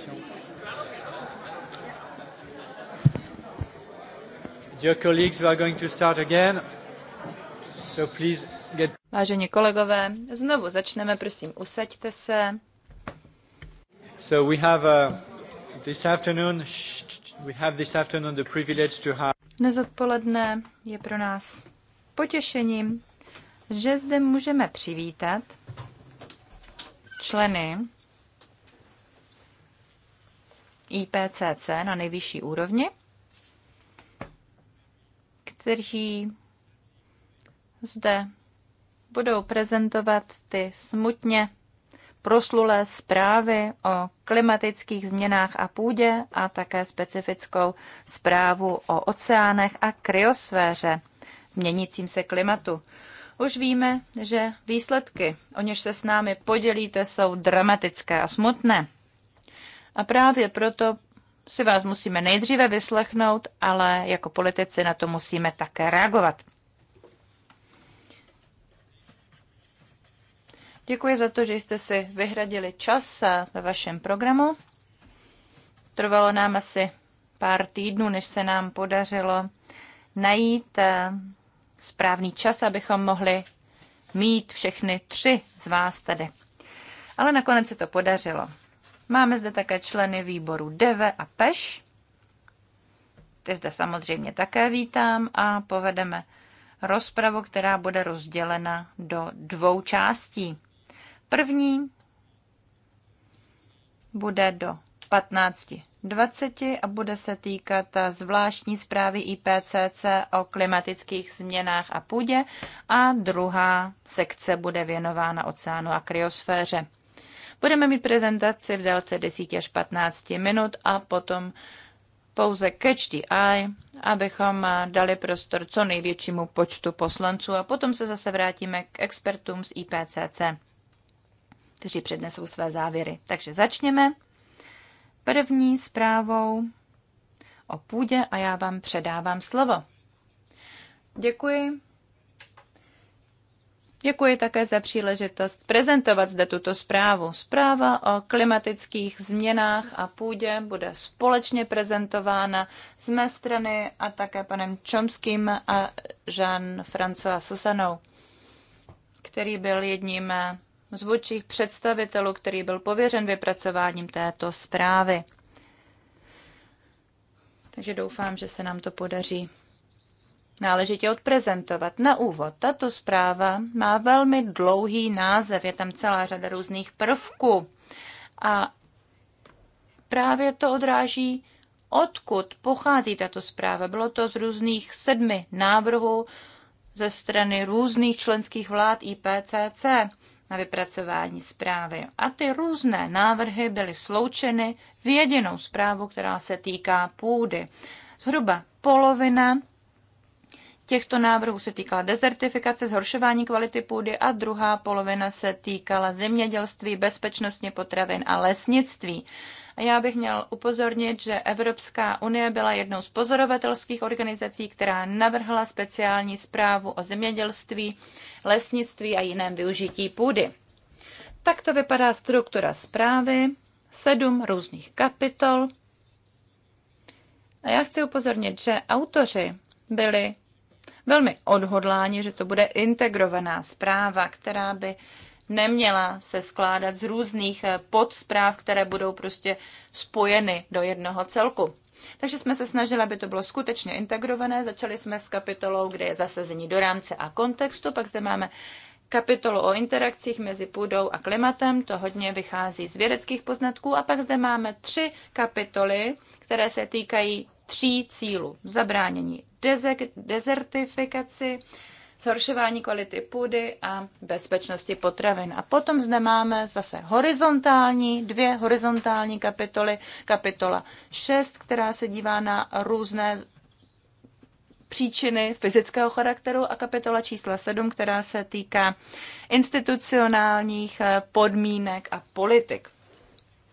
présentation. Dear colleagues, we are going to start again. So please get... Vážení kolegové, znovu začneme, prosím, usaďte se. So we have uh, this afternoon, we have this afternoon the privilege to have... Dnes odpoledne je pro nás potěšením, že zde můžeme přivítat členy IPCC na nejvyšší úrovni, kteří zde budou prezentovat ty smutně proslulé zprávy o klimatických změnách a půdě a také specifickou zprávu o oceánech a kryosféře v měnícím se klimatu. Už víme, že výsledky, o něž se s námi podělíte, jsou dramatické a smutné. A právě proto si vás musíme nejdříve vyslechnout, ale jako politici na to musíme také reagovat. Děkuji za to, že jste si vyhradili čas ve vašem programu. Trvalo nám asi pár týdnů, než se nám podařilo najít eh, správný čas, abychom mohli mít všechny tři z vás tady. Ale nakonec se to podařilo. Máme zde také členy výboru DEVE a PEŠ. Ty zde samozřejmě také vítám a povedeme rozpravu, která bude rozdělena do dvou částí. První bude do 15.20 a bude se týkat zvláštní zprávy IPCC o klimatických změnách a půdě a druhá sekce bude věnována oceánu a kryosféře. Budeme mít prezentaci v délce 10 až 15 minut a potom pouze catch the eye, abychom dali prostor co největšímu počtu poslanců a potom se zase vrátíme k expertům z IPCC, kteří přednesou své závěry. Takže začněme první zprávou o půdě a já vám předávám slovo. Děkuji. Děkuji také za příležitost prezentovat zde tuto zprávu. Zpráva o klimatických změnách a půdě bude společně prezentována z mé strany a také panem Čomským a Jean-François Susanou, který byl jedním z vůdčích představitelů, který byl pověřen vypracováním této zprávy. Takže doufám, že se nám to podaří náležitě odprezentovat. Na úvod, tato zpráva má velmi dlouhý název, je tam celá řada různých prvků a právě to odráží, odkud pochází tato zpráva. Bylo to z různých sedmi návrhů ze strany různých členských vlád IPCC na vypracování zprávy. A ty různé návrhy byly sloučeny v jedinou zprávu, která se týká půdy. Zhruba polovina těchto návrhů se týkala dezertifikace, zhoršování kvality půdy a druhá polovina se týkala zemědělství, bezpečnostně potravin a lesnictví. A já bych měl upozornit, že Evropská unie byla jednou z pozorovatelských organizací, která navrhla speciální zprávu o zemědělství, lesnictví a jiném využití půdy. Tak to vypadá struktura zprávy, sedm různých kapitol. A já chci upozornit, že autoři byli velmi odhodláni, že to bude integrovaná zpráva, která by neměla se skládat z různých eh, podspráv, které budou prostě spojeny do jednoho celku. Takže jsme se snažili, aby to bylo skutečně integrované. Začali jsme s kapitolou, kde je zasazení do rámce a kontextu, pak zde máme kapitolu o interakcích mezi půdou a klimatem, to hodně vychází z vědeckých poznatků, a pak zde máme tři kapitoly, které se týkají tří cílů. Zabránění dezertifikaci, zhoršování kvality půdy a bezpečnosti potravin. A potom zde máme zase horizontální, dvě horizontální kapitoly. Kapitola 6, která se dívá na různé příčiny fyzického charakteru a kapitola čísla 7, která se týká institucionálních podmínek a politik.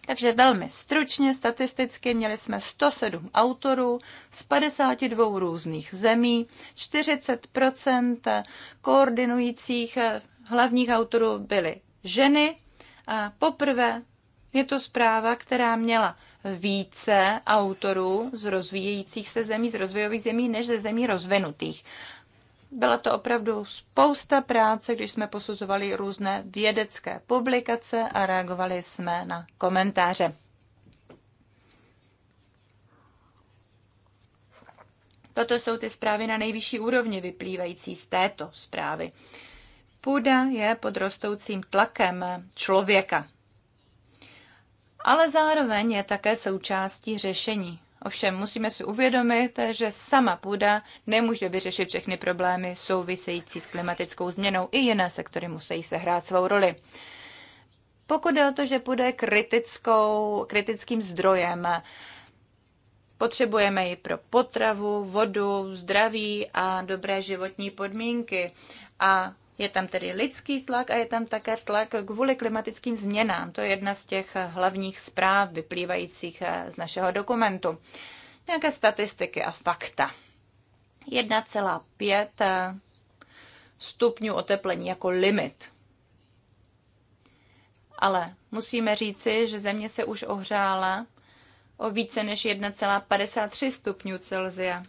Takže velmi stručně, statisticky měli jsme 107 autorů z 52 různých zemí, 40 koordinujících eh, hlavních autorů byly ženy. A poprvé je to zpráva, která měla více autorů z rozvíjejících se zemí, z rozvojových zemí, než ze zemí rozvinutých. Byla to opravdu spousta práce, když jsme posuzovali různé vědecké publikace a reagovali jsme na komentáře. Toto jsou ty zprávy na nejvyšší úrovni vyplývající z této zprávy. Půda je pod rostoucím tlakem člověka, ale zároveň je také součástí řešení. Ovšem musíme si uvědomit, že sama půda nemůže vyřešit všechny problémy související s klimatickou změnou. I jiné sektory musí sehrát svou roli. Pokud jde o to, že půda je kritickou, kritickým zdrojem, potřebujeme ji pro potravu, vodu, zdraví a dobré životní podmínky. A je tam tedy lidský tlak a je tam také tlak kvůli klimatickým změnám. To je jedna z těch hlavních zpráv vyplývajících eh, z našeho dokumentu. Nějaké statistiky a fakta. 1,5 eh, stupňů oteplení jako limit. Ale musíme říci, že země se už ohřála o více než 1,53 stupňů Celsia.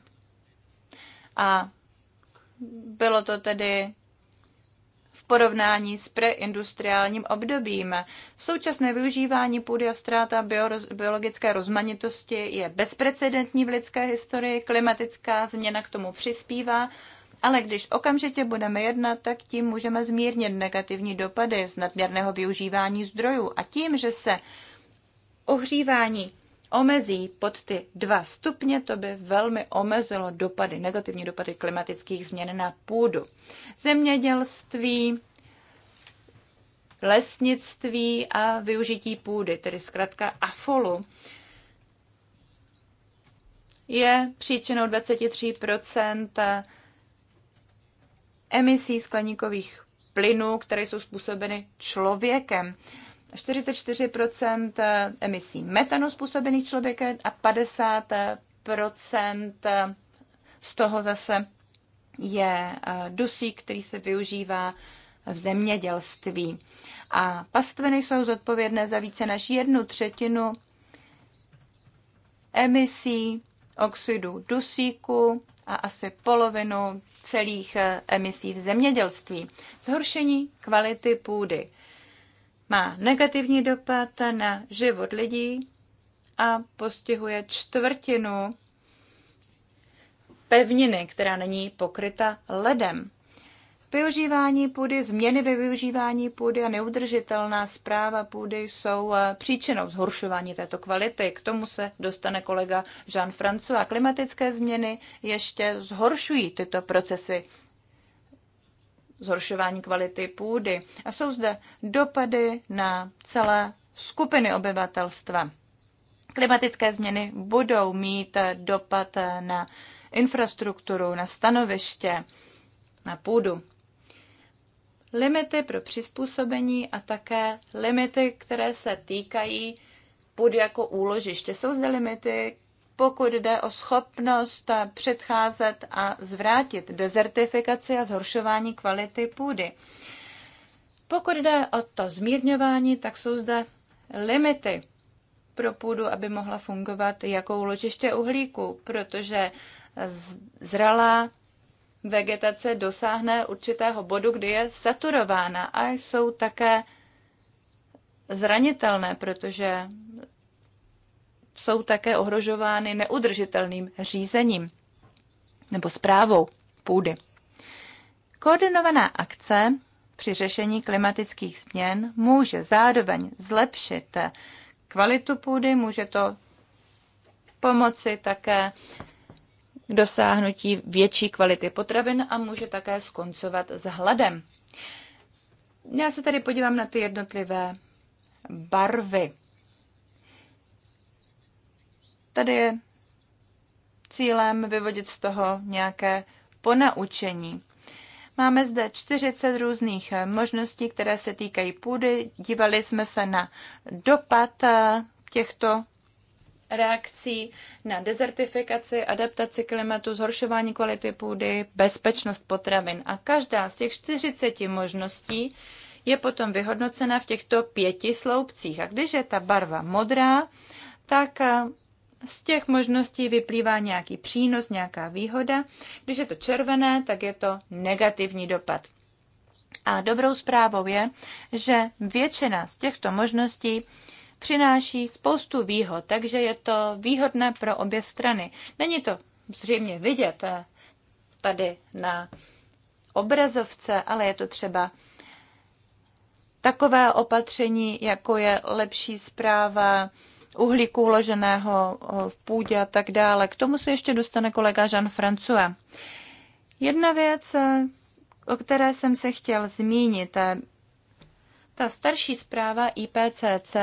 A bylo to tedy porovnání s preindustriálním obdobím. Současné využívání půdy a ztráta biologické rozmanitosti je bezprecedentní v lidské historii, klimatická změna k tomu přispívá, ale když okamžitě budeme jednat, tak tím můžeme zmírnit negativní dopady z nadměrného využívání zdrojů a tím, že se ohřívání omezí pod ty dva stupně, to by velmi omezilo dopady, negativní dopady klimatických změn na půdu. Zemědělství, lesnictví a využití půdy, tedy zkrátka AFOLu, je příčinou 23 emisí skleníkových plynů, které jsou způsobeny člověkem. 44 eh, emisí metanu způsobených člověkem a 50 eh, eh, z toho zase je dusík, který se využívá v zemědělství. A pastviny jsou zodpovědné za více než jednu třetinu emisí oxidu dusíku a asi polovinu celých emisí v zemědělství. Zhoršení kvality půdy má negativní dopad na život lidí a postihuje čtvrtinu pevniny, která není pokryta ledem. Využívání půdy, změny ve využívání půdy a neudržitelná zpráva půdy jsou eh, příčinou zhoršování této kvality. K tomu se dostane kolega Jean-François. Klimatické změny ještě zhoršují tyto procesy zhoršování kvality půdy. A jsou zde dopady na celé skupiny obyvatelstva. Klimatické změny budou mít dopad na infrastrukturu, na stanoviště, na půdu. Limity pro přizpůsobení a také limity, které se týkají půdy jako úložiště. Jsou zde limity, pokud jde o schopnost předcházet a zvrátit dezertifikaci a zhoršování kvality půdy. Pokud jde o to zmírňování, tak jsou zde limity pro půdu, aby mohla fungovat jako uložiště uhlíku, protože zralá vegetace dosáhne určitého bodu, kdy je saturována a jsou také zranitelné, protože jsou také ohrožovány neudržitelným řízením nebo zprávou půdy. Koordinovaná akce při řešení klimatických změn může zároveň zlepšit kvalitu půdy, může to pomoci také k dosáhnutí větší kvality potravin a může také skoncovat s hladem. Já se tady podívám na ty jednotlivé barvy Tady je cílem vyvodit z toho nějaké ponaučení. Máme zde 40 různých možností, které se týkají půdy. Dívali jsme se na dopad eh, těchto reakcí na dezertifikaci, adaptaci klimatu, zhoršování kvality půdy, bezpečnost potravin. A každá z těch 40 možností je potom vyhodnocena v těchto pěti sloupcích. A když je ta barva modrá, tak eh, z těch možností vyplývá nějaký přínos, nějaká výhoda. Když je to červené, tak je to negativní dopad. A dobrou zprávou je, že většina z těchto možností přináší spoustu výhod, takže je to výhodné pro obě strany. Není to zřejmě vidět eh, tady na obrazovce, ale je to třeba takové opatření, jako je lepší zpráva, uhlíku uloženého v půdě a tak dále. K tomu se ještě dostane kolega Jean François. Jedna věc, e, o které jsem se chtěl zmínit, e, ta starší zpráva IPCC,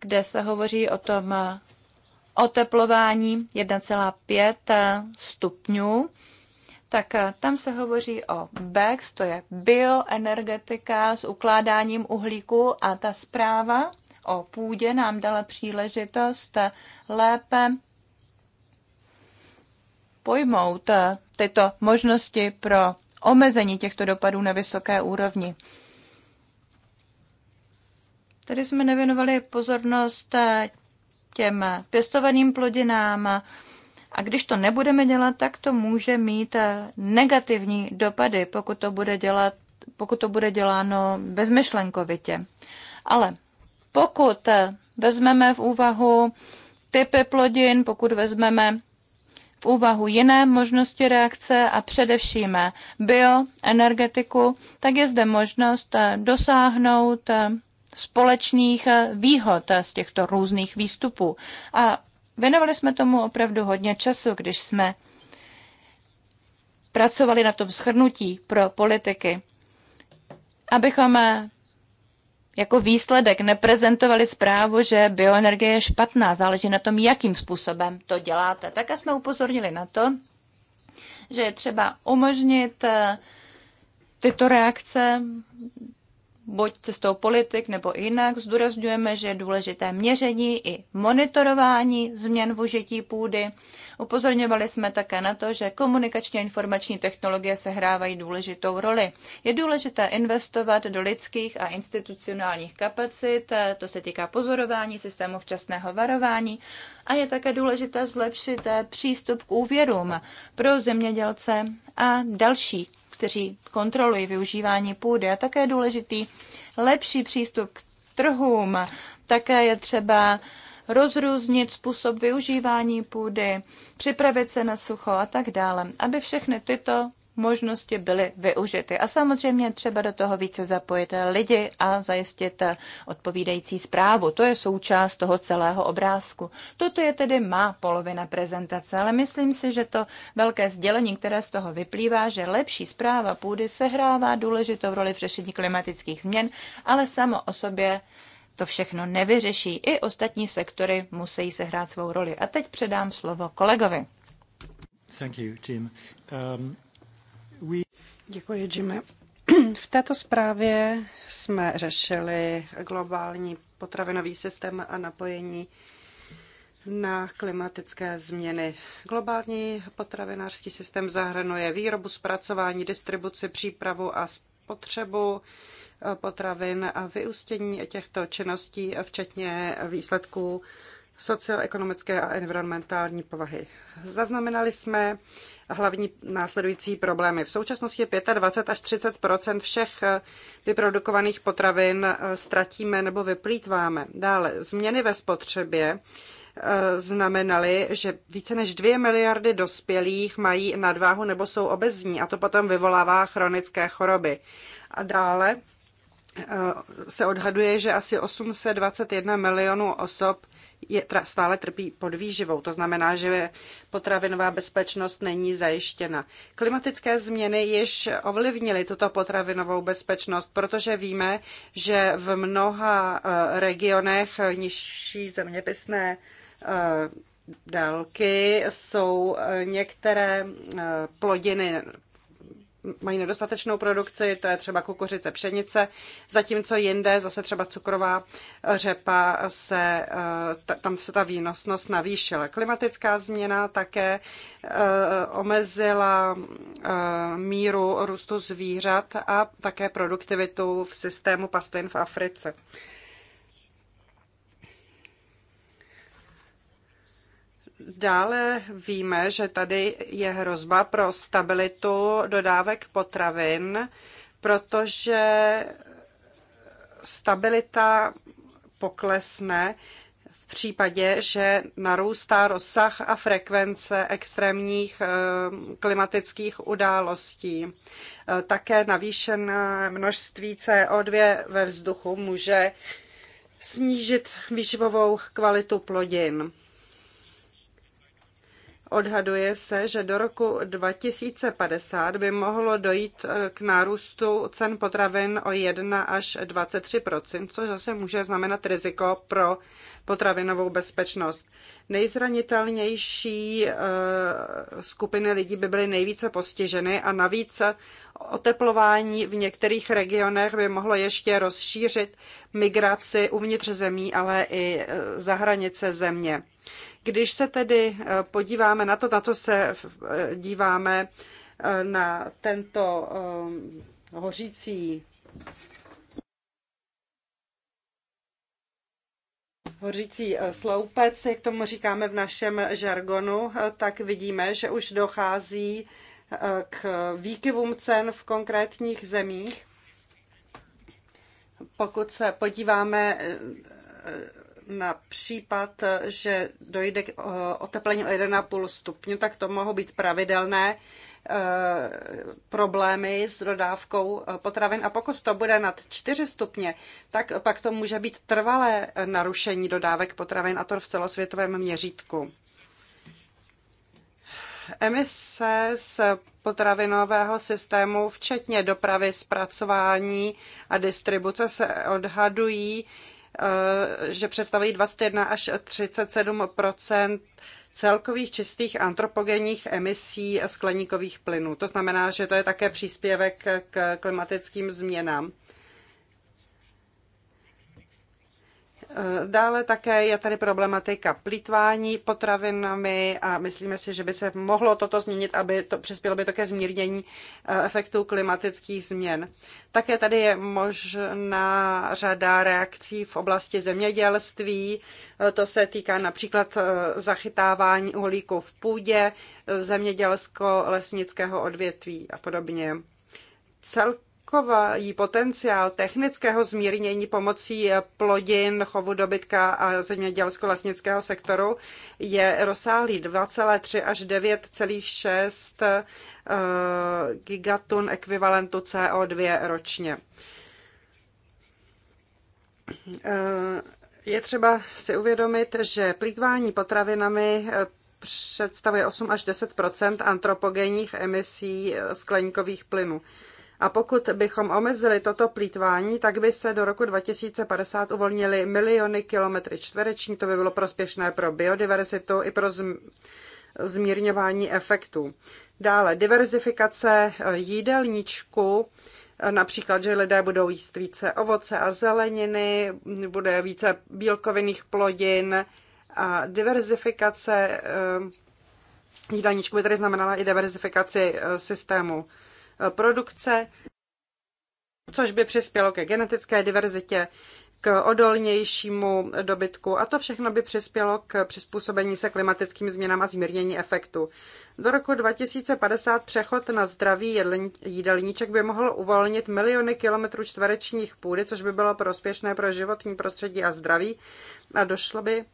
kde se hovoří o tom e, oteplování 1,5 stupňů, tak tam se hovoří o BEX, to je bioenergetika s ukládáním uhlíku a ta zpráva o půdě nám dala příležitost lépe pojmout tyto možnosti pro omezení těchto dopadů na vysoké úrovni. Tady jsme nevěnovali pozornost těm pěstovaným plodinám, a když to nebudeme dělat, tak to může mít negativní dopady, pokud to bude, dělat, pokud to bude děláno bezmyšlenkovitě. Ale pokud vezmeme v úvahu typy plodin, pokud vezmeme v úvahu jiné možnosti reakce a především bioenergetiku, tak je zde možnost dosáhnout společných výhod z těchto různých výstupů. A věnovali jsme tomu opravdu hodně času, když jsme pracovali na tom shrnutí pro politiky, abychom jako výsledek neprezentovali zprávu, že bioenergie je špatná. Záleží na tom, jakým způsobem to děláte. Také jsme upozornili na to, že je třeba umožnit eh, tyto reakce buď cestou politik nebo jinak, zdůrazňujeme, že je důležité měření i monitorování změn v užití půdy. Upozorňovali jsme také na to, že komunikační a informační technologie se hrávají důležitou roli. Je důležité investovat do lidských a institucionálních kapacit, to se týká pozorování, systému včasného varování a je také důležité zlepšit přístup k úvěrům pro zemědělce a další kteří kontrolují využívání půdy a také důležitý lepší přístup k trhům. Také je třeba rozrůznit způsob využívání půdy, připravit se na sucho a tak dále, aby všechny tyto možnosti byly využity. A samozřejmě třeba do toho více zapojit lidi a zajistit odpovídající zprávu. To je součást toho celého obrázku. Toto je tedy má polovina prezentace, ale myslím si, že to velké sdělení, které z toho vyplývá, že lepší zpráva půdy sehrává důležitou roli v řešení klimatických změn, ale samo o sobě to všechno nevyřeší. I ostatní sektory musí sehrát svou roli. A teď předám slovo kolegovi. Thank you, Jim. Um... Děkuji, Jimmy. V této zprávě jsme řešili globální potravinový systém a napojení na klimatické změny. Globální potravinářský systém zahrnuje výrobu, zpracování, distribuci, přípravu a spotřebu potravin a vyústění těchto činností, včetně výsledků socioekonomické a environmentální povahy. Zaznamenali jsme hlavní následující problémy. V současnosti 25 až 30 všech eh, vyprodukovaných potravin eh, ztratíme nebo vyplýtváme. Dále změny ve spotřebě eh, znamenaly, že více než 2 miliardy dospělých mají nadváhu nebo jsou obezní a to potom vyvolává chronické choroby. A dále se odhaduje, že asi 821 milionů osob je, tra, stále trpí podvýživou. To znamená, že potravinová bezpečnost není zajištěna. Klimatické změny již ovlivnily tuto potravinovou bezpečnost, protože víme, že v mnoha eh, regionech nižší zeměpisné eh, délky jsou eh, některé plodiny mají nedostatečnou produkci, to je třeba kukuřice, pšenice, zatímco jinde, zase třeba cukrová řepa, se, eh, tam se ta výnosnost navýšila. Klimatická změna také eh, omezila eh, míru růstu zvířat a také produktivitu v systému pastvin v Africe. Dále víme, že tady je hrozba pro stabilitu dodávek potravin, protože stabilita poklesne v případě, že narůstá rozsah a frekvence extrémních eh, klimatických událostí. Eh, také navýšené množství CO2 ve vzduchu může snížit výživovou kvalitu plodin. Odhaduje se, že do roku 2050 by mohlo dojít eh, k nárůstu cen potravin o 1 až 23 což zase může znamenat riziko pro potravinovou bezpečnost. Nejzranitelnější eh, skupiny lidí by byly nejvíce postiženy a navíc oteplování v některých regionech by mohlo ještě rozšířit migraci uvnitř zemí, ale i eh, za hranice země. Když se tedy eh, podíváme na to, na co se eh, díváme, eh, na tento hořící hořící sloupec, jak tomu říkáme v našem žargonu, tak vidíme, že už dochází k výkyvům cen v konkrétních zemích. Pokud se podíváme na případ, že dojde k eh, oteplení o 1,5 stupňu, tak to mohou být pravidelné eh, problémy s dodávkou eh, potravin. A pokud to bude nad 4 stupně, tak pak to může být trvalé narušení dodávek potravin, a to v celosvětovém měřítku. Emise z potravinového systému, včetně dopravy, zpracování a distribuce, se odhadují Eh, že představují 21 až 37 celkových čistých antropogenních emisí skleníkových plynů. To znamená, že to je také příspěvek k klimatickým změnám. Dále také je tady problematika plítvání potravinami a myslíme si, že by se mohlo toto změnit, aby to přispělo by to ke zmírnění eh, efektů klimatických změn. Také tady je možná řada reakcí v oblasti zemědělství. Eh, to se týká například eh, zachytávání uhlíku v půdě, zemědělsko-lesnického odvětví a podobně. Celkově takový potenciál technického zmírnění pomocí plodin, chovu dobytka a zemědělsko-lesnického sektoru je rozsáhlý 2,3 až 9,6 eh, gigatun ekvivalentu CO2 ročně. Eh, je třeba si uvědomit, že plýtvání potravinami eh, představuje 8 až 10 antropogenních emisí skleníkových plynů. A pokud bychom omezili toto plítvání, tak by se do roku 2050 uvolnili miliony kilometry čtvereční. To by bylo prospěšné pro biodiverzitu i pro zmírňování efektů. Dále diverzifikace jídelníčku, například, že lidé budou jíst více ovoce a zeleniny, bude více bílkovinných plodin a diverzifikace eh, jídelníčku by tedy znamenala i diverzifikaci eh, systému produkce, což by přispělo ke genetické diverzitě, k odolnějšímu dobytku a to všechno by přispělo k přizpůsobení se klimatickým změnám a zmírnění efektu. Do roku 2050 přechod na zdravý jídelníček by mohl uvolnit miliony kilometrů čtverečních půdy, což by bylo prospěšné pro životní prostředí a zdraví a došlo by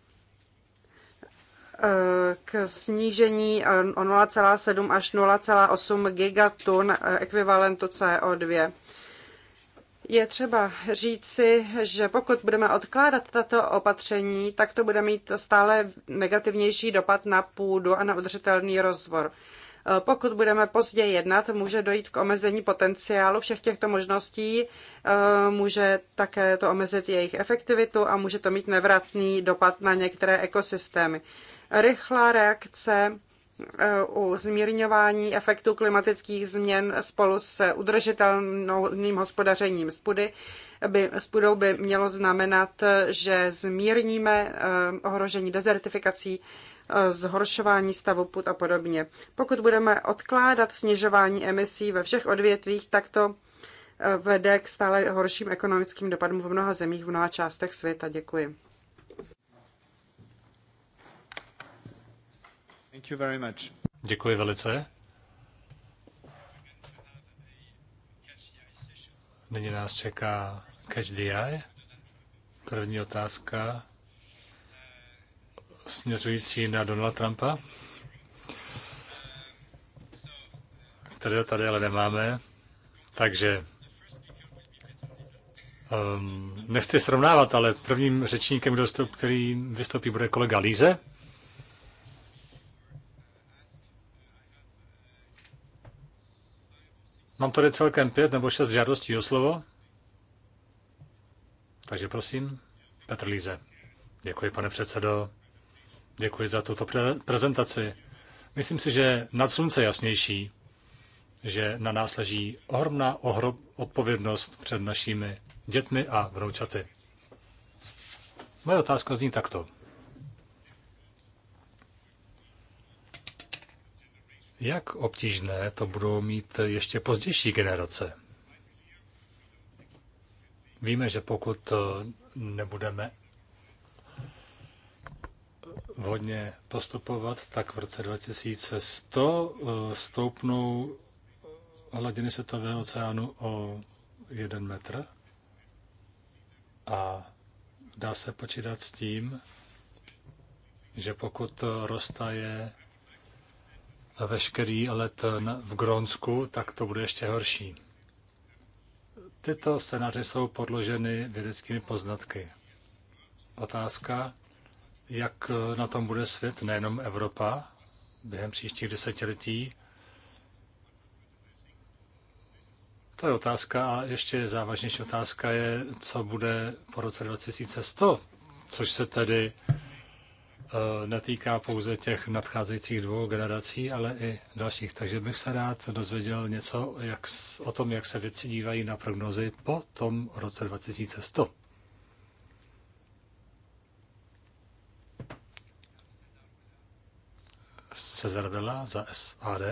k snížení eh, o 0,7 až 0,8 gigatun eh, ekvivalentu CO2. Je třeba říci, že pokud budeme odkládat tato opatření, tak to bude mít stále negativnější dopad na půdu a na udržitelný rozvor. Eh, pokud budeme pozdě jednat, může dojít k omezení potenciálu všech těchto možností, může také to omezit jejich efektivitu a může to mít nevratný dopad na některé ekosystémy rychlá reakce e, u zmírňování efektu klimatických změn spolu s udržitelným hospodařením s by, s by mělo znamenat, že zmírníme e, ohrožení dezertifikací, e, zhoršování stavu půd a podobně. Pokud budeme odkládat snižování emisí ve všech odvětvích, tak to vede k stále horším ekonomickým dopadům v mnoha zemích, v mnoha částech světa. Děkuji. Thank you very much. Děkuji velice. Nyní nás čeká Catch the Eye. První otázka směřující na Donald Trumpa, kterého tady ale nemáme. Takže um, nechci srovnávat, ale prvním řečníkem, který vystoupí, bude kolega Líze. Mám tady celkem pět nebo šest žádostí o slovo. Takže prosím, Petr Líze. Děkuji, pane předsedo. Děkuji za tuto pre- prezentaci. Myslím si, že nad slunce jasnější, že na nás leží ohromná ohrob odpovědnost před našimi dětmi a vnoučaty. Moje otázka zní takto. Jak obtížné to budou mít ještě pozdější generace? Víme, že pokud nebudeme vhodně postupovat, tak v roce 2100 eh, stoupnou hladiny světového oceánu o jeden metr a dá se počítat s tím, že pokud roztaje veškerý let v Grónsku, tak to bude ještě horší. Tyto scénáře jsou podloženy vědeckými poznatky. Otázka, jak na tom bude svět, nejenom Evropa, během příštích desetiletí, To je otázka a ještě závažnější otázka je, co bude po roce 2100, což se tedy Eh, netýká pouze těch nadcházejících dvou generací, ale i dalších. Takže bych se rád dozvěděl něco jak, o tom, jak se věci dívají na prognozy po tom roce 2100. Cezar Vela za SAD.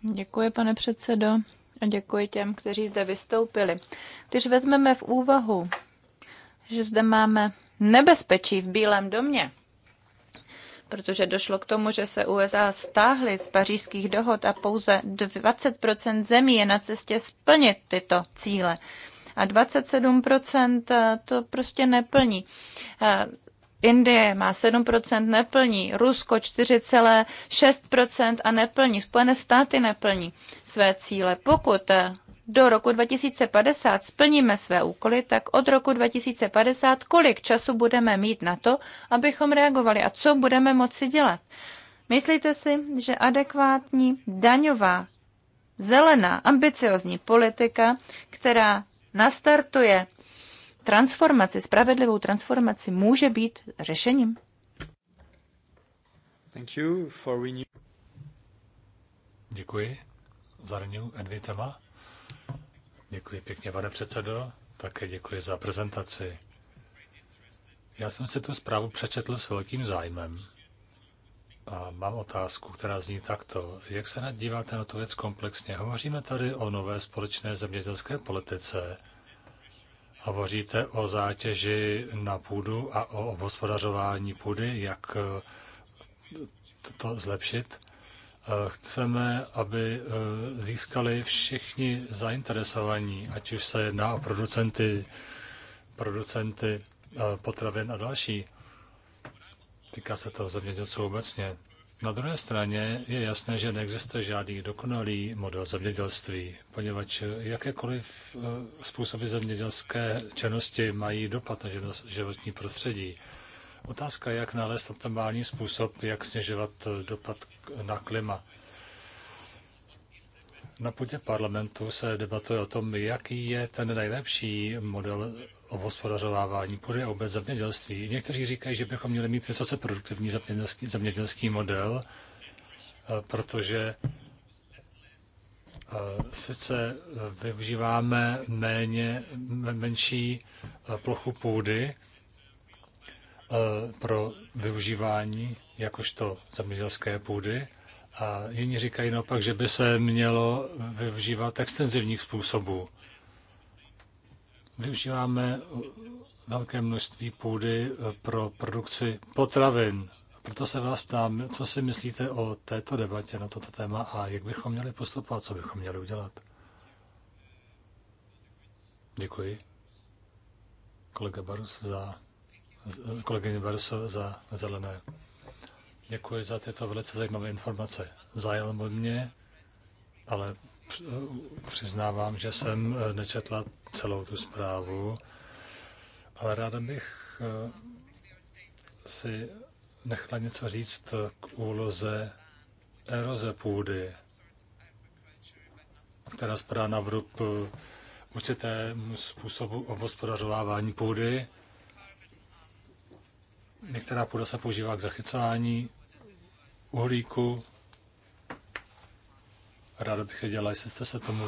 Děkuji, pane předsedo, a děkuji těm, kteří zde vystoupili. Když vezmeme v úvahu, že zde máme nebezpečí v Bílém domě, protože došlo k tomu, že se USA stáhly z pařížských dohod a pouze 20 zemí je na cestě splnit tyto cíle. A 27 eh, to prostě neplní. Eh, Indie má 7%, neplní, Rusko 4,6% a neplní, Spojené státy neplní své cíle. Pokud eh, do roku 2050 splníme své úkoly, tak od roku 2050 kolik času budeme mít na to, abychom reagovali a co budeme moci dělat. Myslíte si, že adekvátní daňová, zelená, ambiciozní politika, která nastartuje transformaci, spravedlivou transformaci, může být řešením? Thank you for renew- Děkuji. Za renew Edvitema. Děkuji pěkně, pane předsedo. Také děkuji za prezentaci. Já jsem si tu zprávu přečetl s velkým zájmem. A mám otázku, která zní takto. Jak se nadíváte na tu věc komplexně? Hovoříme tady o nové společné zemědělské politice. Hovoříte o zátěži na půdu a o obhospodařování půdy, jak eh, to zlepšit. Chceme, aby eh, získali všichni zainteresovaní, ať už se jedná o producenty, producenty eh, potravin a další. Týká se to zemědělců obecně. Na druhé straně je jasné, že neexistuje žádný dokonalý model zemědělství, poněvadž jakékoliv eh, způsoby zemědělské činnosti mají dopad na životní prostředí. Otázka je, jak nalézt optimální způsob, jak snižovat dopad na klima. Na půdě parlamentu se debatuje o tom, jaký je ten nejlepší model obhospodařovávání půdy a vůbec zemědělství. Někteří říkají, že bychom měli mít vysoce produktivní zemědělský, zemědělský model, eh, protože eh, sice eh, využíváme méně, menší plochu půdy pro využívání jakožto zemědělské půdy, a jiní říkají naopak, že by se mělo využívat extenzivních způsobů. Využíváme velké množství půdy pro produkci potravin. Proto se vás ptám, co si myslíte o této debatě na toto téma a jak bychom měli postupovat, co bychom měli udělat. Děkuji. Kolega Barus za, kolegyně Barus za zelené. Děkuji za tyto velice zajímavé informace. Zajel mě, ale přiznávám, že jsem eh, nečetla celou tu zprávu, ale ráda bych eh, si nechala něco říct k úloze eroze půdy, která spadá na vrub eh, určitému způsobu obhospodařovávání půdy, Některá půda se používá k zachycování uhlíku. Ráda bych věděla, jestli jste se tomu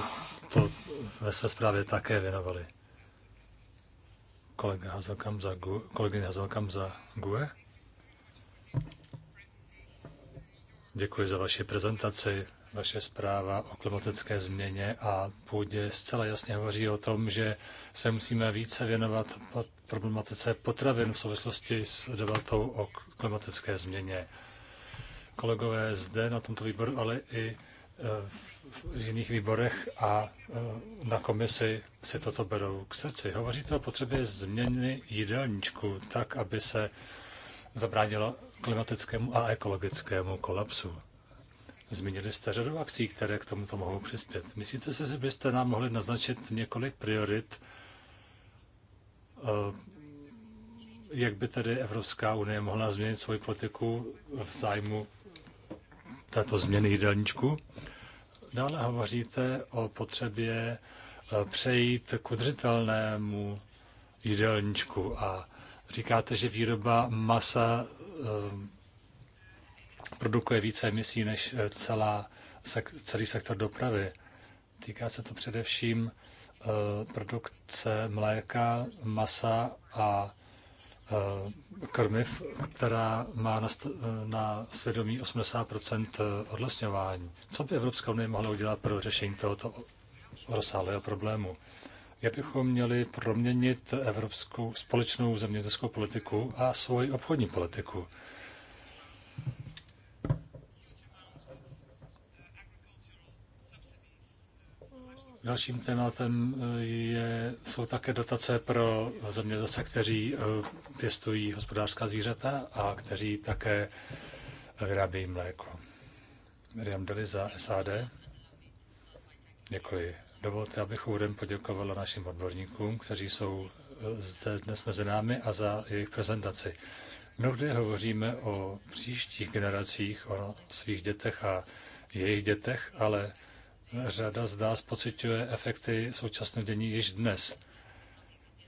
to ve své zprávě také věnovali. Kolega Hazelkam za GUE, kolegyně Hazelkam za GUE. Děkuji za vaši prezentaci. Vaše zpráva o klimatické změně a půdě zcela jasně hovoří o tom, že se musíme více věnovat pod problematice potravin v souvislosti s debatou o klimatické změně. Kolegové zde na tomto výboru, ale i e, v jiných výborech a e, na komisi si toto berou k srdci. Hovoříte o potřebě změny jídelníčku tak, aby se zabránilo klimatickému a ekologickému kolapsu. Zmínili jste řadu akcí, které k tomuto mohou přispět. Myslíte si, že byste nám mohli naznačit několik priorit, Eh, jak by tedy Evropská unie mohla změnit svoji politiku v zájmu této změny jídelníčku. Dále no, hovoříte o potřebě eh, přejít k udržitelnému jídelníčku a říkáte, že výroba masa eh, produkuje více emisí než celá, celý sektor dopravy. Týká se to především Eh, produkce mléka, masa a eh, krmiv, která má na, eh, svědomí 80 odlesňování. Co by Evropská unie mohla udělat pro řešení tohoto rozsáhlého problému? Jak bychom měli proměnit evropskou společnou zemědělskou politiku a svoji obchodní politiku? Dalším tématem eh, je, jsou také dotace pro zemědělce, kteří eh, pěstují hospodářská zvířata a kteří také eh, vyrábějí mléko. Miriam Deli za SAD. Děkuji. Dovolte, abych úvodem poděkovala našim odborníkům, kteří jsou zde dnes mezi námi a za jejich prezentaci. Mnohdy hovoříme o příštích generacích, o svých dětech a jejich dětech, ale řada z nás pocituje efekty současného dění již dnes.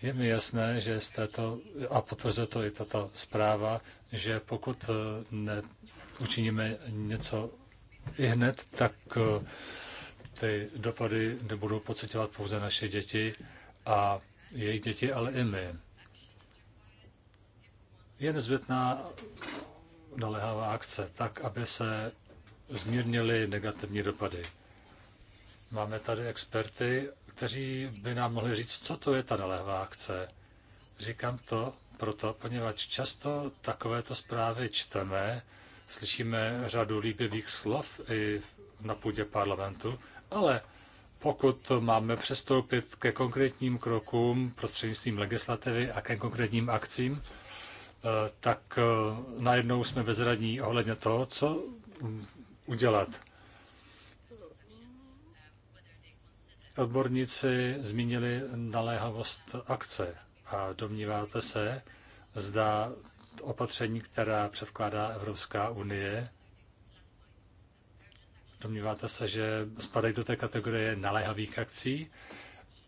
Je mi jasné, že z této, a potvrzuje to i tato zpráva, že pokud eh, neučiníme něco i hned, tak eh, ty dopady nebudou pocitovat pouze naše děti a jejich děti, ale i my. Je nezbytná naléhavá akce, tak, aby se zmírnily negativní dopady. Máme tady experty, kteří by nám mohli říct, co to je ta naléhavá akce. Říkám to proto, poněvadž často takovéto zprávy čteme, slyšíme řadu líbivých slov i na půdě parlamentu, ale pokud máme přestoupit ke konkrétním krokům prostřednictvím legislativy a ke konkrétním akcím, eh, tak eh, najednou jsme bezradní ohledně toho, co udělat. Odborníci zmínili naléhavost akce a domníváte se, zda opatření, která předkládá Evropská unie, domníváte se, že spadají do té kategorie naléhavých akcí?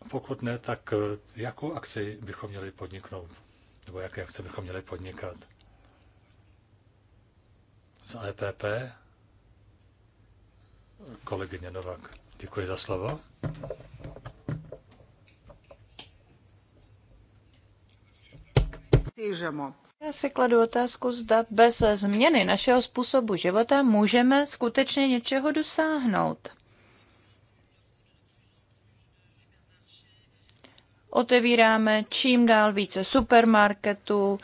Pokud ne, tak jakou akci bychom měli podniknout? Nebo jaké akce bychom měli podnikat? Z EPP? Kolegyně Novak. Děkuji za slovo. Já si kladu otázku, zda bez změny našeho způsobu života můžeme skutečně něčeho dosáhnout. Otevíráme čím dál více supermarketů,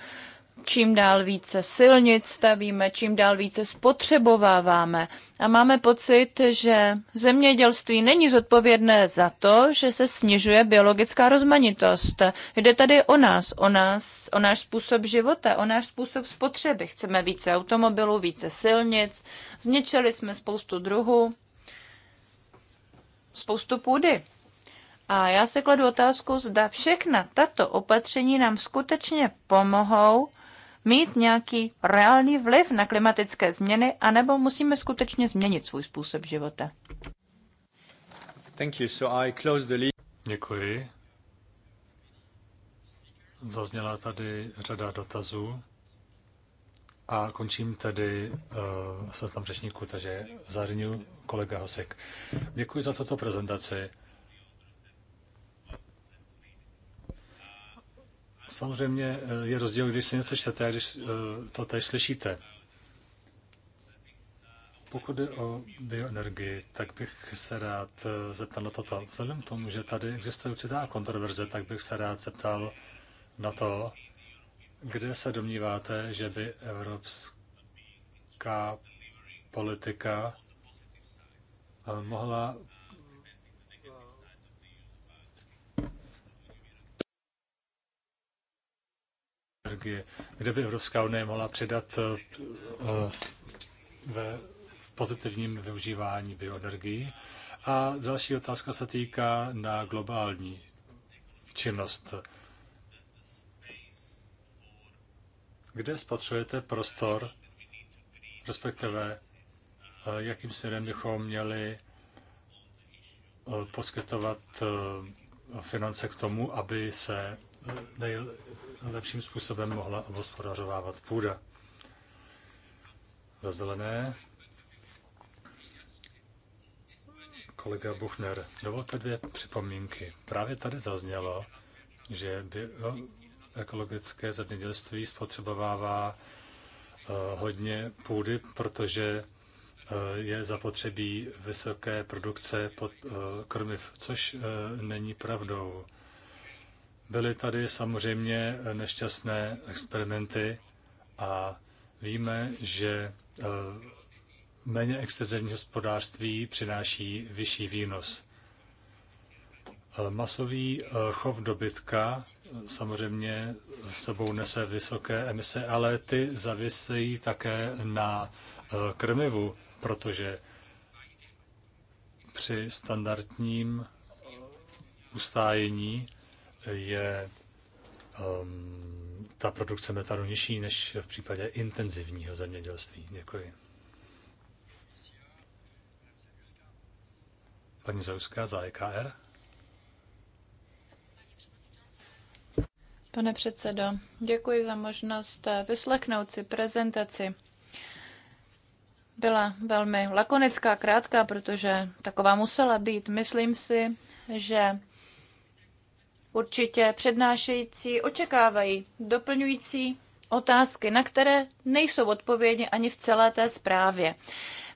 čím dál více silnic stavíme, čím dál více spotřebováváme a máme pocit, že zemědělství není zodpovědné za to, že se snižuje biologická rozmanitost. Jde tady o nás, o nás, o náš způsob života, o náš způsob spotřeby. Chceme více automobilů, více silnic, zničili jsme spoustu druhů, spoustu půdy. A já se kladu otázku, zda všechna tato opatření nám skutečně pomohou mít nějaký reálný vliv na klimatické změny, anebo musíme skutečně změnit svůj způsob života. Thank you. So I close the Děkuji. Zazněla tady řada dotazů a končím tady uh, eh, tam řečníku, takže zahrňu kolega Hosek. Děkuji za toto prezentaci. Samozřejmě eh, je rozdíl, když si něco čtete a když eh, to tady slyšíte. Pokud jde o bioenergii, tak bych se rád eh, zeptal na toto. Vzhledem k tomu, že tady existuje určitá kontroverze, tak bych se rád zeptal na to, kde se domníváte, že by evropská politika mohla energie, kde by Evropská unie mohla přidat eh, ve, v pozitivním využívání bioenergií. A další otázka se týká na globální činnost. Kde spatřujete prostor, respektive eh, jakým směrem bychom měli eh, poskytovat finance k tomu, aby se lepším způsobem mohla obhospodařovávat půda. Za zelené kolega Buchner. Dovolte dvě připomínky. Právě tady zaznělo, že bio- ekologické zemědělství spotřebovává eh, hodně půdy, protože eh, je zapotřebí vysoké produkce pod eh, krmiv, což není pravdou. Byly tady samozřejmě nešťastné experimenty a víme, že eh, méně extenzivní hospodářství přináší vyšší výnos. Eh, masový eh, chov dobytka samozřejmě sebou nese vysoké emise, ale ty zavisejí také na krmivu, protože při standardním ustájení je um, ta produkce metanu nižší než v případě intenzivního zemědělství. Děkuji. Paní Zauská za EKR. Pane předsedo, děkuji za možnost eh, vyslechnout si prezentaci. Byla velmi lakonická, krátká, protože taková musela být. Myslím si, že Určitě přednášející očekávají doplňující otázky, na které nejsou odpovědi ani v celé té zprávě.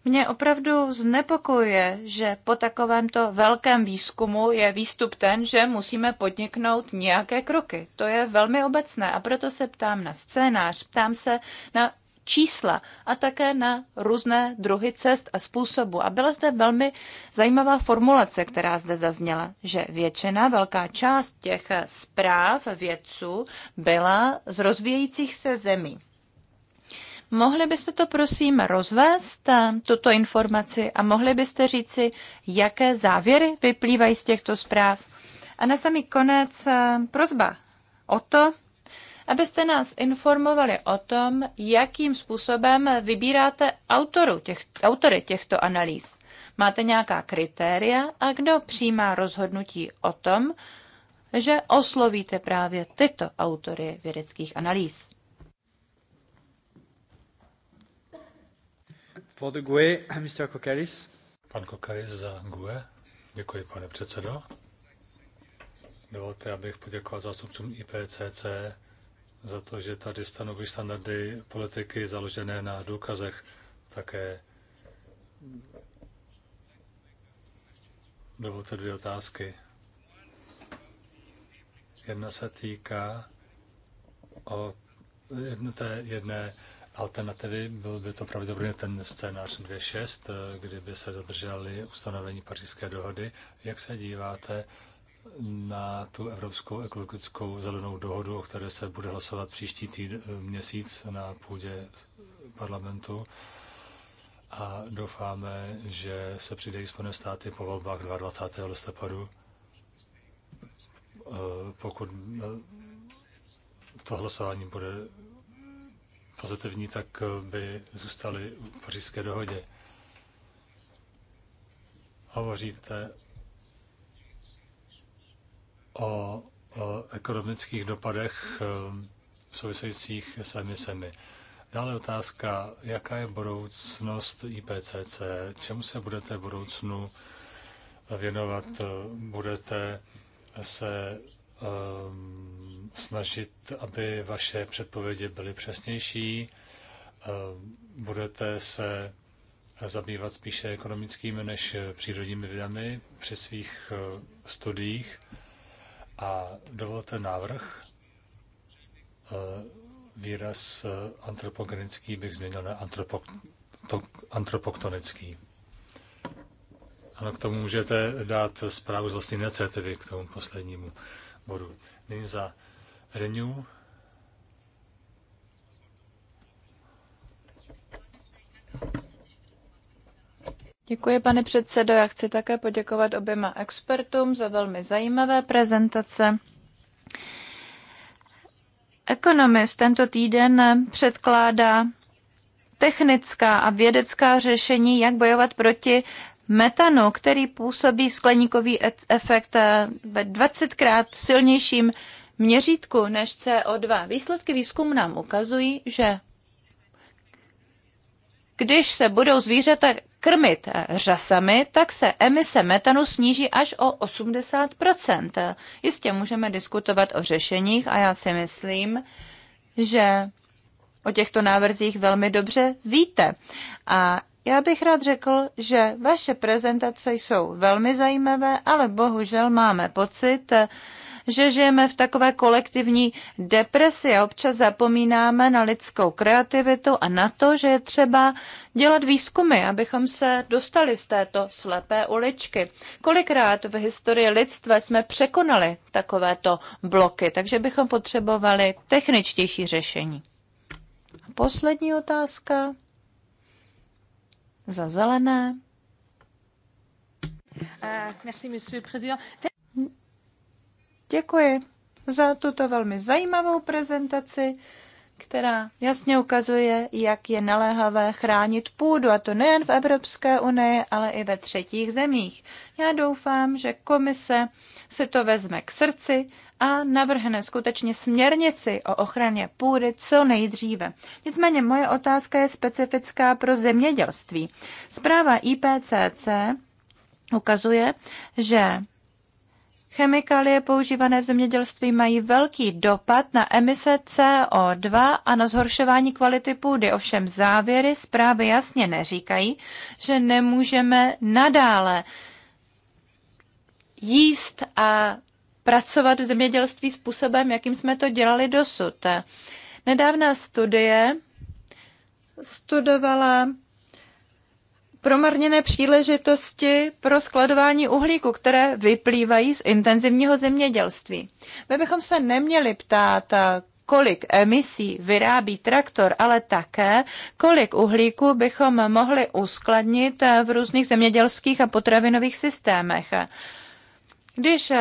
Mě opravdu znepokojuje, že po takovémto velkém výzkumu je výstup ten, že musíme podniknout nějaké kroky. To je velmi obecné a proto se ptám na scénář, ptám se na čísla a také na různé druhy cest a způsobu. A byla zde velmi zajímavá formulace, která zde zazněla, že většina, velká část těch zpráv vědců byla z rozvíjejících se zemí. Mohli byste to prosím rozvést, eh, tuto informaci, a mohli byste říci, jaké závěry vyplývají z těchto zpráv? A na samý konec eh, prozba o to, abyste nás informovali o tom, jakým způsobem vybíráte autoru těch, autory těchto analýz. Máte nějaká kritéria a kdo přijímá rozhodnutí o tom, že oslovíte právě tyto autory vědeckých analýz? E, Pan Kokaris za GUE. Děkuji, pane předsedo. Dovolte, abych poděkoval zástupcům IPCC za to, že tady stanoví standardy politiky založené na důkazech. Také dovolte dvě otázky. Jedna se týká o jedné, té jedné alternativy. Byl by to pravděpodobně ten scénář 2.6, eh, kdyby se dodrželi ustanovení pařížské dohody. Jak se díváte na tu Evropskou ekologickou zelenou dohodu, o které se bude hlasovat příští týd, měsíc na půdě parlamentu. A doufáme, že se přidají Spojené státy po volbách 22. listopadu. E, pokud e, to hlasování bude pozitivní, tak by zůstali v pařížské dohodě. Hovoříte o ekonomických dopadech um, souvisejících s emisemi. Dále otázka, jaká je budoucnost IPCC, čemu se budete v budoucnu věnovat, budete se um, snažit, aby vaše předpovědi byly přesnější, um, budete se zabývat spíše ekonomickými než přírodními vědami při svých uh, studiích. A dovolte návrh. Eh, výraz eh, antropogenický bych změnil na antropok, to, antropoktonický. Ano, k tomu můžete dát zprávu z vlastní iniciativy k tomu poslednímu bodu. Nyní za Renew. Thank you. Děkuji, pane předsedo. Já chci také poděkovat oběma expertům za velmi zajímavé prezentace. Economist tento týden předkládá technická a vědecká řešení, jak bojovat proti metanu, který působí skleníkový e- efekt eh, ve 20krát silnějším měřítku než CO2. Výsledky výzkumu nám ukazují, že když se budou zvířata krmit eh, řasami, tak se emise metanu sníží až o 80 Jistě můžeme diskutovat o řešeních a já si myslím, že o těchto návrzích velmi dobře víte. A já bych rád řekl, že vaše prezentace jsou velmi zajímavé, ale bohužel máme pocit, že žijeme v takové kolektivní depresi a občas zapomínáme na lidskou kreativitu a na to, že je třeba dělat výzkumy, abychom se dostali z této slepé uličky. Kolikrát v historii lidstva jsme překonali takovéto bloky, takže bychom potřebovali techničtější řešení. A poslední otázka za zelené. Uh, merci, Děkuji za tuto velmi zajímavou prezentaci, která jasně ukazuje, jak je naléhavé chránit půdu, a to nejen v Evropské unii, ale i ve třetích zemích. Já doufám, že komise si to vezme k srdci a navrhne skutečně směrnici o ochraně půdy co nejdříve. Nicméně moje otázka je specifická pro zemědělství. Zpráva IPCC ukazuje, že Chemikálie používané v zemědělství mají velký dopad na emise CO2 a na zhoršování kvality půdy. Ovšem závěry zprávy jasně neříkají, že nemůžeme nadále jíst a pracovat v zemědělství způsobem, jakým jsme to dělali dosud. Nedávná studie studovala promarněné příležitosti pro skladování uhlíku, které vyplývají z intenzivního zemědělství. My bychom se neměli ptát, kolik emisí vyrábí traktor, ale také kolik uhlíku bychom mohli uskladnit v různých zemědělských a potravinových systémech. Když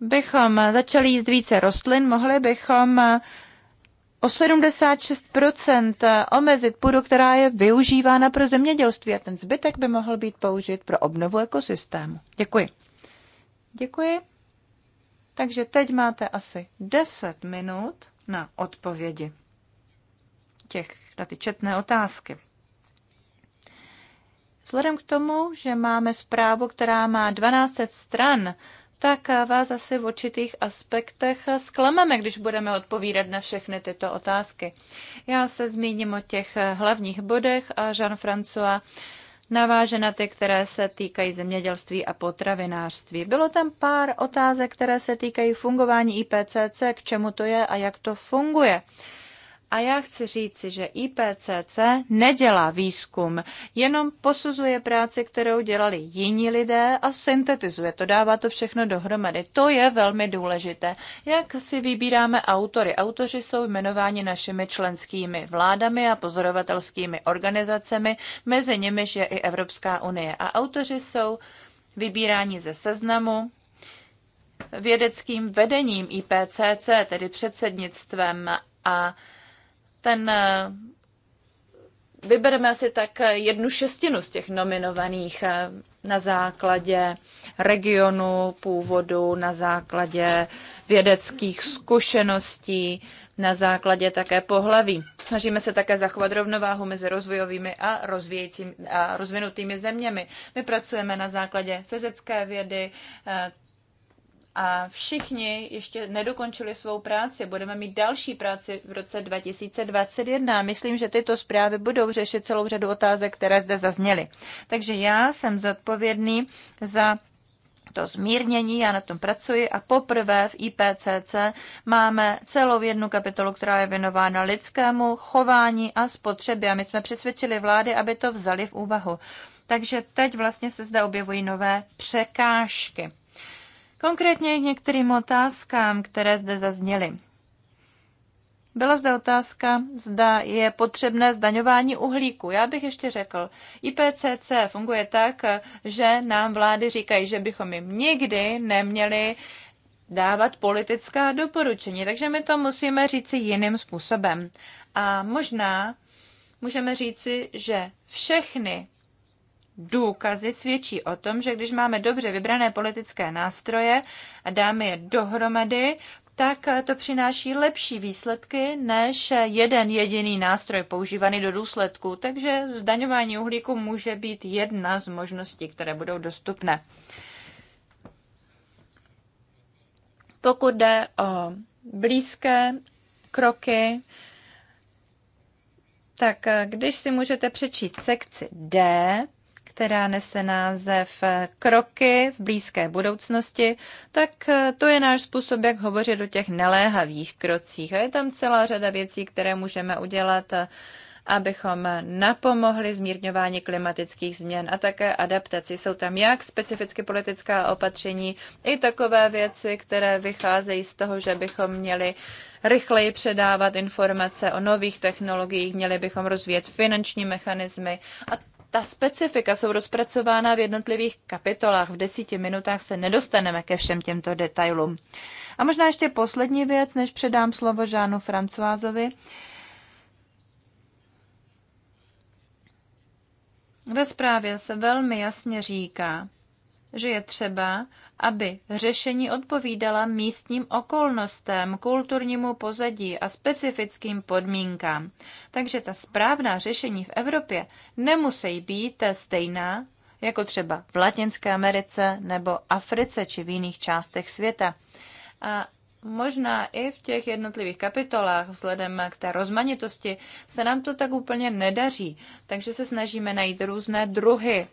bychom začali jíst více rostlin, mohli bychom o 76% omezit půdu, která je využívána pro zemědělství a ten zbytek by mohl být použit pro obnovu ekosystému. Děkuji. Děkuji. Takže teď máte asi 10 minut na odpovědi těch, na ty četné otázky. Vzhledem k tomu, že máme zprávu, která má 12 stran, tak vás asi v určitých aspektech zklameme, když budeme odpovídat na všechny tyto otázky. Já se zmíním o těch hlavních bodech a Jean-François naváže na ty, které se týkají zemědělství a potravinářství. Bylo tam pár otázek, které se týkají fungování IPCC, k čemu to je a jak to funguje. A já chci říci, že IPCC nedělá výzkum, jenom posuzuje práci, kterou dělali jiní lidé a syntetizuje to, dává to všechno dohromady. To je velmi důležité. Jak si vybíráme autory? Autoři jsou jmenováni našimi členskými vládami a pozorovatelskými organizacemi, mezi nimiž je i Evropská unie. A autoři jsou vybíráni ze seznamu vědeckým vedením IPCC, tedy předsednictvem a ten eh, vybereme asi tak jednu šestinu z těch nominovaných eh, na základě regionu původu, na základě vědeckých zkušeností, na základě také pohlaví. Snažíme se také zachovat rovnováhu mezi rozvojovými a, a rozvinutými zeměmi. My pracujeme na základě fyzické vědy, eh, a všichni ještě nedokončili svou práci. Budeme mít další práci v roce 2021. Myslím, že tyto zprávy budou řešit celou řadu otázek, které zde zazněly. Takže já jsem zodpovědný za to zmírnění, já na tom pracuji a poprvé v IPCC máme celou jednu kapitolu, která je věnována lidskému chování a spotřebě a my jsme přesvědčili vlády, aby to vzali v úvahu. Takže teď vlastně se zde objevují nové překážky. Konkrétně k některým otázkám, které zde zazněly. Byla zde otázka, zda je potřebné zdaňování uhlíku. Já bych ještě řekl, IPCC funguje tak, že nám vlády říkají, že bychom jim nikdy neměli dávat politická doporučení, takže my to musíme říci jiným způsobem. A možná můžeme říci, že všechny důkazy svědčí o tom, že když máme dobře vybrané politické nástroje a dáme je dohromady, tak to přináší lepší výsledky než jeden jediný nástroj používaný do důsledku. Takže zdaňování uhlíku může být jedna z možností, které budou dostupné. Pokud jde o blízké kroky, tak když si můžete přečíst sekci D, která nese název Kroky v blízké budoucnosti, tak eh, to je náš způsob, jak hovořit o těch neléhavých krocích. A je tam celá řada věcí, které můžeme udělat eh, abychom napomohli zmírňování klimatických změn a také adaptaci. Jsou tam jak specificky politická opatření, i takové věci, které vycházejí z toho, že bychom měli rychleji předávat informace o nových technologiích, měli bychom rozvíjet finanční mechanismy a ta specifika jsou rozpracována v jednotlivých kapitolách. V desíti minutách se nedostaneme ke všem těmto detailům. A možná ještě poslední věc, než předám slovo Žánu Francoázovi. Ve zprávě se velmi jasně říká, že je třeba, aby řešení odpovídala místním okolnostem, kulturnímu pozadí a specifickým podmínkám. Takže ta správná řešení v Evropě nemusí být stejná jako třeba v Latinské Americe nebo Africe či v jiných částech světa. A možná i v těch jednotlivých kapitolách, vzhledem k té rozmanitosti, se nám to tak úplně nedaří. Takže se snažíme najít různé druhy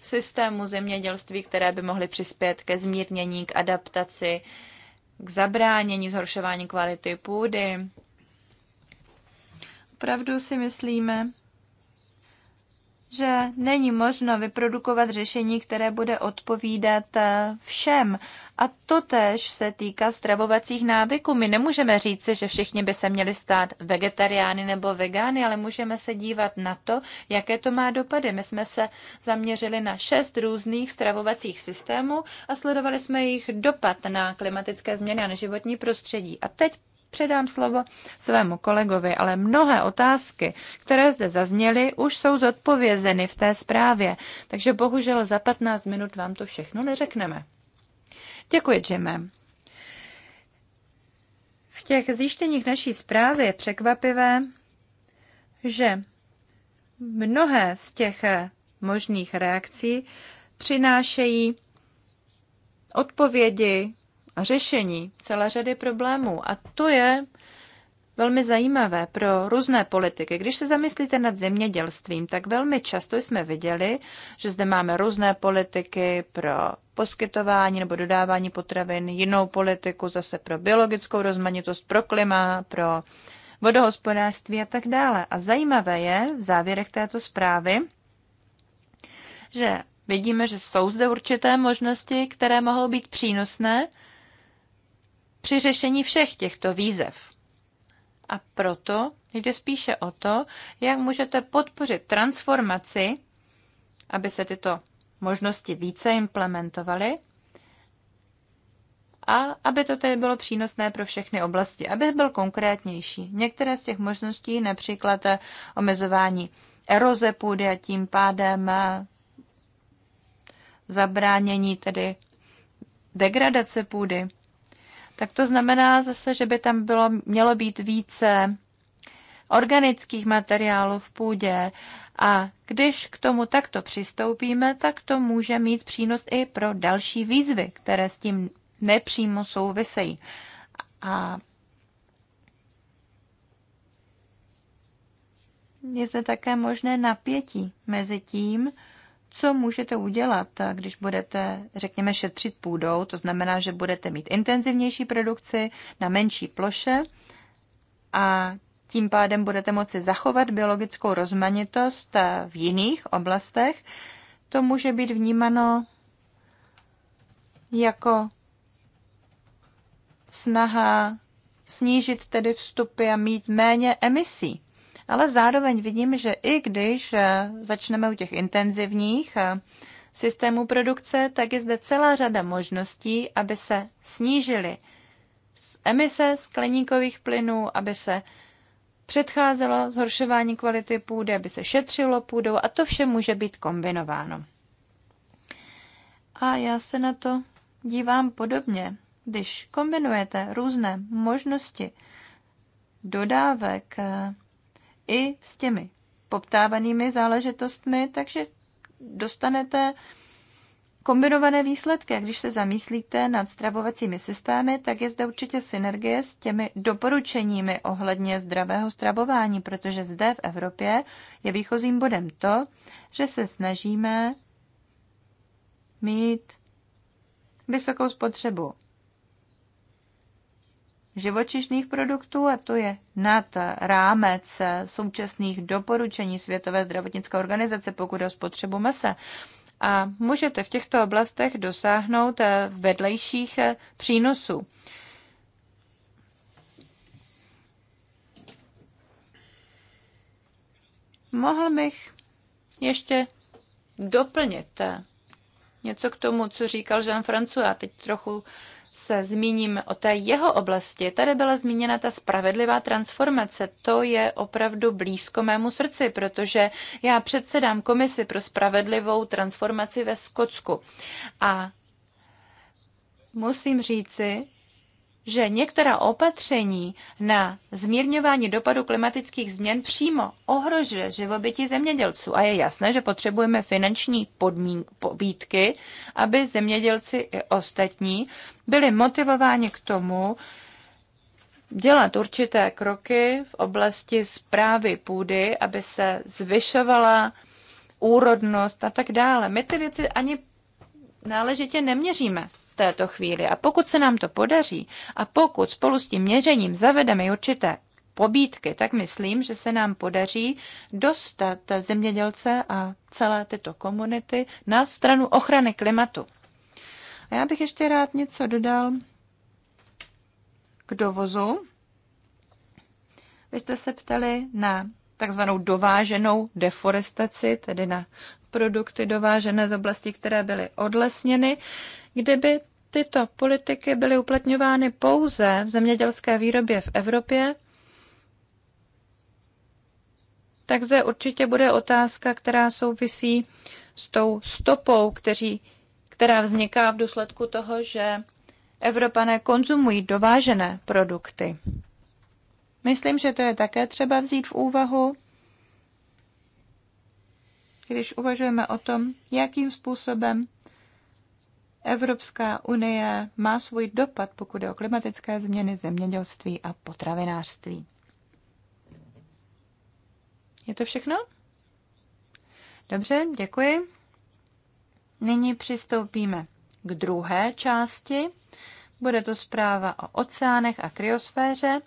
systému zemědělství, které by mohly přispět ke zmírnění, k adaptaci, k zabránění zhoršování kvality půdy. Opravdu si myslíme, že není možno vyprodukovat řešení, které bude odpovídat eh, všem. A to tež se týká stravovacích návyků. My nemůžeme říci, že všichni by se měli stát vegetariány nebo vegány, ale můžeme se dívat na to, jaké to má dopady. My jsme se zaměřili na šest různých stravovacích systémů a sledovali jsme jejich dopad na klimatické změny a na životní prostředí. A teď předám slovo svému kolegovi, ale mnohé otázky, které zde zazněly, už jsou zodpovězeny v té zprávě, takže bohužel za 15 minut vám to všechno neřekneme. Děkuji, Jimem. V těch zjištěních naší zprávy je překvapivé, že mnohé z těch možných reakcí přinášejí odpovědi a řešení celé řady problémů. A to je velmi zajímavé pro různé politiky. Když se zamyslíte nad zemědělstvím, tak velmi často jsme viděli, že zde máme různé politiky pro poskytování nebo dodávání potravin, jinou politiku zase pro biologickou rozmanitost, pro klima, pro vodohospodářství a tak dále. A zajímavé je v závěrech této zprávy, že vidíme, že jsou zde určité možnosti, které mohou být přínosné, při řešení všech těchto výzev. A proto jde spíše o to, jak můžete podpořit transformaci, aby se tyto možnosti více implementovaly a aby to tedy bylo přínosné pro všechny oblasti, aby byl konkrétnější. Některé z těch možností, například omezování eroze půdy a tím pádem zabránění tedy degradace půdy, tak to znamená zase, že by tam bylo, mělo být více organických materiálů v půdě a když k tomu takto přistoupíme, tak to může mít přínos i pro další výzvy, které s tím nepřímo souvisejí. A je zde také možné napětí mezi tím, co můžete udělat, eh, když budete, řekněme, šetřit půdou, to znamená, že budete mít intenzivnější produkci na menší ploše a tím pádem budete moci zachovat biologickou rozmanitost eh, v jiných oblastech. To může být vnímano jako snaha snížit tedy vstupy a mít méně emisí ale zároveň vidím, že i když eh, začneme u těch intenzivních eh, systémů produkce, tak je zde celá řada možností, aby se snížily emise skleníkových plynů, aby se předcházelo zhoršování kvality půdy, aby se šetřilo půdou a to vše může být kombinováno. A já se na to dívám podobně. Když kombinujete různé možnosti dodávek eh, i s těmi poptávanými záležitostmi, takže dostanete kombinované výsledky. A když se zamyslíte nad stravovacími systémy, tak je zde určitě synergie s těmi doporučeními ohledně zdravého stravování, protože zde v Evropě je výchozím bodem to, že se snažíme mít vysokou spotřebu živočišných produktů a to je nad rámec současných doporučení Světové zdravotnické organizace, pokud je o spotřebu masa. A můžete v těchto oblastech dosáhnout eh, vedlejších eh, přínosů. Mohl bych ještě doplnit eh, něco k tomu, co říkal Jean-François. Teď trochu se zmíním o té jeho oblasti, tady byla zmíněna ta spravedlivá transformace. To je opravdu blízko mému srdci, protože já předsedám komisi pro spravedlivou transformaci ve Skotsku. A musím říci, že některá opatření na zmírňování dopadu klimatických změn přímo ohrožuje živobytí zemědělců. A je jasné, že potřebujeme finanční podmín, pobídky, aby zemědělci i ostatní byli motivováni k tomu, dělat určité kroky v oblasti zprávy půdy, aby se zvyšovala úrodnost a tak dále. My ty věci ani náležitě neměříme této chvíli. A pokud se nám to podaří a pokud spolu s tím měřením zavedeme i určité pobídky, tak myslím, že se nám podaří dostat zemědělce a celé tyto komunity na stranu ochrany klimatu. A já bych ještě rád něco dodal k dovozu. Vy jste se ptali na takzvanou dováženou deforestaci, tedy na produkty dovážené z oblasti, které byly odlesněny, kde by tyto politiky byly uplatňovány pouze v zemědělské výrobě v Evropě, tak zde určitě bude otázka, která souvisí s tou stopou, kteří, která vzniká v důsledku toho, že Evropané konzumují dovážené produkty. Myslím, že to je také třeba vzít v úvahu, když uvažujeme o tom, jakým způsobem Evropská unie má svůj dopad, pokud je o klimatické změny, zemědělství a potravinářství. Je to všechno? Dobře, děkuji. Nyní přistoupíme k druhé části. Bude to zpráva o oceánech a kryosféře.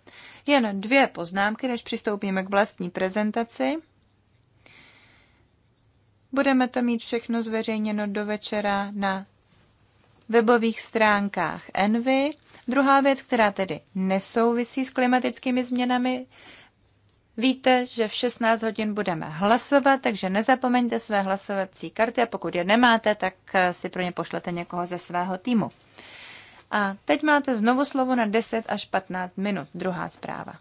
Jen dvě poznámky, než přistoupíme k vlastní prezentaci. Budeme to mít všechno zveřejněno do večera na webových stránkách Envy. Druhá věc, která tedy nesouvisí s klimatickými změnami, Víte, že v 16 hodin budeme hlasovat, takže nezapomeňte své hlasovací karty a pokud je nemáte, tak eh, si pro ně pošlete někoho ze svého týmu. A teď máte znovu slovo na 10 až 15 minut. Druhá zpráva.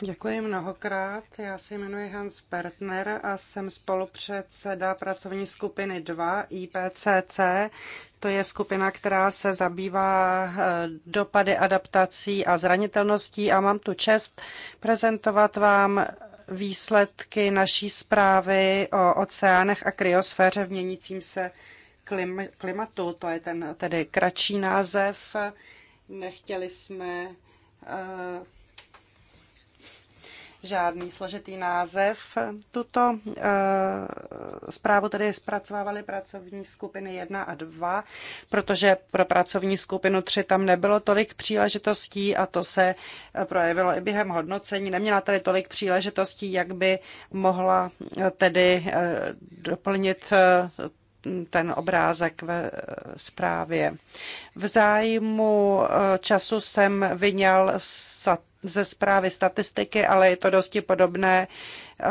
Děkuji mnohokrát. Já se jmenuji Hans Pertner a jsem spolupředseda pracovní skupiny 2 IPCC. To je skupina, která se zabývá eh, dopady adaptací a zranitelností a mám tu čest prezentovat vám výsledky naší zprávy o oceánech a kryosféře v měnícím se klim- klimatu. To je ten tedy kratší název. Nechtěli jsme eh, žádný složitý název. Tuto e, zprávu tedy zpracovávaly pracovní skupiny 1 a 2, protože pro pracovní skupinu 3 tam nebylo tolik příležitostí a to se eh, projevilo i během hodnocení. Neměla tady tolik příležitostí, jak by mohla eh, tedy doplnit ten obrázek ve zprávě. V zájmu času jsem vyňal sat ze zprávy statistiky, ale je to dosti podobné eh,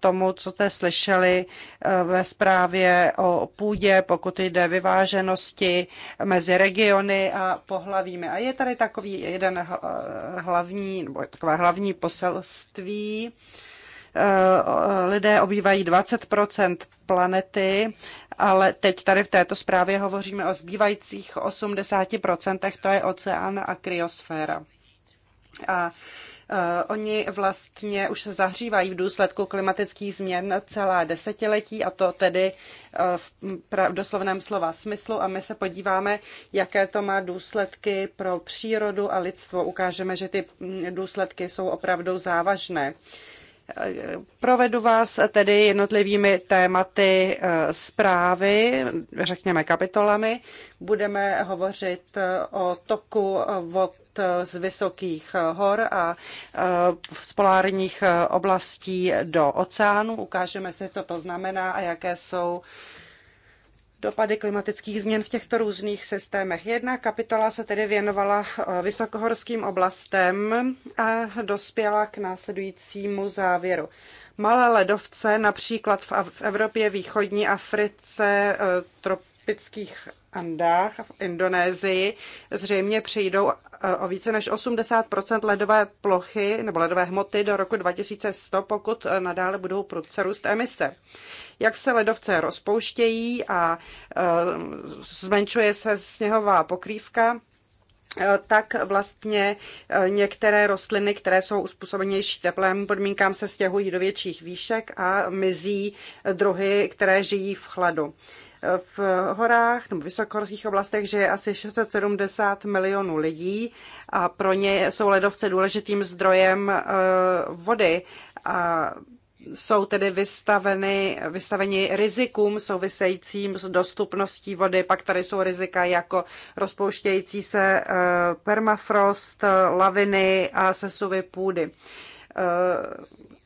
tomu, co jste slyšeli eh, ve zprávě o půdě, pokud jde vyváženosti mezi regiony a pohlavími. A je tady takový jeden hlavní, nebo takové hlavní poselství, eh, lidé obývají 20 planety, ale teď tady v této zprávě hovoříme o zbývajících 80 to je oceán a kryosféra. A e, Oni vlastně už se zahřívají v důsledku klimatických změn celá desetiletí, a to tedy e, v doslovném slova smyslu. A my se podíváme, jaké to má důsledky pro přírodu a lidstvo. Ukážeme, že ty důsledky jsou opravdu závažné. E, provedu vás tedy jednotlivými tématy zprávy, řekněme kapitolami. Budeme hovořit o toku vod Eh, z vysokých eh, hor a eh, z polárních oblastí do oceánu. Ukážeme si, co to znamená a jaké jsou dopady klimatických změn v těchto různých systémech. Jedna kapitola se tedy věnovala vysokohorským oblastem a dospěla k následujícímu závěru. Malé ledovce například v Evropě, východní Africe, tropických Andách v Indonésii zřejmě přijdou eh, o více než 80 ledové plochy nebo ledové hmoty do roku 2100, pokud eh, nadále budou prudce růst emise. Jak se ledovce rozpouštějí a eh, zmenšuje se sněhová pokrývka, tak vlastně některé rostliny, které jsou uspůsobenější teplému podmínkám, se stěhují do větších výšek a mizí druhy, které žijí v chladu v horách nebo vysokohorských oblastech žije asi 670 milionů lidí a pro ně jsou ledovce důležitým zdrojem eh, vody. A jsou tedy vystaveny, vystaveni rizikům souvisejícím s dostupností vody. Pak tady jsou rizika jako rozpouštějící se eh, permafrost, eh, laviny a sesuvy půdy.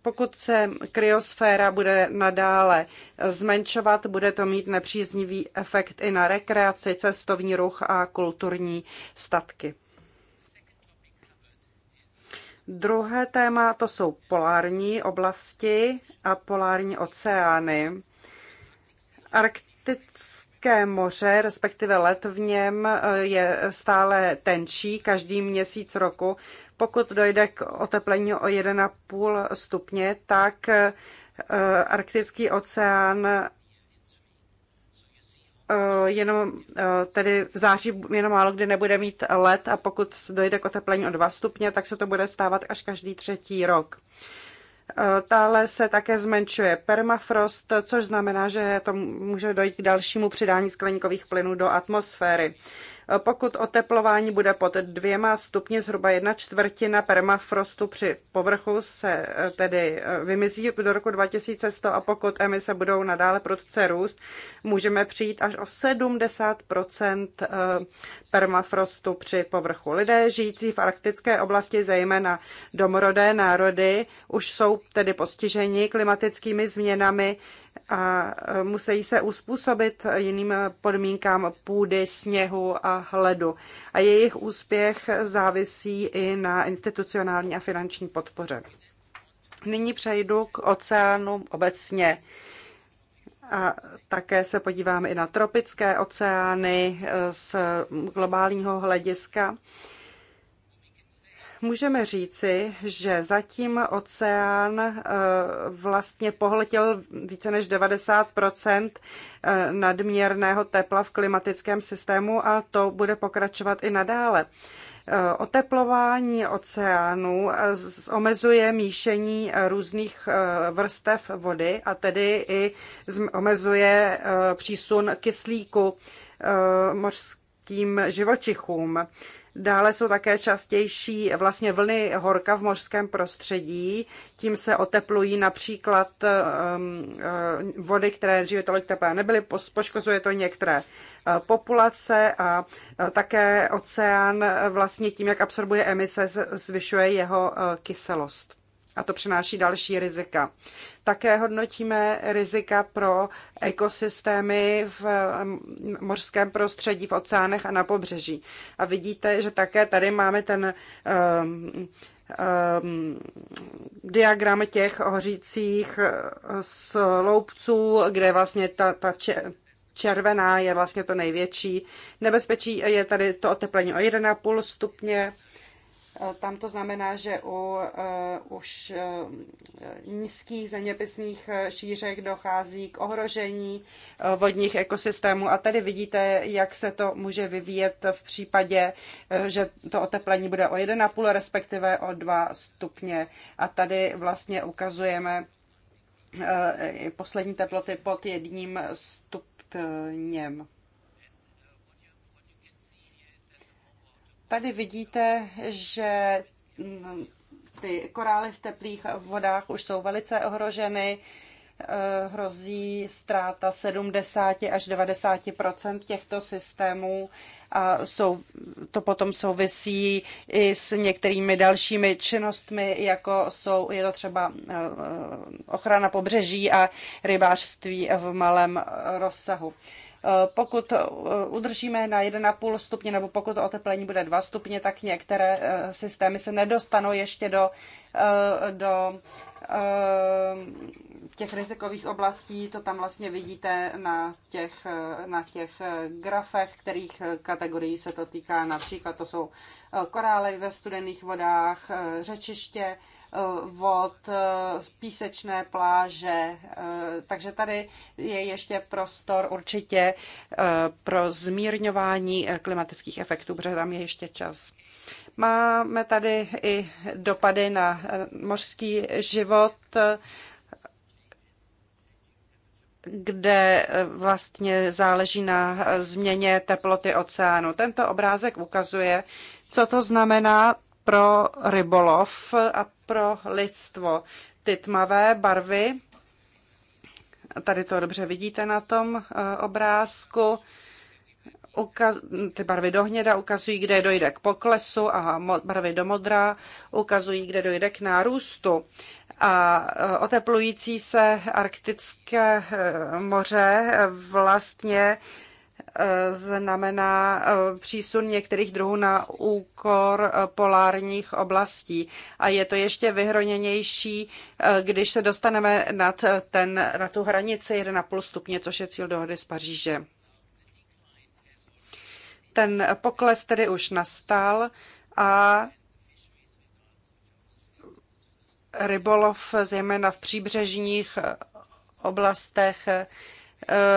Pokud se kryosféra bude nadále zmenšovat, bude to mít nepříznivý efekt i na rekreaci, cestovní ruch a kulturní statky. Druhé téma to jsou polární oblasti a polární oceány. Arktické moře, respektive let v něm, je stále tenčí každý měsíc roku pokud dojde k oteplení o 1,5 stupně, tak eh, arktický oceán eh, jenom eh, tedy v září jenom málo kdy nebude mít let a pokud dojde k oteplení o 2 stupně, tak se to bude stávat až každý třetí rok. Tále se také zmenšuje permafrost, což znamená, že to může dojít k dalšímu přidání skleníkových plynů do atmosféry. Pokud oteplování bude pod dvěma stupni, zhruba jedna čtvrtina permafrostu při povrchu se eh, tedy eh, vymizí do roku 2100 a pokud emise budou nadále prudce růst, můžeme přijít až o 70 eh, permafrostu při povrchu. Lidé žijící v arktické oblasti, zejména domorodé národy, už jsou tedy postiženi klimatickými změnami, a e, musí se uspůsobit jiným podmínkám půdy, sněhu a ledu. A jejich úspěch závisí i na institucionální a finanční podpoře. Nyní přejdu k oceánu obecně. A také se podíváme i na tropické oceány e, z globálního hlediska můžeme říci, že zatím oceán eh, vlastně pohltil více než 90 eh, nadměrného tepla v klimatickém systému a to bude pokračovat i nadále. Eh, oteplování oceánu omezuje míšení různých vrstev vody a tedy i omezuje přísun kyslíku mořským živočichům. Dále jsou také častější vlastně vlny horka v mořském prostředí. Tím se oteplují například um, uh, vody, které dříve tolik teplé nebyly. Poškozuje to některé uh, populace a uh, také oceán vlastně tím, jak absorbuje emise, zvyšuje jeho kyselost. A to přináší další rizika. Také hodnotíme rizika pro ekosystémy v mořském prostředí, v oceánech a na pobřeží. A vidíte, že také tady máme ten um, um, diagram těch hořících eh, sloupců, kde vlastně ta, ta če- červená je vlastně to největší nebezpečí. Je tady to oteplení o 1,5 stupně tam to znamená, že u eh, už eh, nízkých zeměpisných eh, šířek dochází k ohrožení vodních ekosystémů. A tady vidíte, jak se to může vyvíjet v případě, že to oteplení bude o 1,5, respektive o 2 stupně. A tady vlastně ukazujeme poslední teploty pod jedním stupněm. Tady vidíte, že mm, ty korály v teplých vodách už jsou velice ohroženy. Eh, hrozí ztráta 70 až 90 těchto systémů a jsou, to potom souvisí i s některými dalšími činnostmi, jako jsou, je to třeba eh, ochrana pobřeží a rybářství v malém eh, rozsahu. Eh, pokud eh, udržíme na 1,5 stupně nebo pokud oteplení bude 2 stupně, tak některé eh, systémy se nedostanou ještě do, do těch rizikových oblastí, to tam vlastně vidíte na těch, na těch grafech, kterých kategorií se to týká. Například to jsou eh, korály ve studených vodách, eh, řečiště, eh, vod, písečné pláže. Takže tady je ještě prostor určitě pro zmírňování klimatických efektů, protože tam je ještě čas. Máme tady i dopady na mořský život kde eh, vlastně záleží na eh, změně teploty oceánu. Tento obrázek ukazuje, co to znamená pro rybolov a pro lidstvo. Ty tmavé barvy, tady to dobře vidíte na tom eh, obrázku, ty barvy do hněda ukazují, kde dojde k poklesu a barvy do modra ukazují, kde dojde k nárůstu. A e, oteplující se arktické e, moře vlastně e, znamená přísun některých druhů na úkor polárních oblastí. A je to ještě vyhroněnější, když se dostaneme nad ten, na tu hranici 1,5 stupně, což je cíl dohody z Paříže. Ten pokles tedy už nastal a rybolov, zejména v příbřežních oblastech, eh,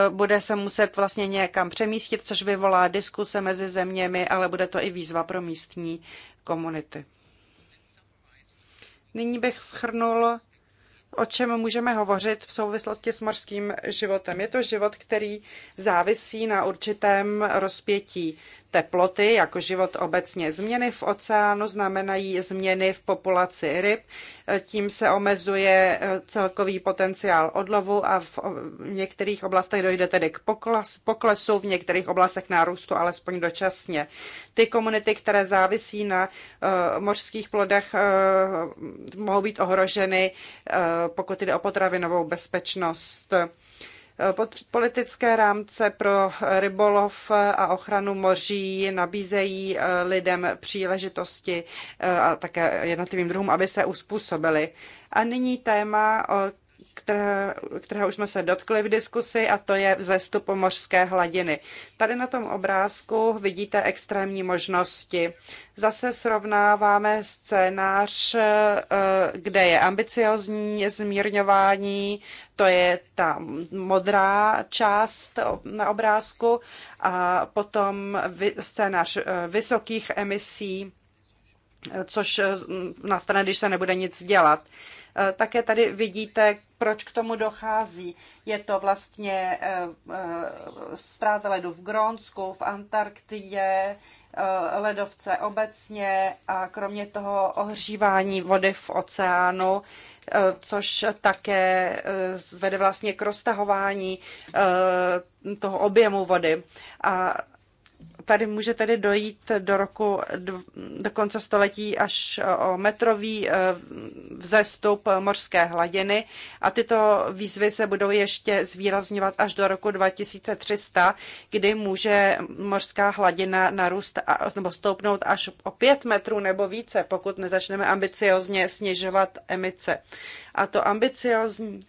bude se muset vlastně někam přemístit, což vyvolá diskuse mezi zeměmi, ale bude to i výzva pro místní komunity. Nyní bych schrnul, o čem můžeme hovořit v souvislosti s mořským životem. Je to život, který závisí na určitém rozpětí teploty, jako život obecně. Změny v oceánu znamenají změny v populaci ryb, tím se omezuje eh, celkový potenciál odlovu a v některých oblastech dojde tedy k poklesu, v některých oblastech nárůstu, alespoň dočasně. Ty komunity, které závisí na eh, mořských plodech, eh, mohou být ohroženy, pokud jde o potravinovou bezpečnost. Eh, politické rámce pro rybolov a ochranu moří nabízejí eh, lidem příležitosti eh, a také jednotlivým druhům, aby se uspůsobili. A nyní téma, která, kterého už jsme se dotkli v diskusi, a to je vzestup mořské hladiny. Tady na tom obrázku vidíte extrémní možnosti. Zase srovnáváme scénář, eh, kde je ambiciozní zmírňování, to je ta modrá část na obrázku, a potom scénář eh, vysokých emisí, což eh, nastane, když se nebude nic dělat. Eh, také tady vidíte, proč k tomu dochází. Je to vlastně eh, eh, ztráta ledu v Grónsku, v Antarktidě, ledovce obecně a kromě toho ohřívání vody v oceánu, což také zvede vlastně k roztahování toho objemu vody. A tady může tedy dojít do roku, do konce století až e, o metrový e, vzestup mořské hladiny a tyto výzvy se budou ještě zvýrazňovat až do roku 2300, kdy může mořská hladina narůst nebo stoupnout až o 5 metrů nebo více, pokud nezačneme ambiciozně snižovat emice. A to ambiciozní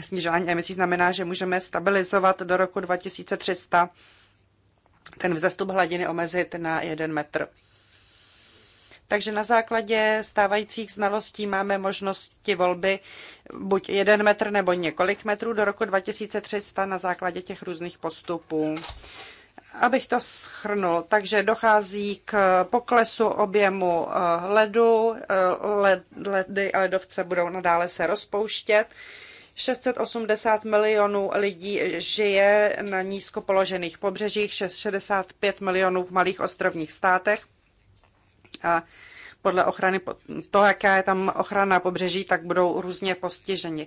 snižování emisí znamená, že můžeme stabilizovat do roku 2300 ten vzestup hladiny omezit na jeden metr. Takže na základě stávajících znalostí máme možnosti volby buď jeden metr nebo několik metrů do roku 2300 na základě těch různých postupů. Abych to schrnul, takže dochází k poklesu objemu eh, ledu, eh, ledy a ledovce budou nadále se rozpouštět. 680 milionů lidí žije na nízko položených pobřežích, 65 milionů v malých ostrovních státech. A podle ochrany, to, jaká je tam ochrana pobřeží, tak budou různě postiženi.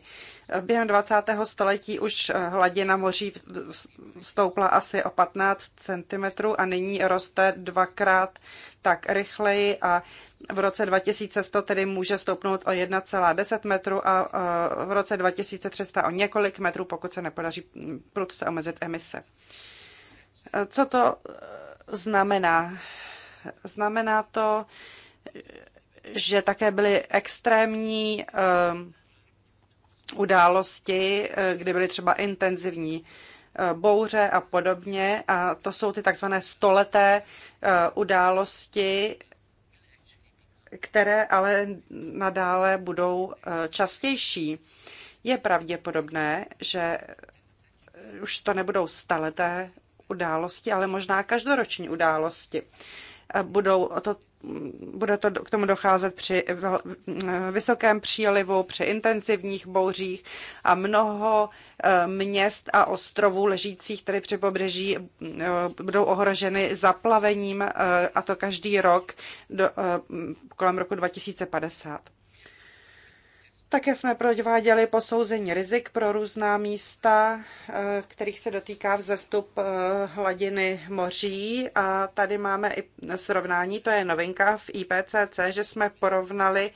Během 20. století už hladina moří stoupla asi o 15 cm a nyní roste dvakrát tak rychleji a v roce 2100 tedy může stoupnout o 1,10 metru a v roce 2300 o několik metrů, pokud se nepodaří prudce omezit emise. Co to e, znamená? Znamená to, že také byly extrémní e, události, e, kdy byly třeba intenzivní bouře a podobně. A to jsou ty takzvané stoleté události, které ale nadále budou eh, častější. Je pravděpodobné, že eh, už to nebudou staleté události, ale možná každoroční události. Eh, budou to bude to k tomu docházet při vysokém přílivu, při intenzivních bouřích a mnoho eh, měst a ostrovů ležících tady při pobřeží eh, budou ohroženy zaplavením eh, a to každý rok do, kolem roku 2050. Také jsme prováděli posouzení rizik pro různá místa, eh, kterých se dotýká vzestup eh, hladiny moří. A tady máme i srovnání, to je novinka v IPCC, že jsme porovnali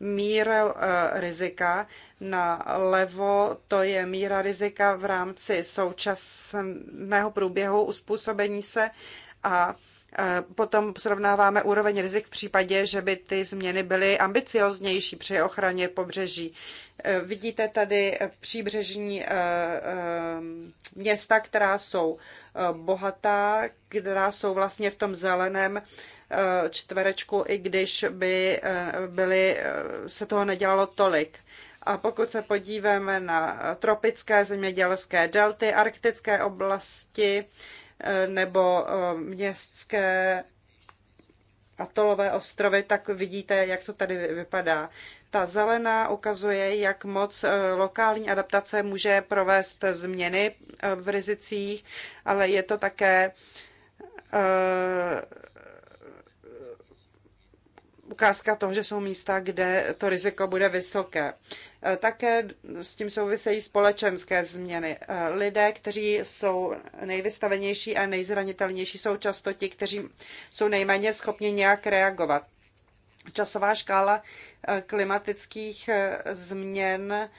míru eh, rizika na levo, to je míra rizika v rámci současného průběhu uspůsobení se a Eh, potom srovnáváme úroveň rizik v případě, že by ty změny byly ambicioznější při ochraně pobřeží. Eh, vidíte tady eh, příbřežní města, která jsou bohatá, která jsou vlastně v tom zeleném čtverečku, i když by byly, se toho nedělalo tolik. A pokud se podíváme na tropické zemědělské delty, arktické oblasti, Eh, nebo eh, městské atolové ostrovy, tak vidíte, jak to tady vypadá. Ta zelená ukazuje, jak moc eh, lokální adaptace může provést změny v rizicích, ale je to také ukázka toho, že jsou místa, kde to riziko bude vysoké. Eh, také s tím souvisejí společenské změny. Eh, lidé, kteří jsou nejvystavenější a nejzranitelnější, jsou často ti, kteří jsou nejméně schopni nějak reagovat. Časová škála eh, klimatických změn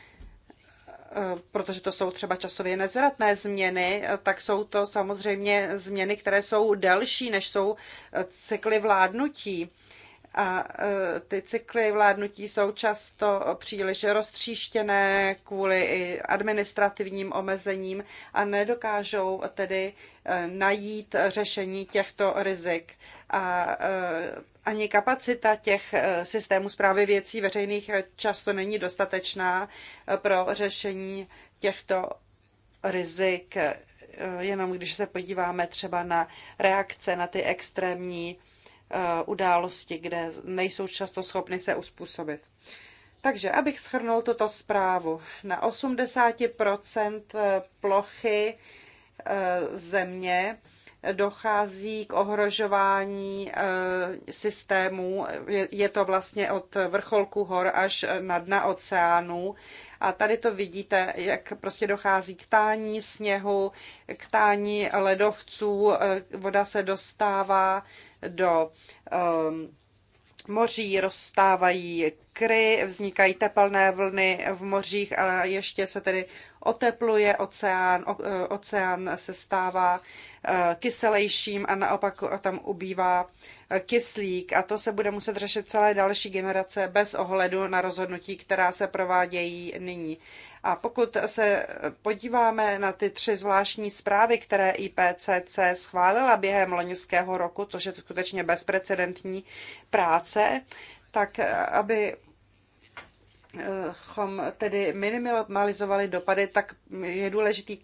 protože to jsou třeba časově nezvratné změny, tak jsou to samozřejmě změny, které jsou delší, než jsou cykly vládnutí a e, ty cykly vládnutí jsou často příliš roztříštěné kvůli administrativním omezením a nedokážou tedy e, najít řešení těchto rizik. A e, ani kapacita těch systémů zprávy věcí veřejných často není dostatečná pro řešení těchto rizik. Jenom když se podíváme třeba na reakce na ty extrémní Eh, události, kde nejsou často schopny se uspůsobit. Takže, abych schrnul tuto zprávu, na 80% eh, plochy eh, země dochází k ohrožování systémů. Je to vlastně od vrcholku hor až na dna oceánů. A tady to vidíte, jak prostě dochází k tání sněhu, k tání ledovců, voda se dostává do um, moří rozstávají kry, vznikají tepelné vlny v mořích a ještě se tedy otepluje oceán, e, oceán se stává e, kyselejším a naopak tam ubývá e, kyslík a to se bude muset řešit celé další generace bez ohledu na rozhodnutí, která se provádějí nyní. A pokud se podíváme na ty tři zvláštní zprávy, které IPCC schválila během loňského roku, což je skutečně bezprecedentní práce, tak aby chom tedy minimalizovali dopady, tak je důležitý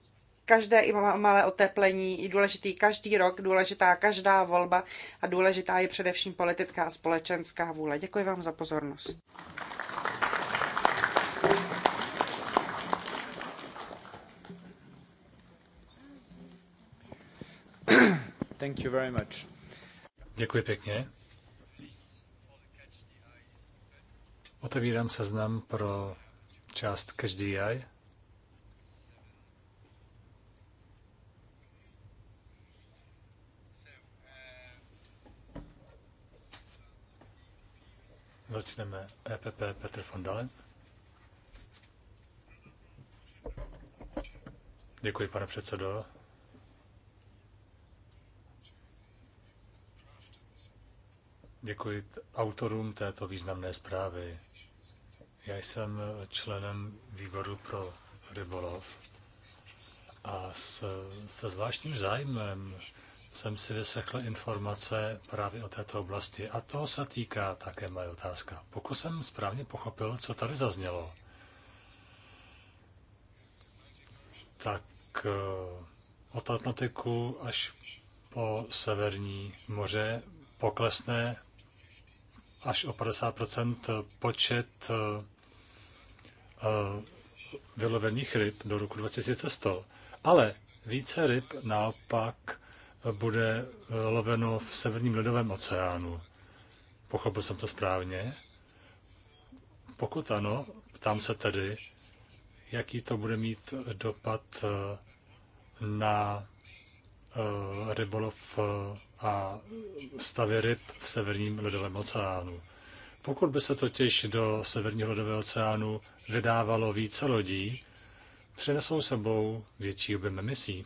každé i malé oteplení, je důležitý každý rok, důležitá každá volba a důležitá je především politická a společenská vůle. Děkuji vám za pozornost. Thank you very much. Děkuji pěkně. Otevírám seznam pro část každý jaj. Začneme EPP Petr von Dalen. Děkuji, pane předsedo. Děkuji autorům této významné zprávy. Já jsem členem výboru pro rybolov a se, se zvláštním zájmem jsem si vyslechl informace právě o této oblasti a toho se týká také moje otázka. Pokud jsem správně pochopil, co tady zaznělo, tak eh, od Atlantiku až po Severní moře poklesne až o 50 počet eh, eh, vylovených ryb do roku 2100. Ale více ryb naopak bude eh, loveno v Severním ledovém oceánu. Pochopil jsem to správně? Pokud ano, ptám se tedy, jaký to bude mít dopad na Eh, rybolov eh, a stavy ryb v severním ledovém oceánu. Pokud by se totiž do severního ledového oceánu vydávalo více lodí, přinesou sebou větší objem emisí.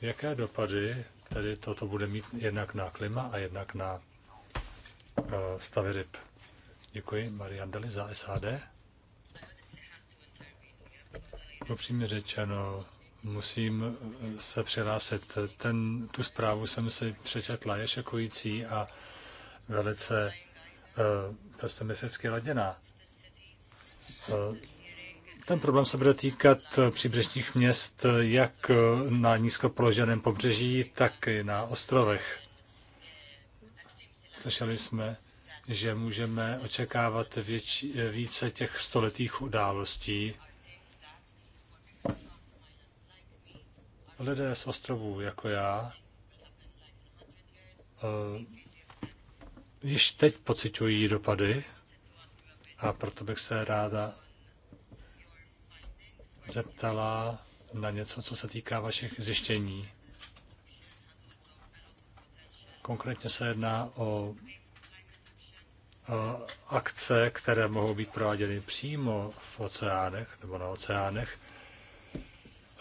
Jaké dopady tedy toto bude mít jednak na klima a jednak na eh, stavy ryb? Děkuji, Marian Deli za SHD upřímně řečeno, musím eh, se přihlásit. Ten, tu zprávu jsem si přečetla, je šokující a velice uh, eh, pesimisticky prostě laděná. Uh, ten problém se bude týkat příbřežních měst jak na nízko pobřeží, tak i na ostrovech. Slyšeli jsme, že můžeme očekávat větši, více těch stoletých událostí, lidé z ostrovů jako já eh, již teď pocitují dopady a proto bych se ráda zeptala na něco, co se týká vašich zjištění. Konkrétně se jedná o, o eh, akce, které mohou být prováděny přímo v oceánech nebo na oceánech.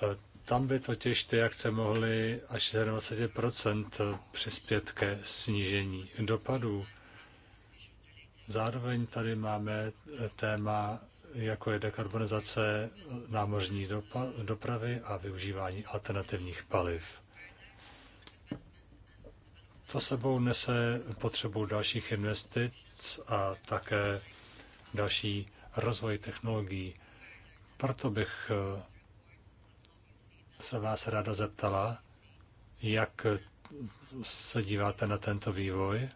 Eh, tam by totiž ty akce mohly až 20% přispět ke snížení dopadů. Zároveň tady máme téma, jako je dekarbonizace námořní dopravy a využívání alternativních paliv. To sebou nese potřebu dalších investic a také další rozvoj technologií. Proto bych eh, se vás ráda zeptala, jak se díváte na tento vývoj.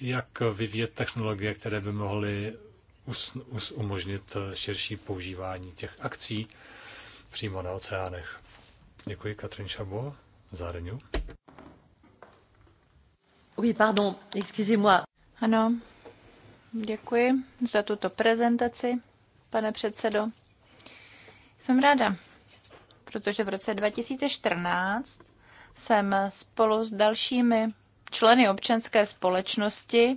Jak vyvíjet technologie, které by mohly umožnit širší používání těch akcí přímo na oceánech. Děkuji Katrin Šabo za Renew. Oui, pardon, excusez-moi. Ano, děkuji za tuto prezentaci pane předsedo. Jsem ráda, protože v roce 2014 jsem spolu s dalšími členy občanské společnosti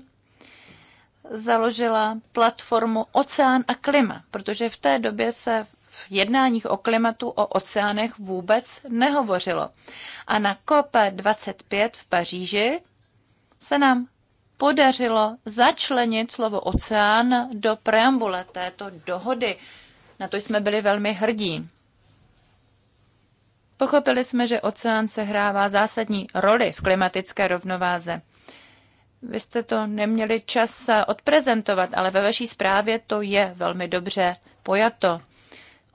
založila platformu Oceán a klima, protože v té době se v jednáních o klimatu o oceánech vůbec nehovořilo. A na COP25 v Paříži se nám podařilo začlenit slovo oceán do preambule této dohody. Na to jsme byli velmi hrdí. Pochopili jsme, že oceán hrává zásadní roli v klimatické rovnováze. Vy jste to neměli čas odprezentovat, ale ve vaší zprávě to je velmi dobře pojato.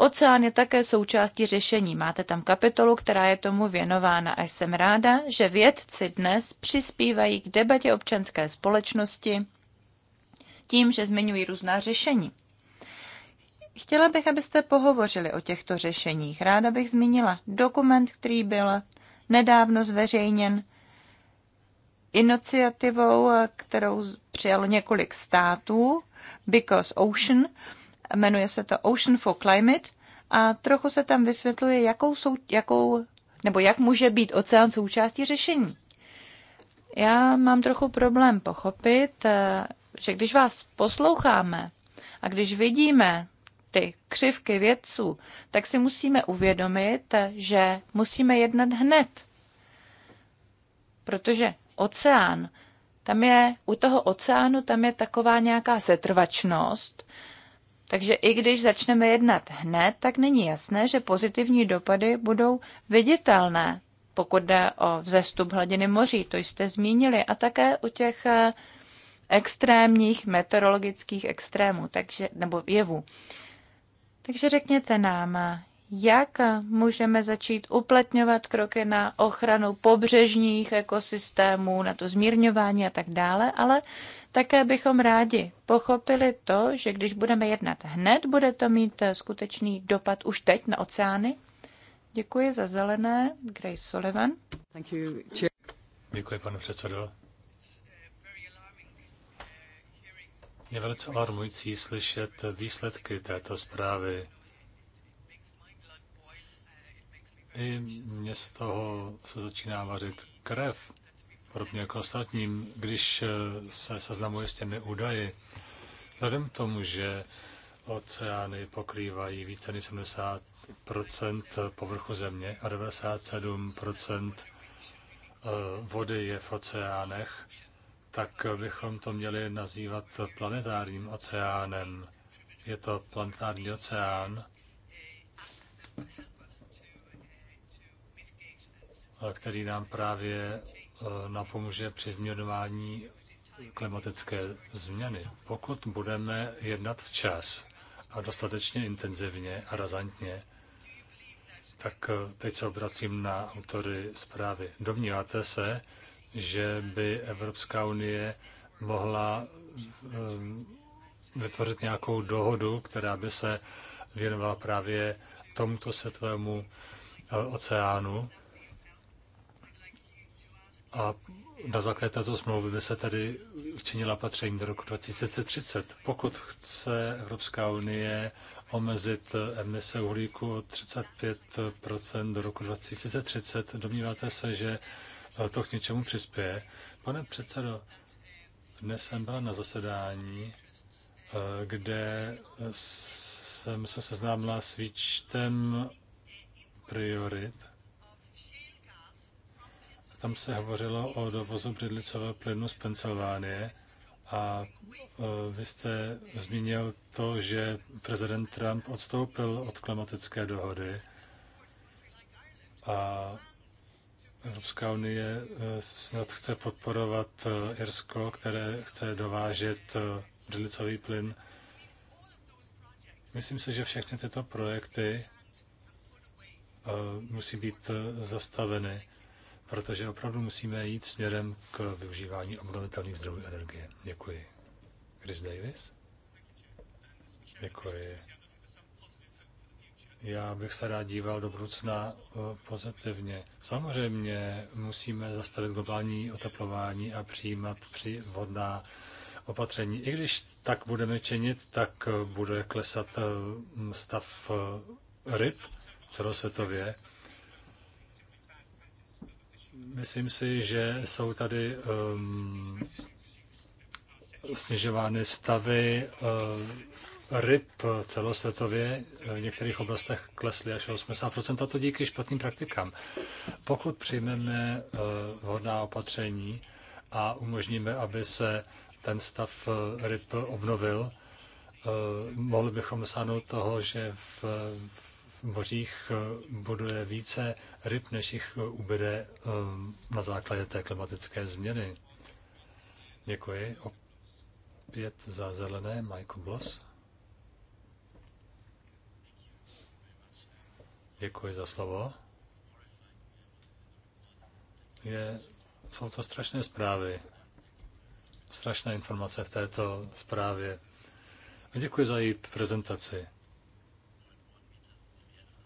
Oceán je také součástí řešení. Máte tam kapitolu, která je tomu věnována a jsem ráda, že vědci dnes přispívají k debatě občanské společnosti tím, že zmiňují různá řešení. Chtěla bych, abyste pohovořili o těchto řešeních. Ráda bych zmínila dokument, který byl nedávno zveřejněn iniciativou, kterou přijalo několik států, Because Ocean – jmenuje se to Ocean for Climate a trochu se tam vysvětluje, jakou, sou, jakou nebo jak může být oceán součástí řešení. Já mám trochu problém pochopit, eh, že když vás posloucháme a když vidíme ty křivky vědců, tak si musíme uvědomit, eh, že musíme jednat hned. Protože oceán, tam je, u toho oceánu tam je taková nějaká setrvačnost, takže i když začneme jednat hned, tak není jasné, že pozitivní dopady budou viditelné, pokud jde o vzestup hladiny moří, to jste zmínili, a také u těch eh, extrémních meteorologických extrémů, takže, nebo jevů. Takže řekněte nám, jak můžeme začít uplatňovat kroky na ochranu pobřežních ekosystémů, na to zmírňování a tak dále, ale také bychom rádi pochopili to, že když budeme jednat hned, bude to mít eh, skutečný dopad už teď na oceány. Děkuji za zelené, Grace Sullivan. Děkuji, pane předsedo. Je velice alarmující slyšet výsledky této zprávy. I mě z toho se začíná vařit krev podobně jako ostatním, když eh, se seznamuje s těmi údaji. Vzhledem k tomu, že oceány pokrývají více než 70 povrchu země a 97 eh, vody je v oceánech, tak bychom to měli nazývat planetárním oceánem. Je to planetární oceán, eh, který nám právě Eh, napomůže při změnování klimatické změny. Pokud budeme jednat včas a dostatečně intenzivně a razantně, tak eh, teď se obracím na autory zprávy. Domníváte se, že by Evropská unie mohla eh, vytvořit nějakou dohodu, která by se věnovala právě tomuto světovému oceánu, a na základě této smlouvy by se tedy činila patření do roku 2030. Pokud chce Evropská unie omezit emise uhlíku o 35 do roku 2030, domníváte se, že to k něčemu přispěje? Pane předsedo, dnes jsem byla na zasedání, kde jsem se seznámila s výčtem priorit tam se hovořilo o dovozu břidlicového plynu z Pensylvánie a e, vy jste zmínil to, že prezident Trump odstoupil od klimatické dohody a Evropská unie e, snad chce podporovat e, Irsko, které chce dovážet břidlicový plyn. Myslím si, že všechny tyto projekty musí být zastaveny protože opravdu musíme jít směrem k využívání obnovitelných zdrojů energie. Děkuji. Chris Davis? Děkuji. Já bych se rád díval do budoucna eh, pozitivně. Samozřejmě musíme zastavit globální oteplování a přijímat při vodná opatření. I když tak budeme činit, tak eh, bude klesat eh, stav ryb celosvětově. Myslím si, že jsou tady um, snižovány stavy uh, ryb celosvětově. V některých oblastech klesly až 80%, a to díky špatným praktikám. Pokud přijmeme uh, vhodná opatření a umožníme, aby se ten stav uh, ryb obnovil, uh, mohli bychom dosáhnout toho, že v, v v mořích eh, bude více ryb, než jich eh, ubude eh, na základě té klimatické změny. Děkuji. Opět za zelené Michael Bloss. Děkuji za slovo. Je, jsou to strašné zprávy. Strašné informace v této zprávě. děkuji za její prezentaci.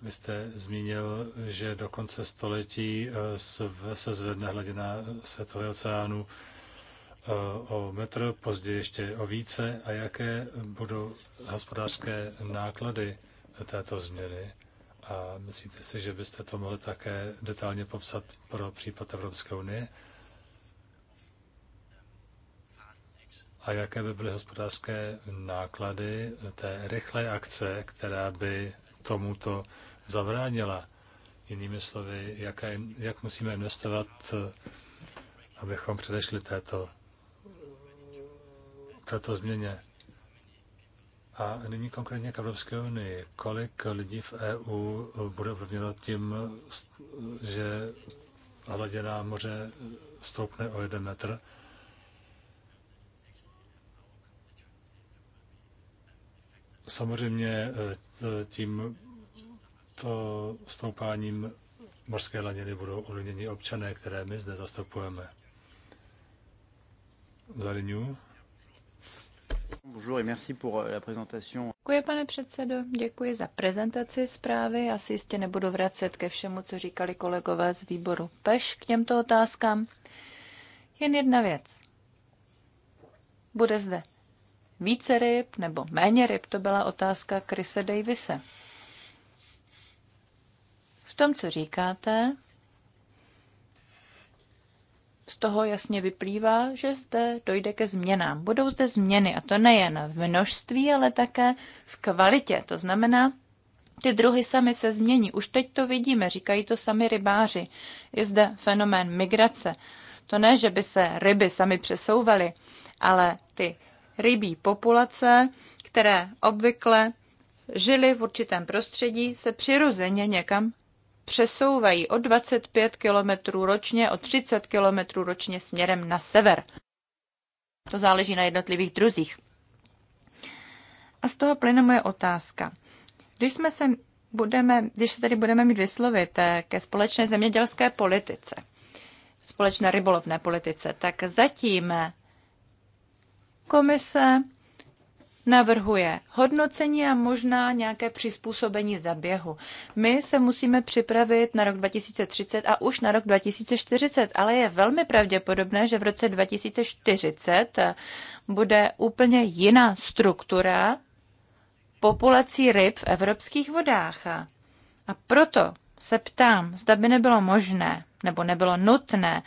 Vy jste zmínil, že do konce století eh, se zvedne hladina světového oceánu eh, o metr, později ještě o více. A jaké budou hospodářské náklady této změny? A myslíte si, že byste to mohli také detailně popsat pro případ Evropské unie? A jaké by byly hospodářské náklady té rychlé akce, která by tomuto zabránila. Jinými slovy, jak, jak musíme investovat, abychom předešli této, této změně. A nyní konkrétně k Evropské unii. Kolik lidí v EU bude ovlivněno tím, že hladina moře stoupne o jeden metr? Samozřejmě e, tím stoupáním mořské laniny budou ovlivněni občané, které my zde zastupujeme. Zarinu. Euh, děkuji, pane předsedo, děkuji za prezentaci zprávy. Já si jistě nebudu vracet ke všemu, co říkali kolegové z výboru PEŠ k těmto otázkám. Jen jedna věc. Bude zde více ryb nebo méně ryb? To byla otázka Krise Davise. V tom, co říkáte, z toho jasně vyplývá, že zde dojde ke změnám. Budou zde změny, a to nejen v množství, ale také v kvalitě. To znamená, ty druhy sami se změní. Už teď to vidíme, říkají to sami rybáři. Je zde fenomén migrace. To ne, že by se ryby sami přesouvaly, ale ty rybí populace, které obvykle žili v určitém prostředí, se přirozeně někam přesouvají o 25 km ročně, o 30 km ročně směrem na sever. To záleží na jednotlivých druzích. A z toho plyne moje otázka. Když, jsme se budeme, když se tady budeme mít vyslovit eh, ke společné zemědělské politice, společné rybolovné politice, tak zatím eh, komise navrhuje hodnocení a možná nějaké přizpůsobení zaběhu. My se musíme připravit na rok 2030 a už na rok 2040, ale je velmi pravděpodobné, že v roce 2040 bude úplně jiná struktura populací ryb v evropských vodách. A proto se ptám, zda by nebylo možné nebo nebylo nutné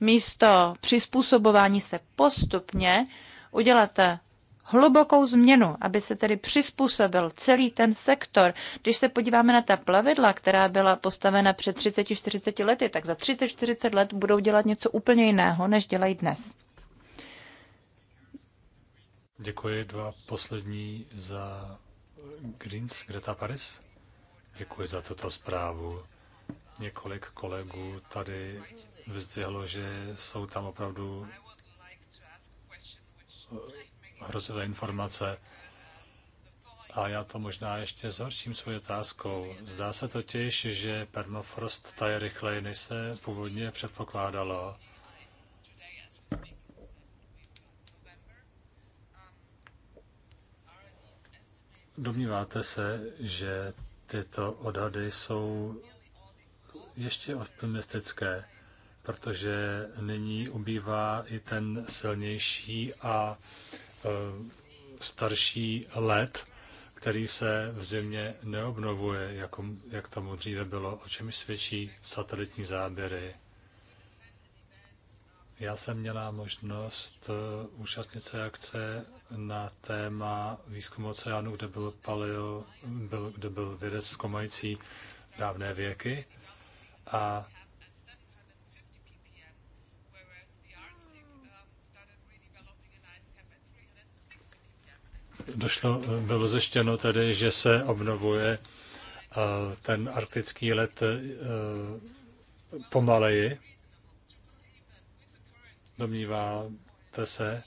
místo přizpůsobování se postupně udělat hlubokou změnu, aby se tedy přizpůsobil celý ten sektor. Když se podíváme na ta plavidla, která byla postavena před 30-40 lety, tak za 30-40 let budou dělat něco úplně jiného, než dělají dnes. Děkuji. Dva poslední za Greens, Greta Paris. Děkuji za tuto zprávu. Několik kolegů tady vyzdvihlo, že jsou tam opravdu eh, hrozivé informace. A já to možná ještě zhorším svou otázkou. Zdá se totiž, že permafrost taje rychleji, než se původně předpokládalo. Domníváte se, že tyto odhady jsou ještě optimistické, protože nyní ubývá i ten silnější a e, starší led, který se v zimě neobnovuje, jako, jak tomu dříve bylo, o čem svědčí satelitní záběry. Já jsem měla možnost e, účastnit se akce na téma výzkumu oceánu, kde byl, paleo, byl, kde byl vědec zkoumající dávné věky a došlo, bylo zjištěno tedy, že se obnovuje eh, ten arktický let eh, pomaleji. Domníváte se,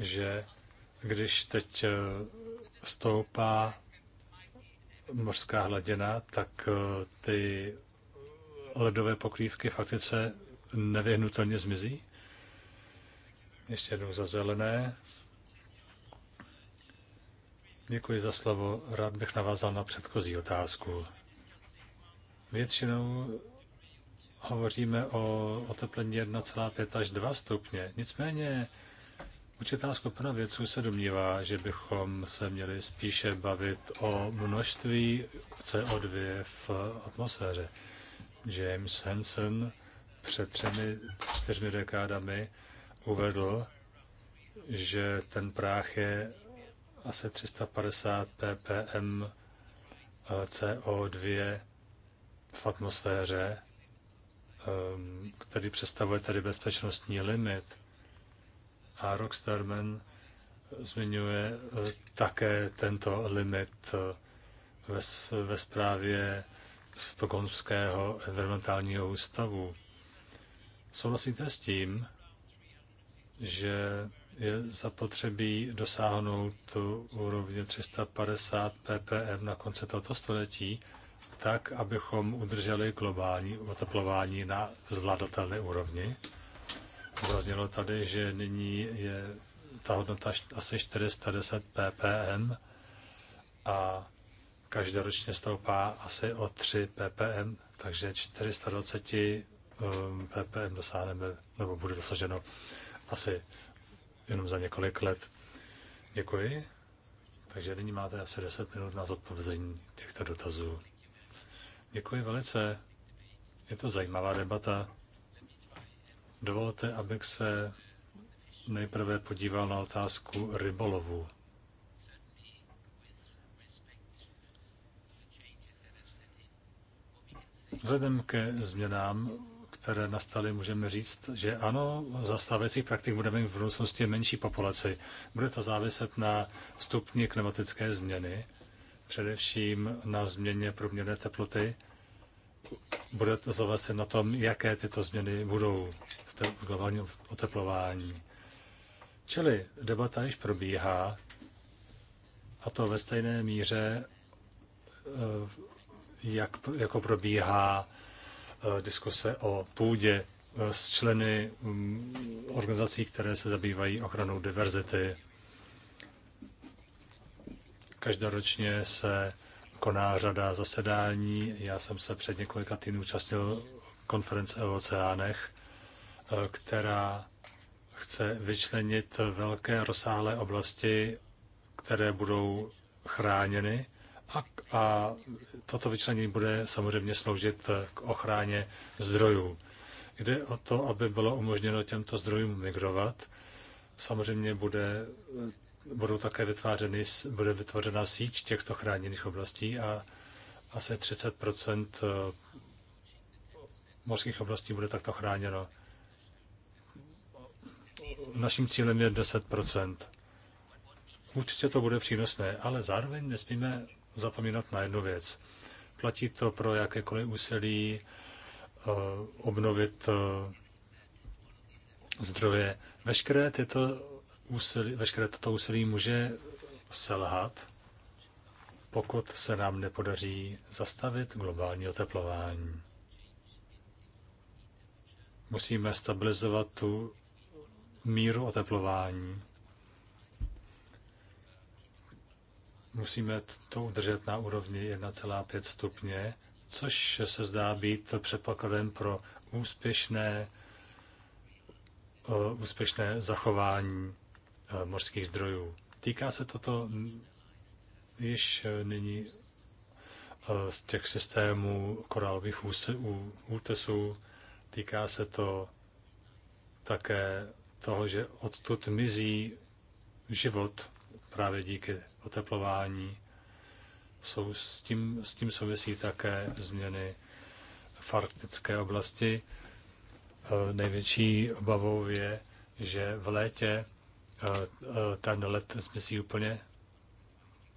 že když teď eh, stoupá mořská hladina, tak ty ledové pokrývky v faktice nevyhnutelně zmizí? Ještě jednou za zelené. Děkuji za slovo. Rád bych navázal na předchozí otázku. Většinou hovoříme o oteplení 1,5 až 2 stupně. Nicméně určitá skupina vědců se domnívá, že bychom se měli spíše bavit o množství CO2 v atmosféře. James Hansen před třemi, čtyřmi dekádami uvedl, že ten práh je asi 350 ppm CO2 v atmosféře, ehm, který představuje tedy bezpečnostní limit. A Rocksterman zmiňuje eh, také tento limit eh, ve, ve zprávě Stokholmského environmentálního ústavu. Souhlasíte s tím, že je zapotřebí dosáhnout úrovně 350 ppm na konci tohoto století, tak, abychom udrželi globální oteplování na zvládatelné úrovni. Zaznělo tady, že nyní je ta hodnota asi 410 ppm a každoročně stoupá asi o 3 ppm, takže 420 um, ppm dosáhneme, nebo bude dosaženo asi jenom za několik let. Děkuji. Takže nyní máte asi 10 minut na zodpovězení těchto dotazů. Děkuji velice. Je to zajímavá debata. Dovolte, abych se nejprve podíval na otázku rybolovu. Vzhledem ke změnám, které nastaly, můžeme říct, že ano, za stávajících praktik budeme mít v budoucnosti menší populaci. Bude to záviset na stupni klimatické změny, především na změně průměrné teploty. Bude to záviset na tom, jaké tyto změny budou v globálním oteplování. Čili debata již probíhá, a to ve stejné míře eh, jak, jako probíhá eh, diskuse o půdě eh, s členy mm, organizací, které se zabývají ochranou diverzity. Každoročně se koná řada zasedání. Já jsem se před několika týdny účastnil konference o oceánech, eh, která chce vyčlenit velké rozsáhlé oblasti, které budou chráněny a, a toto vyčlenění bude samozřejmě sloužit eh, k ochráně zdrojů. Jde o to, aby bylo umožněno těmto zdrojům migrovat. Samozřejmě bude, eh, budou také vytvářeny, bude vytvořena síť těchto chráněných oblastí a asi 30 eh, mořských oblastí bude takto chráněno. Naším cílem je 10 Určitě to bude přínosné, ale zároveň nesmíme zapomínat na jednu věc. Platí to pro jakékoliv úsilí eh, obnovit eh, zdroje. Veškeré, tyto úsilí, veškeré toto úsilí může selhat, pokud se nám nepodaří zastavit globální oteplování. Musíme stabilizovat tu míru oteplování. musíme to udržet na úrovni 1,5 stupně, což se zdá být předpokladem pro úspěšné, eh, úspěšné zachování eh, mořských zdrojů. Týká se toto již nyní eh, z těch systémů korálových útesů, týká se to také toho, že odtud mizí život právě díky oteplování. Jsou s, tím, s tím souvisí také změny v arktické oblasti. E, největší obavou je, že v létě e, e, ten let zmizí úplně,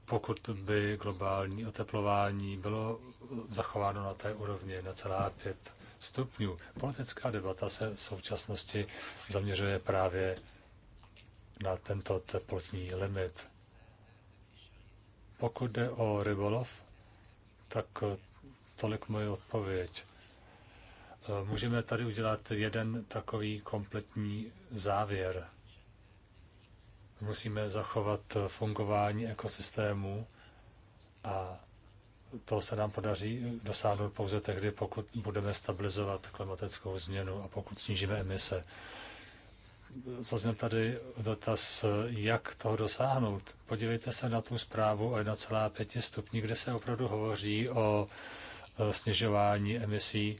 pokud by globální oteplování bylo zachováno na té úrovni na celá pět stupňů. Politická debata se v současnosti zaměřuje právě na tento teplotní limit. Pokud jde o rybolov, tak eh, tolik moje odpověď. Eh, můžeme tady udělat jeden takový kompletní závěr. Musíme zachovat eh, fungování ekosystému a to se nám podaří dosáhnout pouze tehdy, pokud budeme stabilizovat klimatickou změnu a pokud snížíme emise zazněl tady dotaz, jak toho dosáhnout. Podívejte se na tu zprávu o 1,5 stupni, kde se opravdu hovoří o e, snižování emisí, e,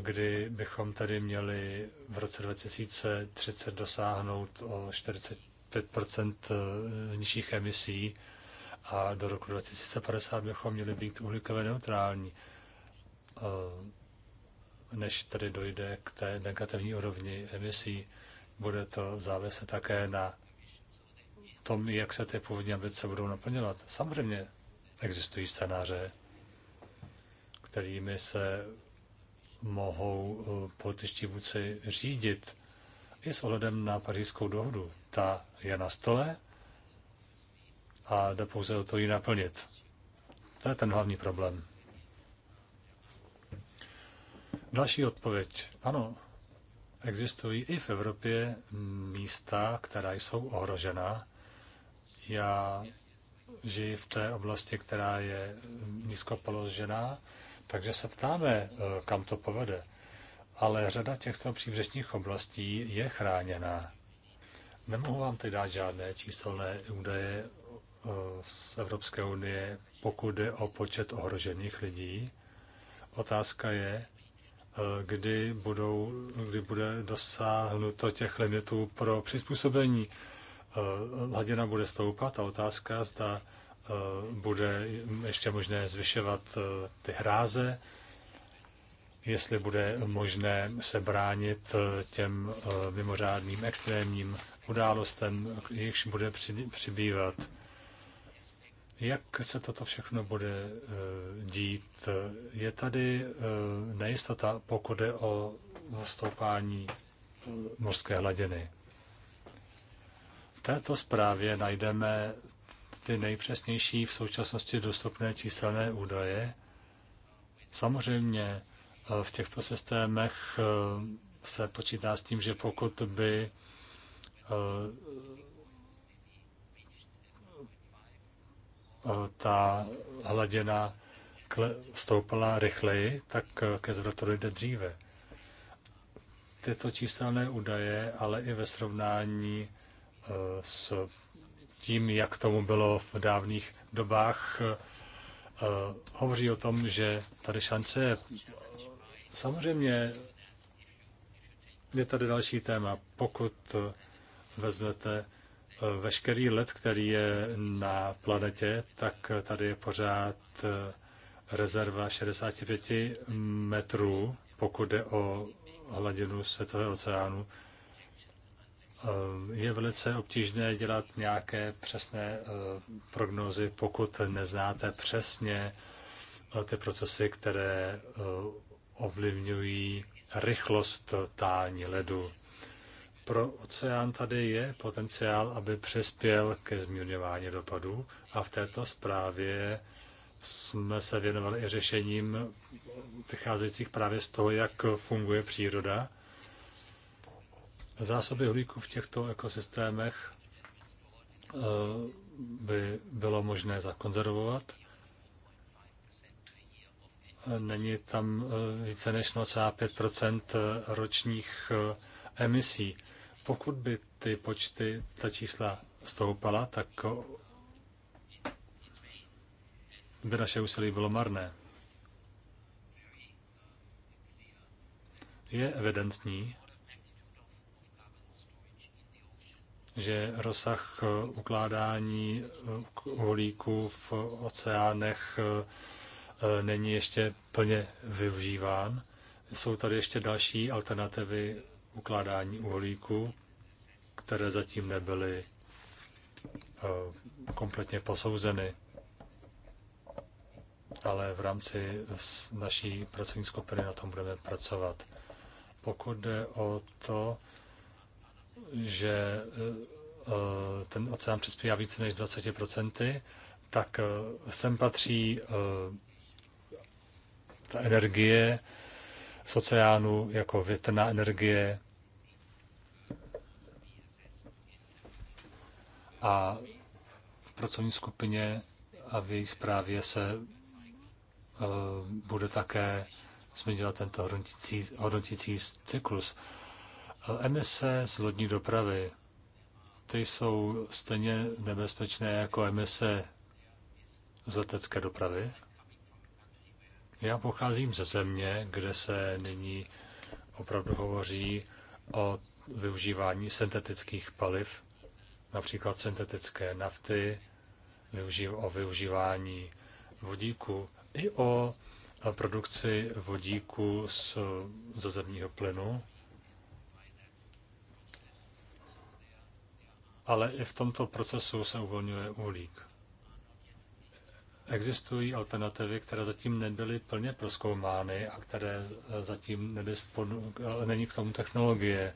kdy bychom tady měli v roce 2030 dosáhnout o 45 e, nižších emisí a do roku 2050 bychom měli být uhlíkové neutrální než tedy dojde k té negativní úrovni emisí. Bude to záviset také na tom, jak se ty původní ambice budou naplňovat. Samozřejmě existují scénáře, kterými se mohou eh, političtí vůdci řídit i s ohledem na pařížskou dohodu. Ta je na stole a jde pouze o to ji naplnit. To je ten hlavní problém. Další odpověď. Ano, existují i v Evropě místa, která jsou ohrožena. Já žiji v té oblasti, která je nízko položená, takže se ptáme, eh, kam to povede. Ale řada těchto příbřežních oblastí je chráněná. Nemohu vám teď dát žádné číselné údaje eh, z Evropské unie, pokud je o počet ohrožených lidí. Otázka je, Eh, kdy, budou, kdy bude dosáhnuto těch limitů pro přizpůsobení. Eh, hladina bude stoupat a otázka, zda eh, bude ještě možné zvyšovat ty hráze, jestli bude možné se bránit těm mimořádným extrémním událostem, jichž bude přibývat. Jak se toto všechno bude eh, dít? Je tady eh, nejistota, pokud jde o stoupání eh, mořské hladiny. V této zprávě najdeme ty nejpřesnější v současnosti dostupné číselné údaje. Samozřejmě v těchto systémech se počítá s tím, že pokud by Eh, ta hladina stoupala rychleji, tak eh, ke zvratu dojde dříve. Tyto číselné údaje, ale i ve srovnání eh, s tím, jak tomu bylo v dávných dobách, hovoří o tom, že tady šance je. Samozřejmě je tady další téma. Pokud vezmete veškerý led, který je na planetě, tak tady je pořád eh, rezerva 65 metrů, pokud jde o hladinu Světového oceánu. Eh, je velice obtížné dělat nějaké přesné eh, prognózy, pokud neznáte přesně ty procesy, které ovlivňují rychlost tání ledu. Pro oceán tady je potenciál, aby přispěl ke zmírňování dopadů a v této zprávě jsme se věnovali i řešením vycházejících právě z toho, jak funguje příroda. Zásoby uhlíku v těchto ekosystémech eh, by bylo možné zakonzervovat. Není tam eh, více než 0,5 eh, ročních emisí pokud by ty počty, ta čísla stoupala, tak by naše úsilí bylo marné. Je evidentní, že rozsah ukládání uhlíku v oceánech e, není ještě plně využíván. Jsou tady ještě další alternativy ukládání uhlíku, které zatím nebyly eh, kompletně posouzeny. Ale v rámci naší pracovní skupiny na tom budeme pracovat. Pokud jde o to, že eh, eh, ten oceán přispívá více než 20%, tak sem patří ta energie z oceánu jako větrná energie, a v pracovní skupině a v její zprávě se eh, bude také změnila tento hodnotící, hodnotící cyklus. Eh, emise z lodní dopravy, ty jsou stejně nebezpečné jako emise z letecké dopravy. Já pocházím ze země, kde se nyní opravdu hovoří o využívání syntetických paliv například syntetické nafty, o využívání vodíku i o produkci vodíku z, ze zemního plynu. Ale i v tomto procesu se uvolňuje uhlík. Existují alternativy, které zatím nebyly plně proskoumány a které zatím nedisponují, není k tomu technologie.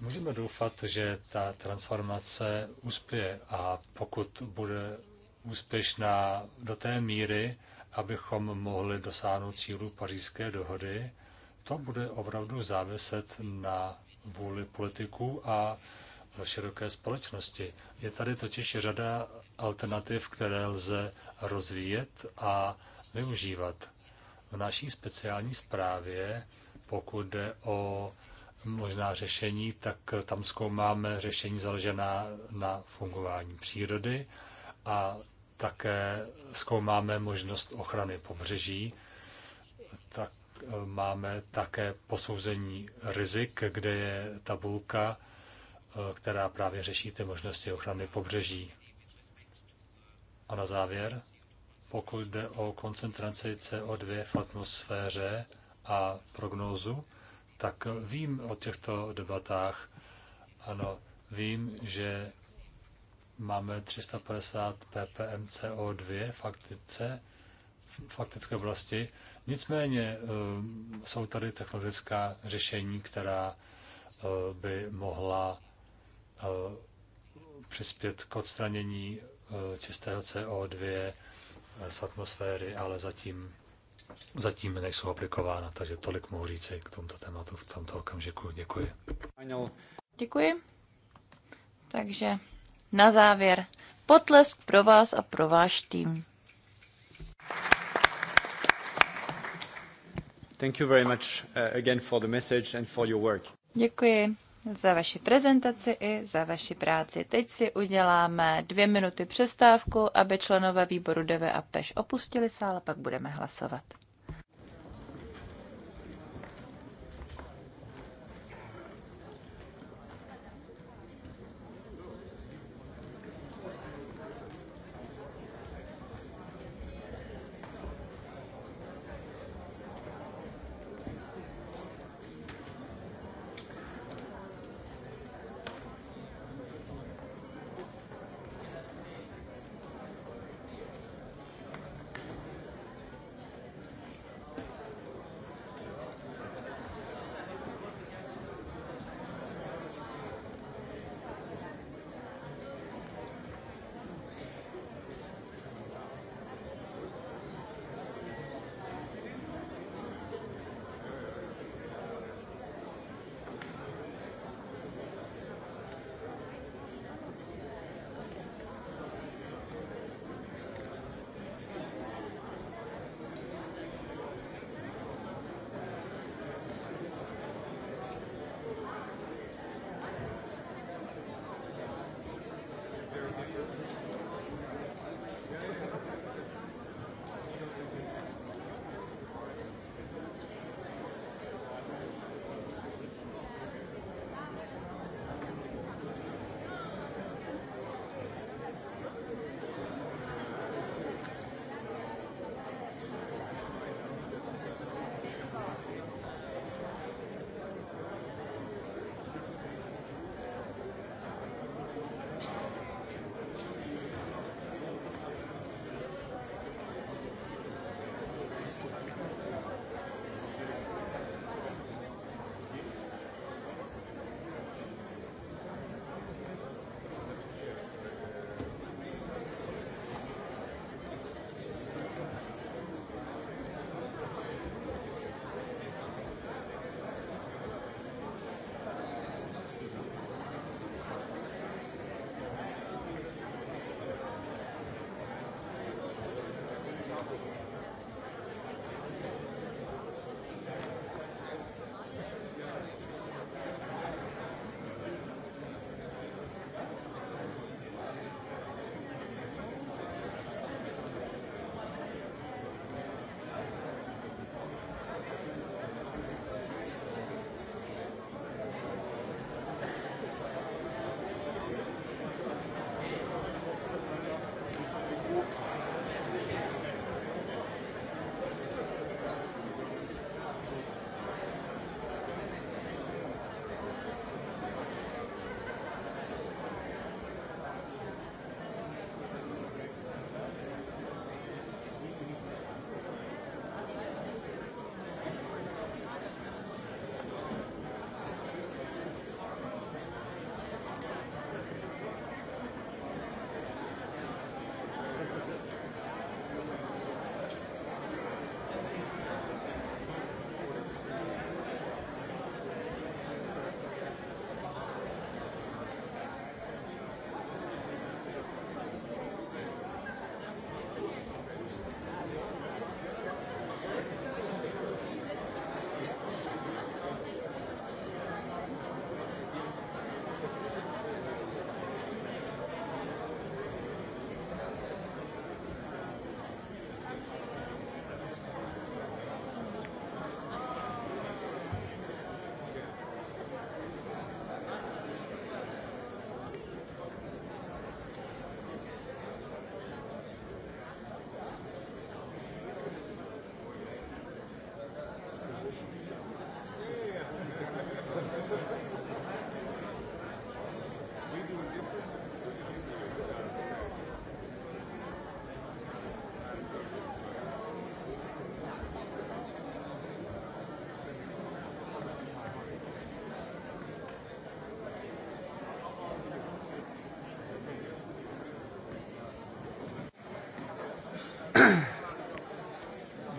Můžeme doufat, že ta transformace uspěje a pokud bude úspěšná do té míry, abychom mohli dosáhnout cílu pařížské dohody, to bude opravdu záviset na vůli politiků a široké společnosti. Je tady totiž řada alternativ, které lze rozvíjet a využívat. V naší speciální zprávě, pokud jde o možná řešení, tak tam zkoumáme řešení založená na fungování přírody a také zkoumáme možnost ochrany pobřeží. Tak eh, máme také posouzení rizik, kde je tabulka, eh, která právě řeší ty možnosti ochrany pobřeží. A na závěr, pokud jde o koncentraci CO2 v atmosféře a prognózu, tak vím o těchto debatách. Ano, vím, že máme 350 ppm CO2 faktice, faktické oblasti. Nicméně eh, jsou tady technologická řešení, která eh, by mohla eh, přispět k odstranění čistého CO2 z atmosféry, ale zatím zatím nejsou aplikována, takže tolik mohu říci k tomuto tématu v tomto okamžiku. Děkuji. Děkuji. Takže na závěr potlesk pro vás a pro váš tým. Thank you very much uh, again for the message and for your work. Děkuji za vaši prezentaci i za vaši práci. Teď si uděláme dvě minuty přestávku, aby členové výboru DV a PEŠ opustili sál a pak budeme hlasovat.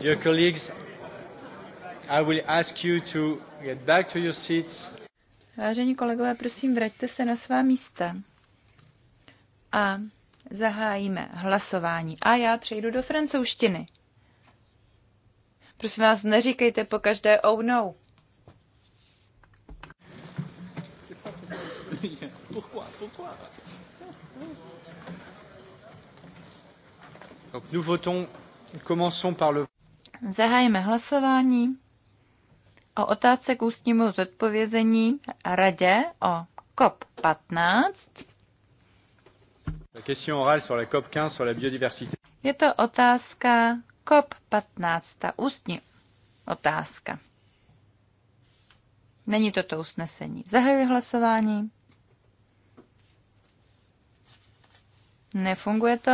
Dear colleagues, I will ask you to get back to your seats. Vážení kolegové, prosím, vraťte se na svá místa. A zahájíme hlasování. A já přejdu do francouzštiny. Prosím vás, neříkejte po každé oh no. Donc nous votons, commençons par le Zahájíme hlasování o otázce k ústnímu zodpovězení radě o COP15. Je to otázka COP15, ta ústní otázka. Není to to usnesení. Zahajuji hlasování. Nefunguje to.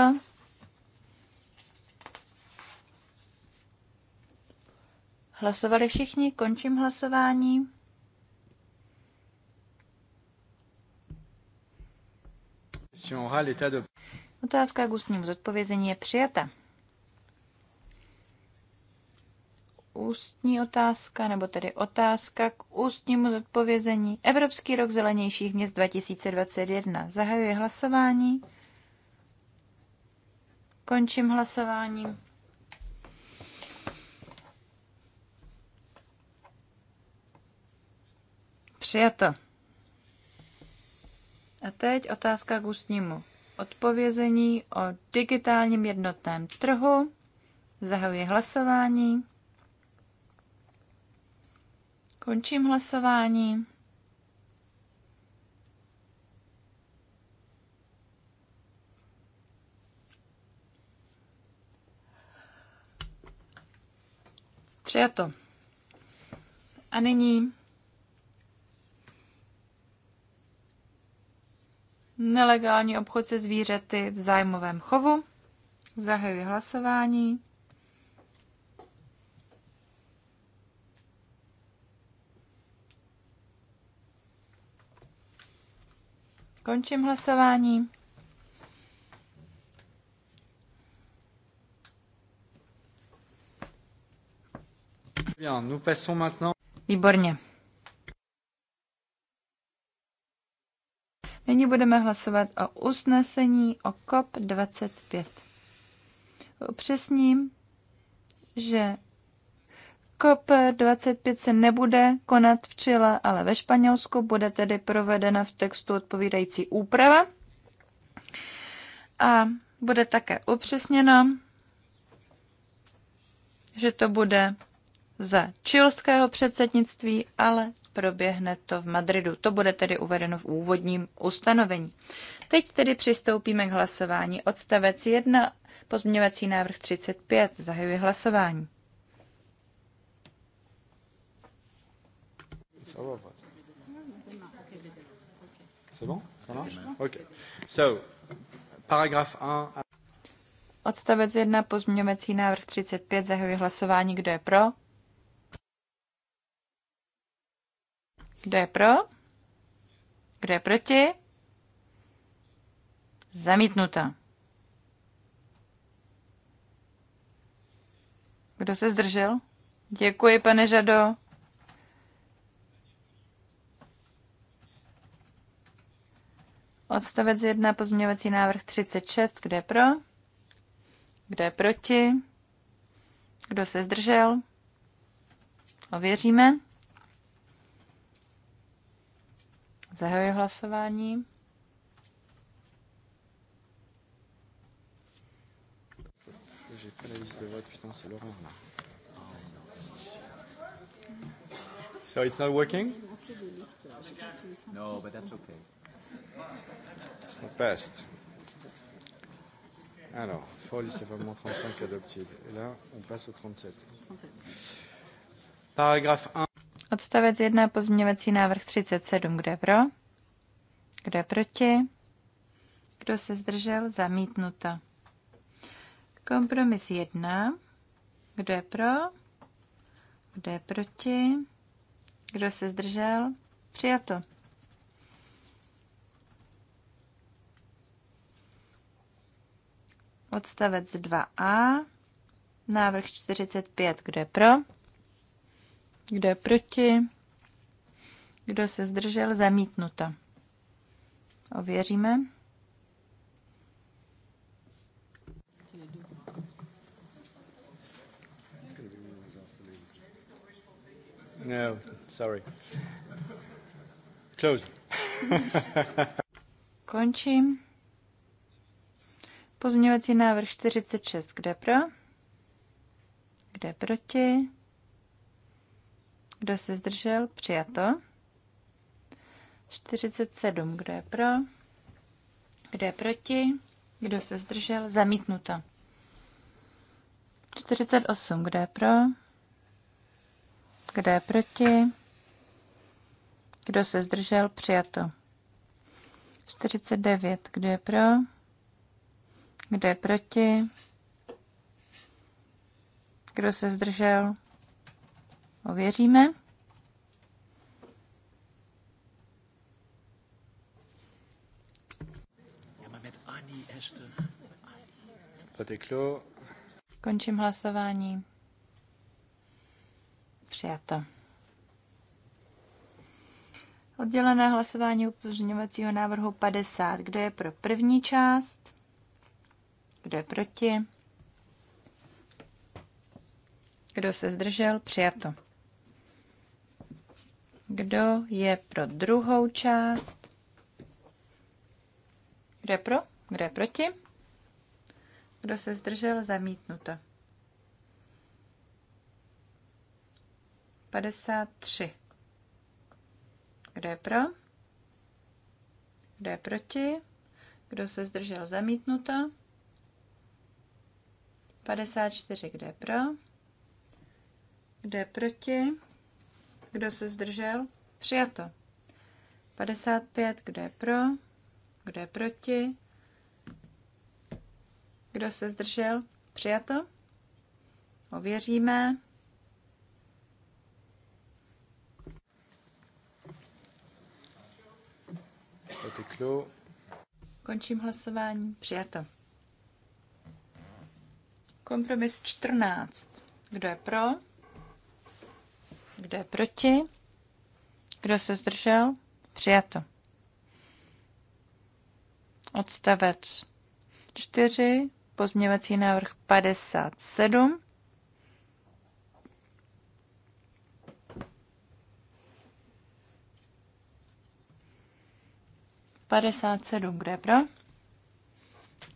Hlasovali všichni, končím hlasování. Otázka k ústnímu zodpovězení je přijata. Ústní otázka, nebo tedy otázka k ústnímu zodpovězení. Evropský rok zelenějších měst 2021. Zahajuje hlasování. Končím hlasování. Přijato. A teď otázka k ústnímu odpovězení o digitálním jednotném trhu. Zahajuji hlasování. Končím hlasování. Přijato. A nyní nelegální obchod se zvířaty v zájmovém chovu. Zahajuji hlasování. Končím hlasování. Výborně. Nyní budeme hlasovat o usnesení o COP25. Upřesním, že COP25 se nebude konat v Chile, ale ve Španělsku bude tedy provedena v textu odpovídající úprava. A bude také upřesněno, že to bude za čilského předsednictví, ale proběhne to v Madridu. To bude tedy uvedeno v úvodním ustanovení. Teď tedy přistoupíme k hlasování. Odstavec 1, pozměňovací návrh 35. Zahajuji hlasování. Odstavec 1, pozměňovací návrh 35. Zahajuji hlasování. Kdo je pro? Kdo je pro? Kdo je proti? Zamítnuto. Kdo se zdržel? Děkuji, pane Žado. Odstavec 1, pozměňovací návrh 36. Kdo je pro? Kdo je proti? Kdo se zdržel? Ověříme. Zahajuji hlasování. So it's not working? No, but that's okay. Past. Alors, for c'est vraiment 35 adopted. Et là, on passe au 37. 37. Paragraphe 1. Odstavec 1, pozměňovací návrh 37. Kdo je pro? Kdo je proti? Kdo se zdržel? Zamítnuto. Kompromis 1. Kdo je pro? Kdo je proti? Kdo se zdržel? Přijato. Odstavec 2a. Návrh 45. Kdo je pro? Kdo je proti? Kdo se zdržel? Zamítnuto. Ověříme. No, sorry. Close. Končím. Pozměňovací návrh 46. Kde pro? Kde proti? Kdo se zdržel? Přijato. 47. Kdo je pro? Kdo je proti? Kdo se zdržel? Zamítnuto. 48. Kdo je pro? Kdo je proti? Kdo se zdržel? Přijato. 49. Kdo je pro? Kdo je proti? Kdo se zdržel? Ověříme. Končím hlasování. Přijato. Oddělené hlasování upozňovacího návrhu 50. Kdo je pro první část? Kdo je proti? Kdo se zdržel? Přijato. Kdo je pro druhou část? Kdo je pro? Kdo je proti? Kdo se zdržel? Zamítnuto. 53. Kdo je pro? Kdo je proti? Kdo se zdržel? Zamítnuto. 54. Kdo je pro? Kdo je proti? Kdo se zdržel? Přijato. 55. Kdo je pro? Kdo je proti? Kdo se zdržel? Přijato. Ověříme. Končím hlasování. Přijato. Kompromis 14. Kdo je pro? Kdo je proti? Kdo se zdržel? Přijato. Odstavec 4, pozměvací návrh 57. Padesát sedm, kde pro?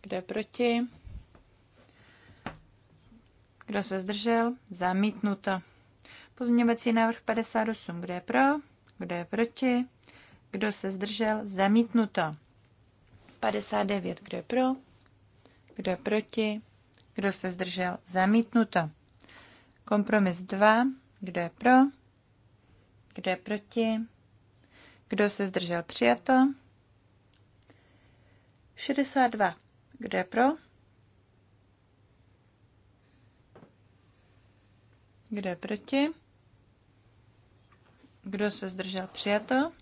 Kde proti? Kdo se zdržel? Zamítnuto. Pozměňovací návrh 58. Kdo je pro? Kdo je proti? Kdo se zdržel? Zamítnuto. 59. Kdo je pro? Kdo je proti? Kdo se zdržel? Zamítnuto. Kompromis 2. Kdo je pro? Kdo je proti? Kdo se zdržel? Přijato. 62. Kdo je pro? Kdo je proti? Kdo se zdržel? Přijato.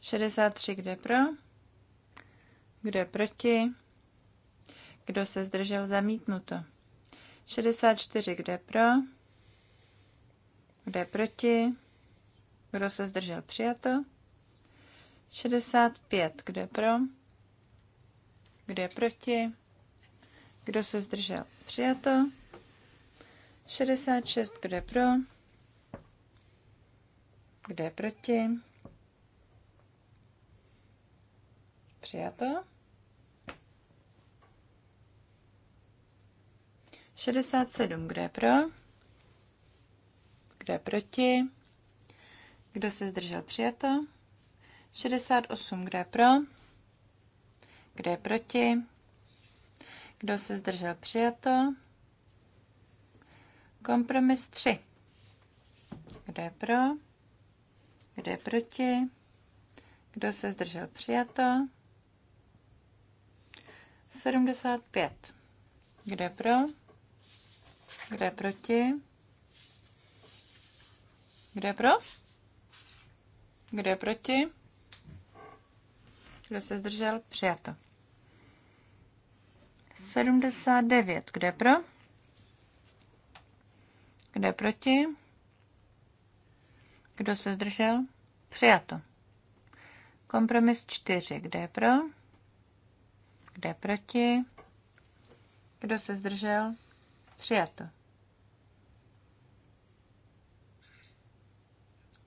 63, kdo je pro? Kdo je proti? Kdo se zdržel? Zamítnuto. 64, kdo je pro? Kdo je proti? Kdo se zdržel? Přijato. 65, kdo je pro? Kdo je proti? Kdo se zdržel? Přijato. 66, kdo je pro? Kdo je proti? Přijato. 67. Kdo je pro? Kdo je proti? Kdo se zdržel? Přijato. 68. Kdo je pro? Kdo je proti? Kdo se zdržel? Přijato. Kompromis 3. Kdo je pro? Kdo je proti? Kdo se zdržel? Přijato. 75. Kdo je pro? Kdo je proti? Kdo je pro? Kdo je proti? Kdo se zdržel? Přijato. 79. Kdo je pro? Kdo je proti? Kdo se zdržel? Přijato. Kompromis 4. Kde je pro? Kde je proti? Kdo se zdržel? Přijato.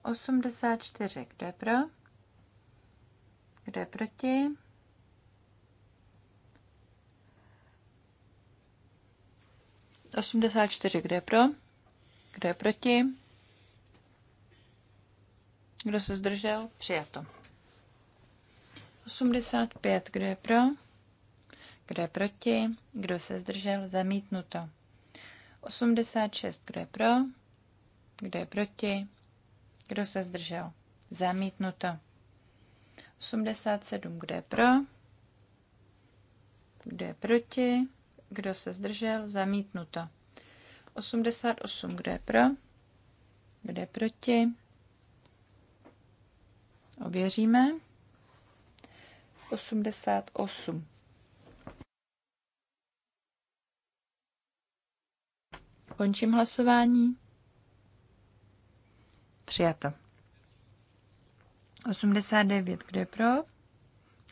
84. Kdo je pro? Kdo je proti? Osmdesát čtyři, kdo je pro? Kdo je proti? Kdo se zdržel? Přijato. 85. Kdo je pro? Kdo je proti? Kdo se zdržel? Zamítnuto. 86. Kdo je pro? Kdo je proti? Kdo se zdržel? Zamítnuto. 87. Kdo je pro? Kdo je proti? Kdo se zdržel? Zamítnuto. 88. Kdo je pro? Kdo je proti? Ověříme. 88. Končím hlasování. Přijato. 89. Kdo je pro?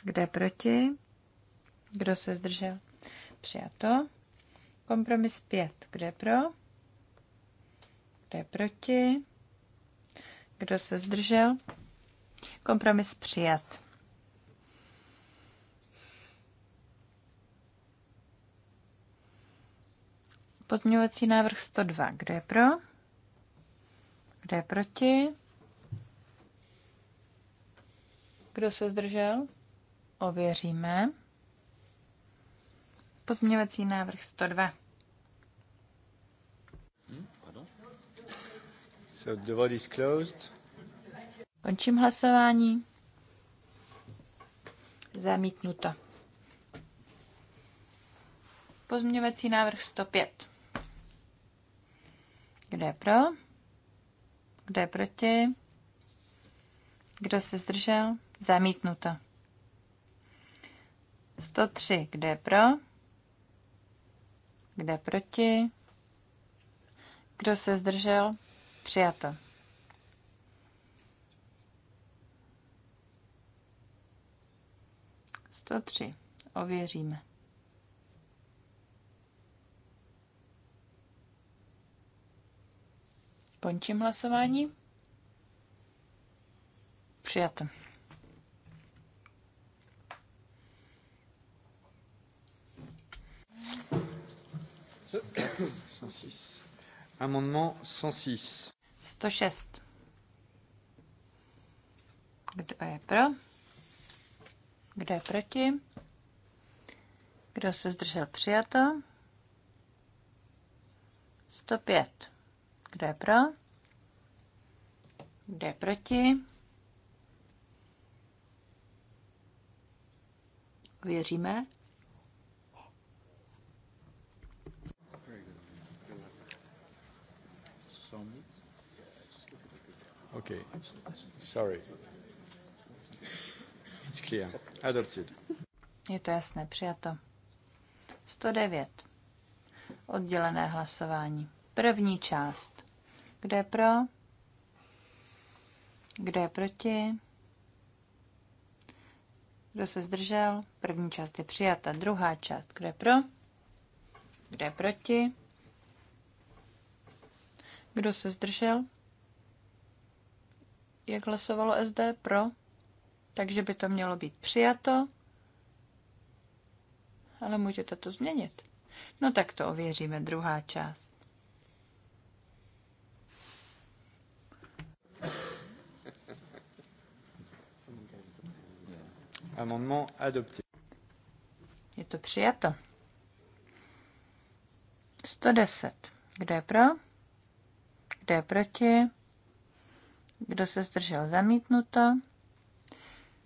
Kdo je proti? Kdo se zdržel? Přijato. Kompromis 5. Kdo je pro? Kdo je proti? Kdo se zdržel? Kompromis přijat. Pozměňovací návrh 102. Kdo je pro? Kdo je proti? Kdo se zdržel? Ověříme. Pozměňovací návrh 102. Hmm, so the vote is closed. Končím hlasování. Zamítnuto. Pozměňovací návrh 105. Kdo je pro? Kdo je proti? Kdo se zdržel? Zamítnuto. 103. Kdo je pro? Kdo je proti? Kdo se zdržel? Přijato. 103. Ověříme. Končím hlasování. Přijato. Amendement 106. 106. Kdo je pro? Kdo je proti? Kdo se zdržel přijato? 105. Kdo je pro? Kdo je proti? Věříme. Okay. Sorry. It's clear. Adopted. Je to jasné, přijato. 109. Oddělené hlasování. První část. Kdo je pro? Kdo je proti? Kdo se zdržel? První část je přijata. Druhá část. Kdo je pro? Kdo je proti? Kdo se zdržel? Jak hlasovalo SD? Pro? takže by to mělo být přijato, ale můžete to změnit. No tak to ověříme, druhá část. Amendement adopté. Je to přijato. 110. Kdo je pro? Kdo je proti? Kdo se zdržel zamítnuto?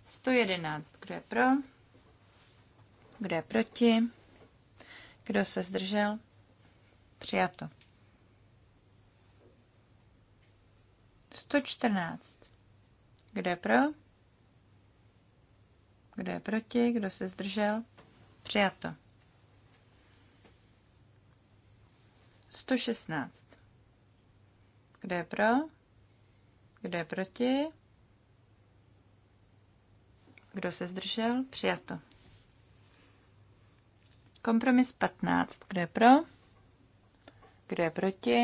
111. Kdo je pro? Kdo je proti? Kdo se zdržel? Přijato. 114. Kdo je pro? Kdo je proti? Kdo se zdržel? Přijato. 116. Kdo je pro? Kdo je proti? Kdo se zdržel? Přijato. Kompromis 15. Kdo je pro? Kdo je proti?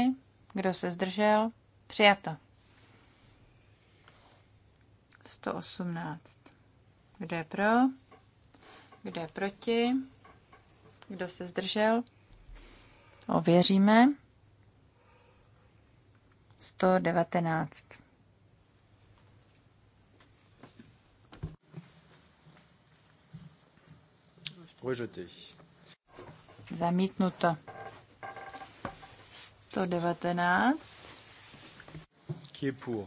Kdo se zdržel? Přijato. 118. Kdo je pro? Kdo je proti? Kdo se zdržel? Ověříme. 119. Rejeté. Zamítnuto. 119. Qui est pour?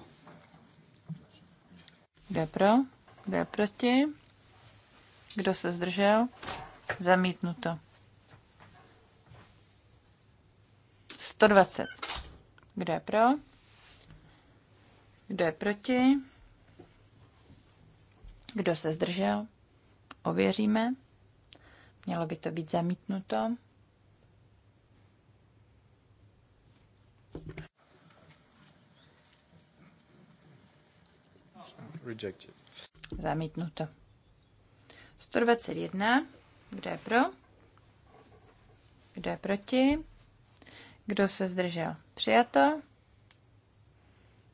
Kdo je pro? Kdo je proti? Kdo se zdržel? Zamítnuto. 120. Kdo je pro? Kdo je proti? Kdo se zdržel? Ověříme. Mělo by to být zamítnuto. Rejected. Zamítnuto. 121. Kdo je pro? Kdo je proti? Kdo se zdržel? Přijato.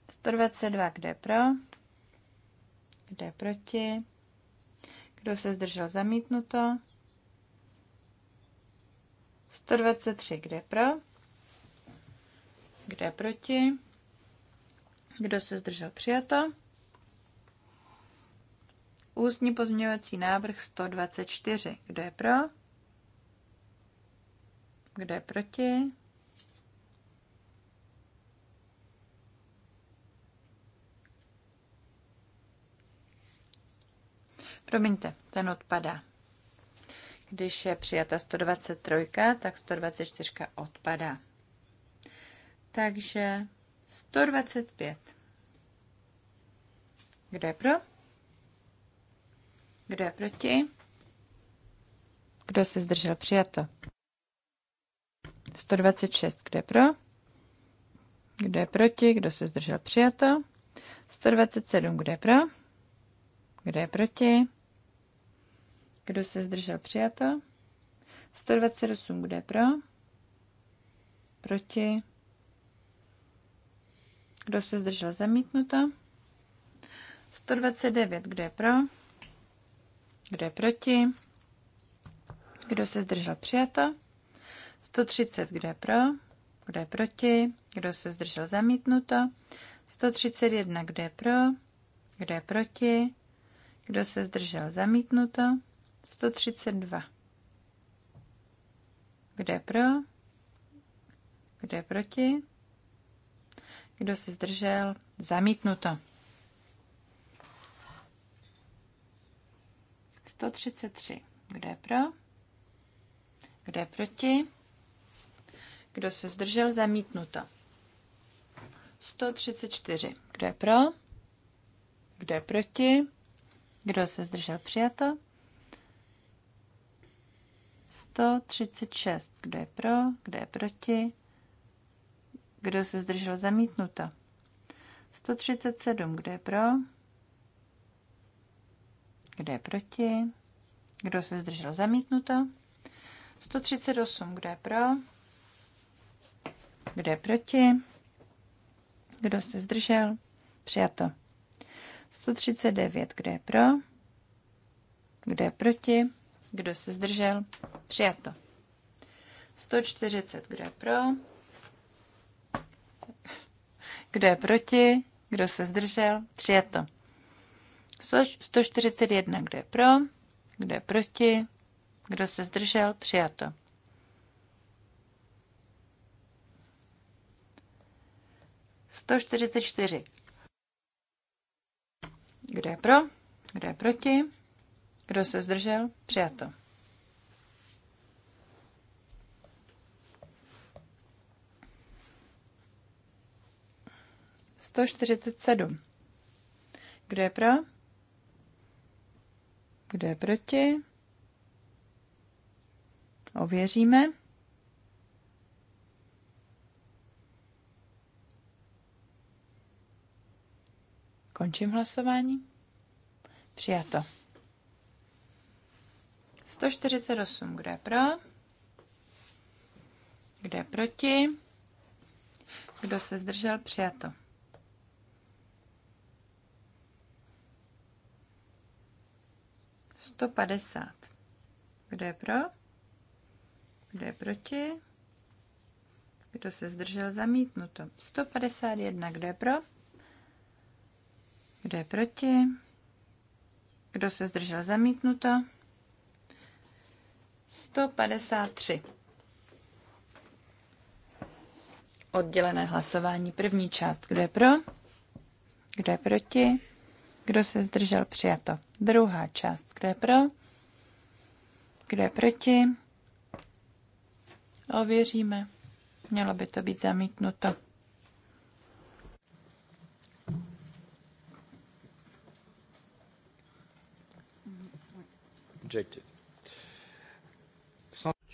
122. Kdo je pro? Kdo je proti? Kdo se zdržel? Zamítnuto. 123, kde pro? Kde proti? Kdo se zdržel přijato? Ústní pozměňovací návrh 124. Kdo je pro? Kdo je proti? Promiňte, ten odpadá. Když je přijata 123, tak 124 odpadá. Takže 125. Kdo je pro? Kdo je proti? Kdo se zdržel? Přijato. 126. Kdo je pro? Kdo je proti? Kdo se zdržel? Přijato. 127. Kdo je pro? Kdo je proti? Kdo se zdržel? Přijato. 128. bude pro? Proti? Kdo se zdržel? Zamítnuto. 129. Kdo je pro? Kdo je proti? Kdo se zdržel? Přijato. 130. Kdo je pro? Kdo je proti? Kdo se zdržel? Zamítnuto. 131. Kdo je pro? Kdo je proti? Kdo se zdržel? Zamítnuto. 132. Kdo je pro? Kdo je proti? Kdo se zdržel? Zamítnuto. 133. Kdo je pro? Kdo je proti? Kdo se zdržel? Zamítnuto. 134. Kdo je pro? Kdo je proti? Kdo se zdržel? Přijato. 136. Kdo je pro? Kdo je proti? Kdo se zdržel zamítnuto? 137. Kdo je pro? Kdo je proti? Kdo se zdržel zamítnuto? 138. Kdo je pro? Kdo je proti? Kdo se zdržel? Přijato. 139. Kdo je pro? Kdo je proti? Kdo se zdržel? Přijato. 140, kdo je pro? Kdo je proti? Kdo se zdržel? Přijato. 141, kdo je pro? Kdo je proti? Kdo se zdržel? Přijato. 144. Kdo je pro? Kdo je proti? Kdo se zdržel? Přijato. 147. Kdo je pro? Kdo je proti? Ověříme. Končím hlasování. Přijato. 148. Kdo je pro? Kdo je proti? Kdo se zdržel? Přijato. 150. Kdo je pro? Kdo je proti? Kdo se zdržel zamítnuto? 151. Kdo je pro? Kdo je proti? Kdo se zdržel zamítnuto? 153. Oddělené hlasování. První část. Kdo je pro? Kdo je proti? Kdo se zdržel? Přijato. Druhá část. Kdo je pro? Kdo je proti? Ověříme. Mělo by to být zamítnuto.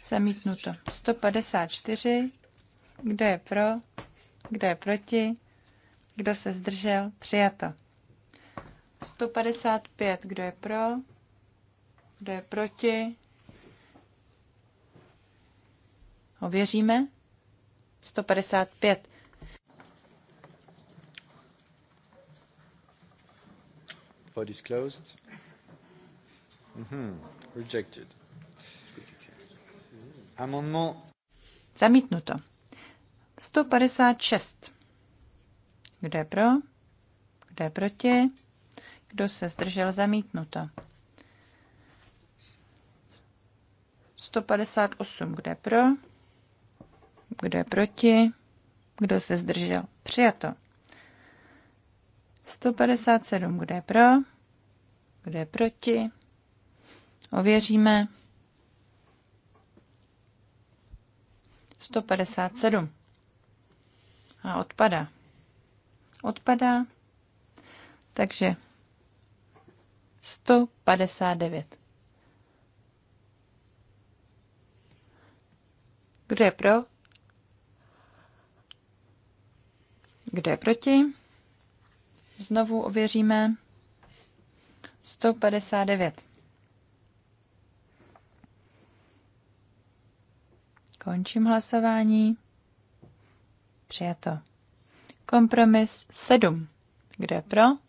Zamítnuto. 154. Kdo je pro? Kdo je proti? Kdo se zdržel? Přijato. 155, kdo je pro, kdo je proti. Ověříme. 155. Vote is closed. Mm-hmm. Rejected. Amendment. Zamítnuto. 156. Kdo je pro? Kdo je proti? Kdo se zdržel? Zamítnuto. 158. Kdo je pro? Kdo je proti? Kdo se zdržel? Přijato. 157. Kdo je pro? Kdo je proti? Ověříme. 157. A odpada. Odpada. Takže 159. Kdo je pro? Kdo je proti? Znovu ověříme. 159. Končím hlasování. Přijato. Kompromis 7. Kdo je pro?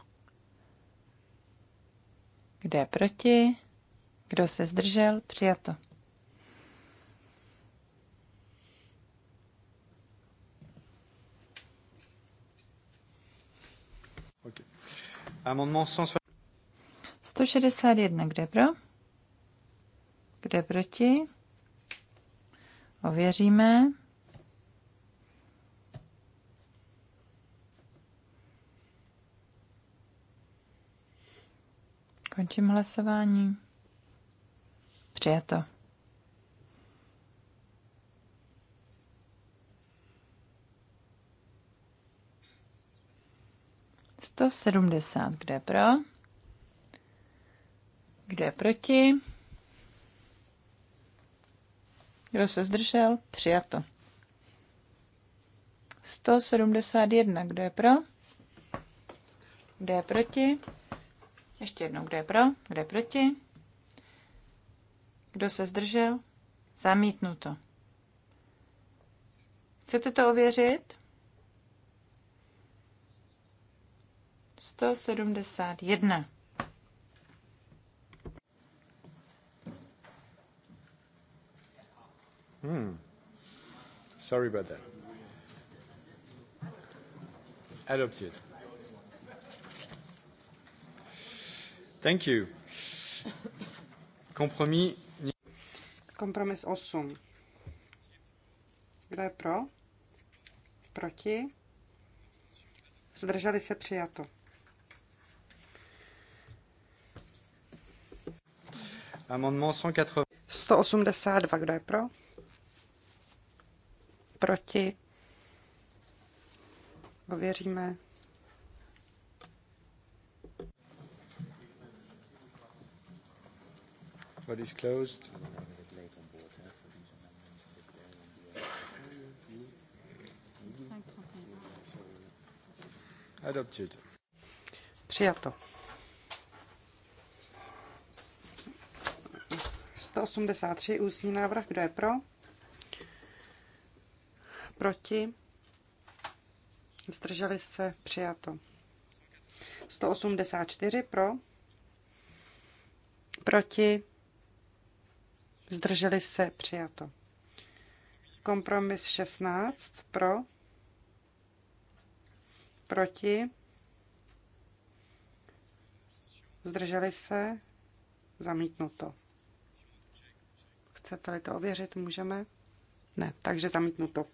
Kdo je proti? Kdo se zdržel? Přijato. Okay. 161, kde pro? Kde proti? Ověříme. Končím hlasování. Přijato. Sto sedmdesát, kde pro? Kde proti? Kdo se zdržel? Přijato. 171. Kdo je pro? Kdo je proti? Ještě jednou, kdo je pro, kdo je proti. Kdo se zdržel? Zamítnuto. Chcete to ověřit? 171. Hmm. Sorry about that. Adopted. Thank you. Kompromis. Kompromis 8. Kdo je pro? Proti? Zdrželi se přijato. Amendement 180. 182, kdo je pro? Proti? Ověříme. but is closed. Adopted. Přijato. 183 ústní návrh, kdo je pro? Proti? Zdrželi se, přijato. 184 pro? Proti? zdrželi se, přijato. Kompromis 16 pro, proti, zdrželi se, zamítnuto. Chcete-li to ověřit, můžeme? Ne, takže zamítnuto.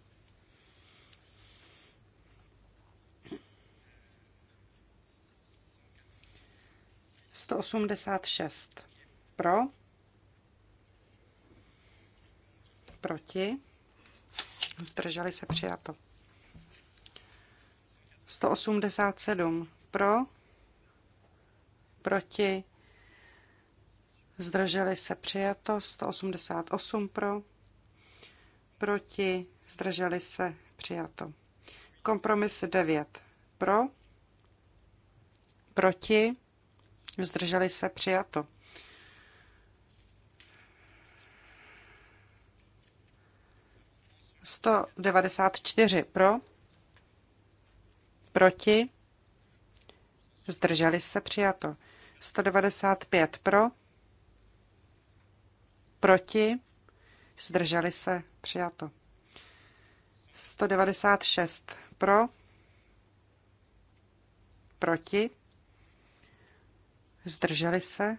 Sto osmdesát šest pro proti, zdrželi se přijato. 187 pro, proti, zdrželi se přijato, 188 pro, proti, zdrželi se přijato. Kompromis 9 pro, proti, zdrželi se přijato. 194 pro, proti, zdrželi se přijato. 195 pro, proti, zdrželi se přijato. 196 pro, proti, zdrželi se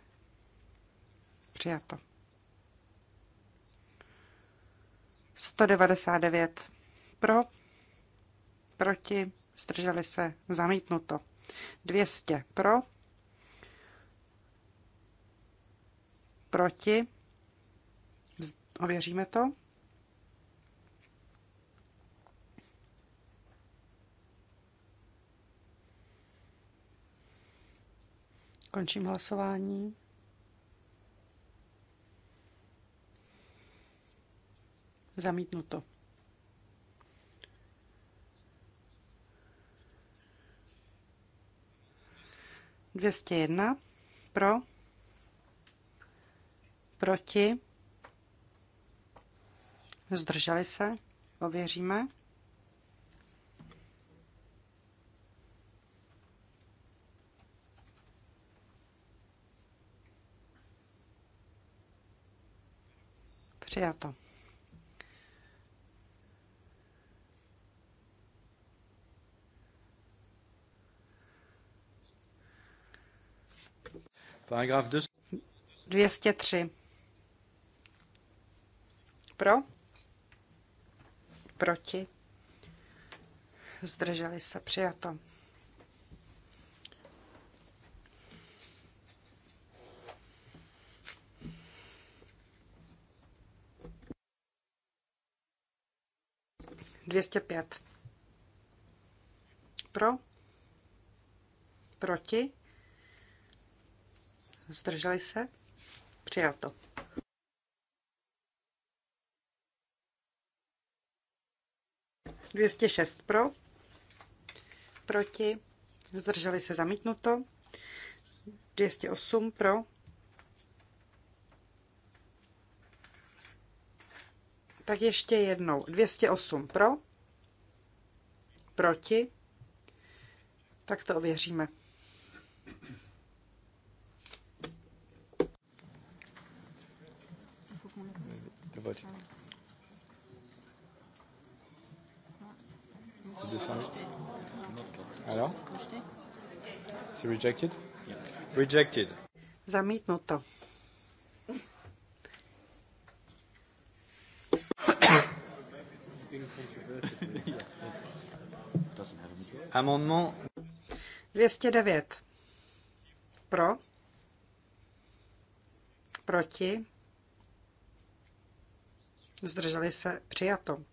přijato. 199 pro, proti, zdrželi se, zamítnuto. 200 pro, proti, ověříme to. Končím hlasování. Zamítnuto. Dvěstě jedna pro, proti, zdrželi se, ověříme. Přijato. 203. Pro? Proti? Zdrželi se. Přijato. Dvěstě pět. Pro? Proti? Zdrželi se? Přijato. Dvěstě šest pro. Proti. Zdrželi se zamítnuto. 208 pro. Tak ještě jednou. 208 pro. Proti. Tak to ověříme. but to decide. Alors? C'est rejected? Yeah. Rejected. Zamítnuto. Amendement 209. Pro. Proti zdrželi se, přijato.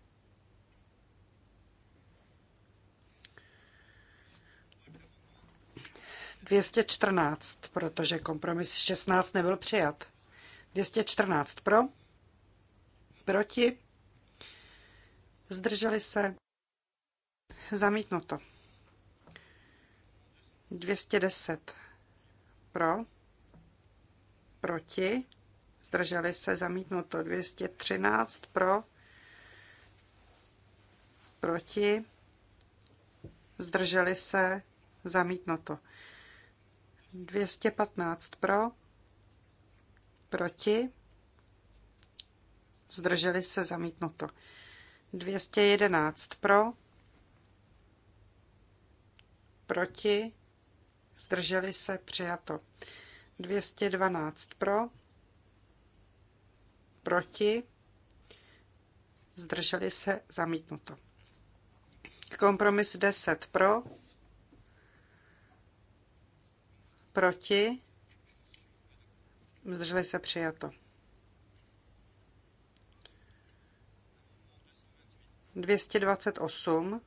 Dvěstě čtrnáct, protože kompromis 16 nebyl přijat. 214 pro, proti, zdrželi se, zamítnuto. 210 pro, proti, zdrželi se zamítnuto 213 pro, proti, zdrželi se zamítnuto 215 pro, proti, zdrželi se zamítnuto 211 pro, proti, zdrželi se přijato 212 pro, proti, zdrželi se, zamítnuto. Kompromis 10 pro, proti, zdrželi se, přijato. 228.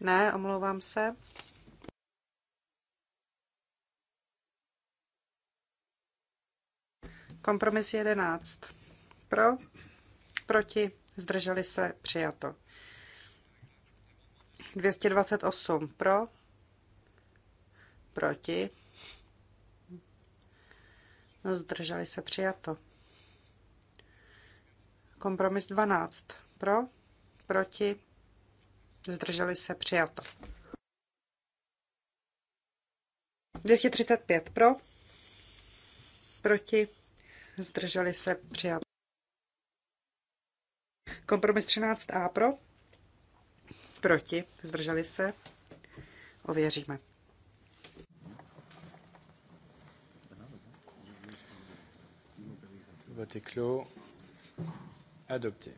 Ne, omlouvám se. Kompromis 11. Pro, proti, zdrželi se, přijato. 228 pro, proti, zdrželi se, přijato. Kompromis 12 pro, proti, zdrželi se, přijato. 235 pro, proti, zdrželi se přijat. Kompromis 13a pro, proti, zdrželi se, ověříme. Vote clos. Adopté.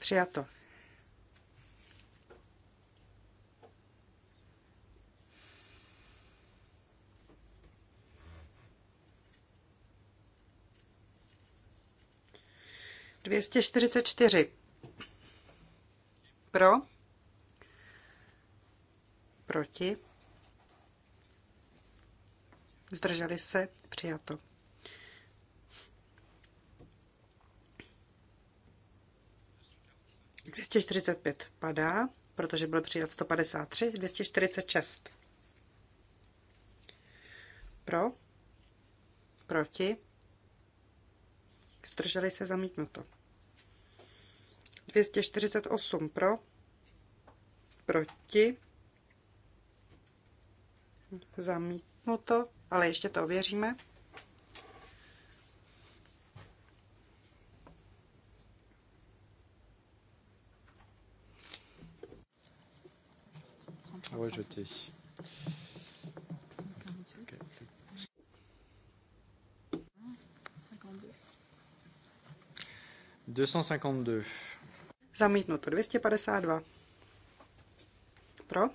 Přijato. 244. Pro? Proti? Zdrželi se? Přijato. Dvěstě čtyřicet pět padá, protože byl přijat 153, 246. Pro? Proti? Zdrželi se zamítnuto. 248 pro, proti, zamítnuto, ale ještě to ověříme. Ah Deux cent cinquante-deux. Zamítnuto 252. Pro?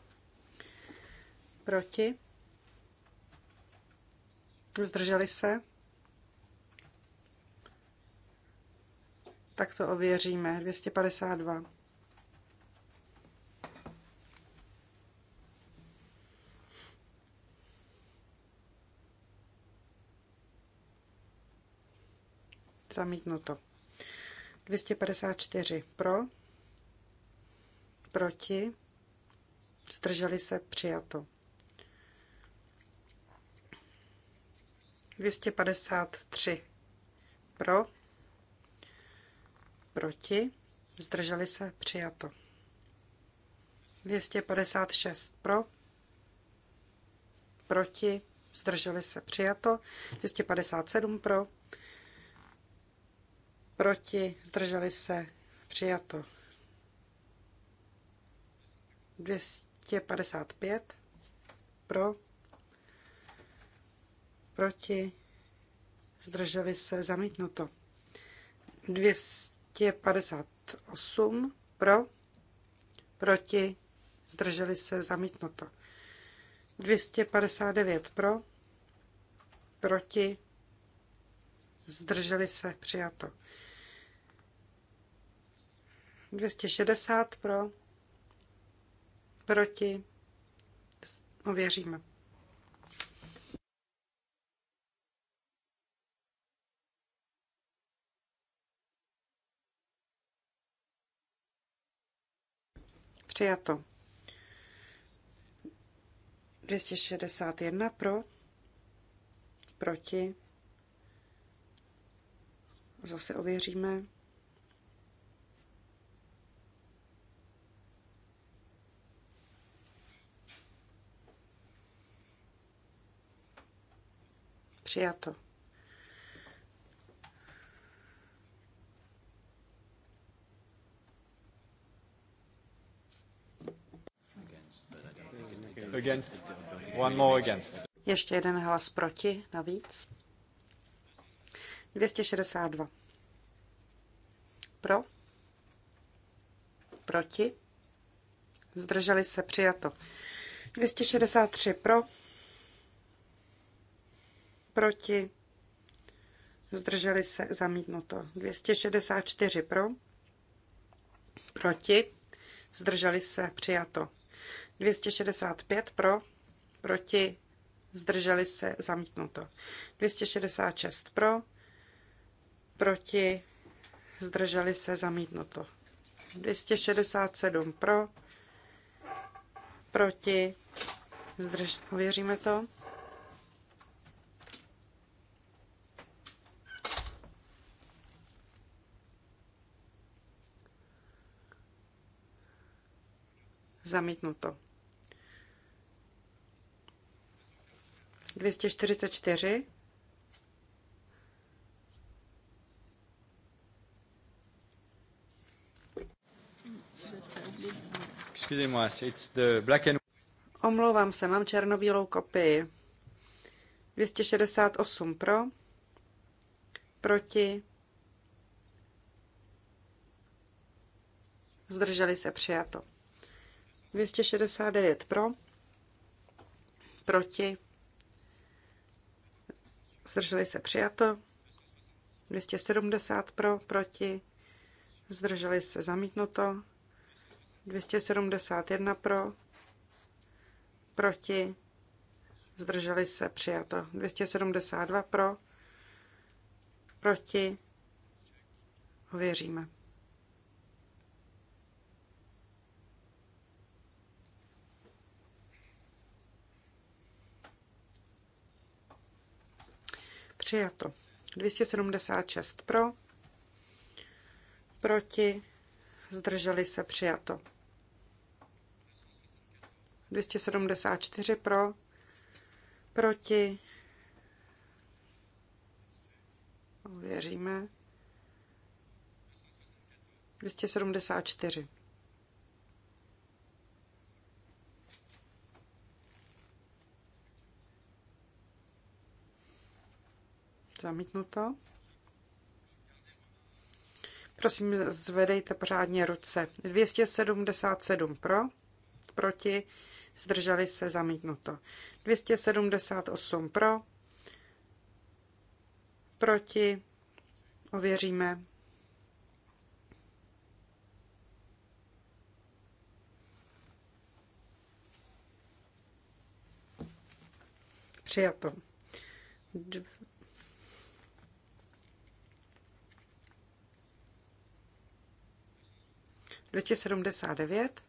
Proti? Zdrželi se? Tak to ověříme. 252. Zamítnuto. 254 pro, proti, zdrželi se, přijato. 253 pro, proti, zdrželi se, přijato. 256 pro, proti, zdrželi se, přijato. 257 pro, proti, zdrželi se, přijato. 255 pro, proti, zdrželi se, zamítnuto. 258 pro, proti, zdrželi se, zamítnuto. 259 pro, proti, zdrželi se, přijato. 260 pro, proti, ověříme. Přijato. 261 pro, proti, zase ověříme. Přijato. Against. One more against. Ještě jeden hlas proti navíc. 262. Pro. Proti. Zdrželi se přijato. 263 pro proti, zdrželi se, zamítnuto. 264 pro, proti, zdrželi se, přijato. 265 pro, proti, zdrželi se, zamítnuto. 266 pro, proti, zdrželi se, zamítnuto. 267 pro, proti, zdrž... Uvěříme to? Zamítnuto. 244. Omlouvám se, mám černobílou kopii. 268 pro, proti, zdrželi se přijato. 269 pro, proti, zdrželi se přijato, 270 pro, proti, zdrželi se zamítnuto, 271 pro, proti, zdrželi se přijato, 272 pro, proti, ověříme. Přijato. 276 pro, proti, zdrželi se přijato. 274 pro, proti, věříme, 274. Zamítnuto. Prosím, zvedejte pořádně ruce. 277 pro, proti, zdrželi se zamítnuto. 278 pro, proti, ověříme. Přijato. 279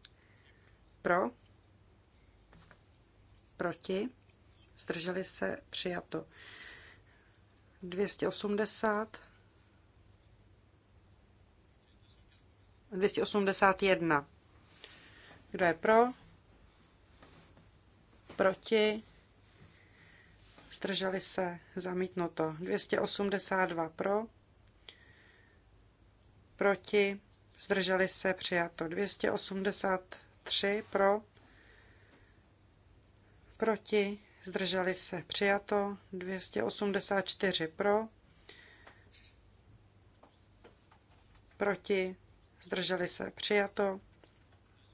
pro, proti, zdrželi se, přijato. 280, 281. Kdo je pro? Proti? Zdrželi se, zamítnuto. 282 pro, proti, zdrželi se přijato 283 pro, proti, zdrželi se přijato 284 pro, proti, zdrželi se přijato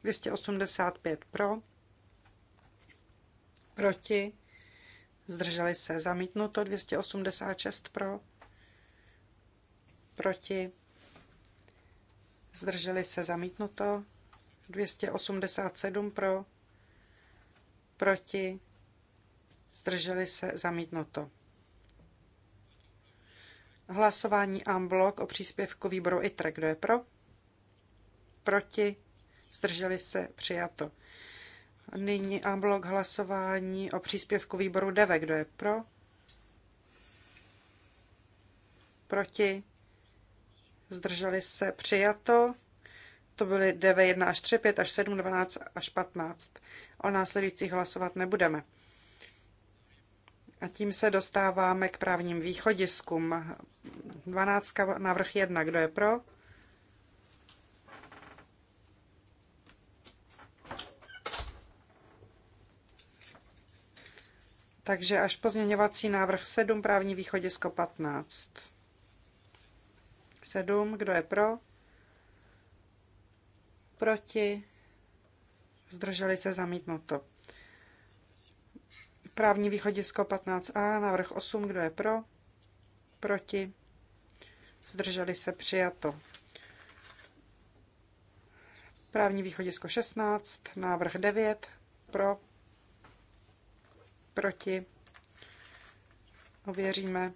285 pro, proti, zdrželi se zamítnuto 286 pro, proti, zdrželi se zamítnuto, 287 pro, proti, zdrželi se zamítnuto. Hlasování Amblok blok o příspěvku výboru ITRE. Kdo je pro? Proti? Zdrželi se? Přijato. Nyní Amblok blok hlasování o příspěvku výboru DEVE. Kdo je pro? Proti? zdrželi se přijato. To byly 9, 1 až 3, 5 až 7, 12 až 15. O následujících hlasovat nebudeme. A tím se dostáváme k právním východiskům. 12. návrh 1. Kdo je pro? Takže až pozměňovací návrh 7, právní východisko 15. 7, kdo je pro? Proti? Zdrželi se zamítnuto. Právní východisko 15a, návrh 8, kdo je pro? Proti? Zdrželi se přijato. Právní východisko 16, návrh 9, pro? Proti? Ověříme. No,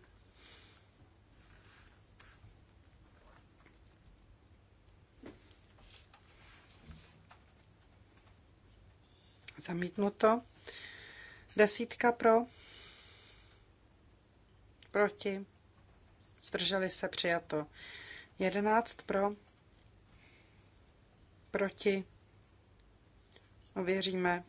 Zamítnuto. Desítka pro. Proti. Zdrželi se přijato. Jedenáct pro. Proti. Ověříme.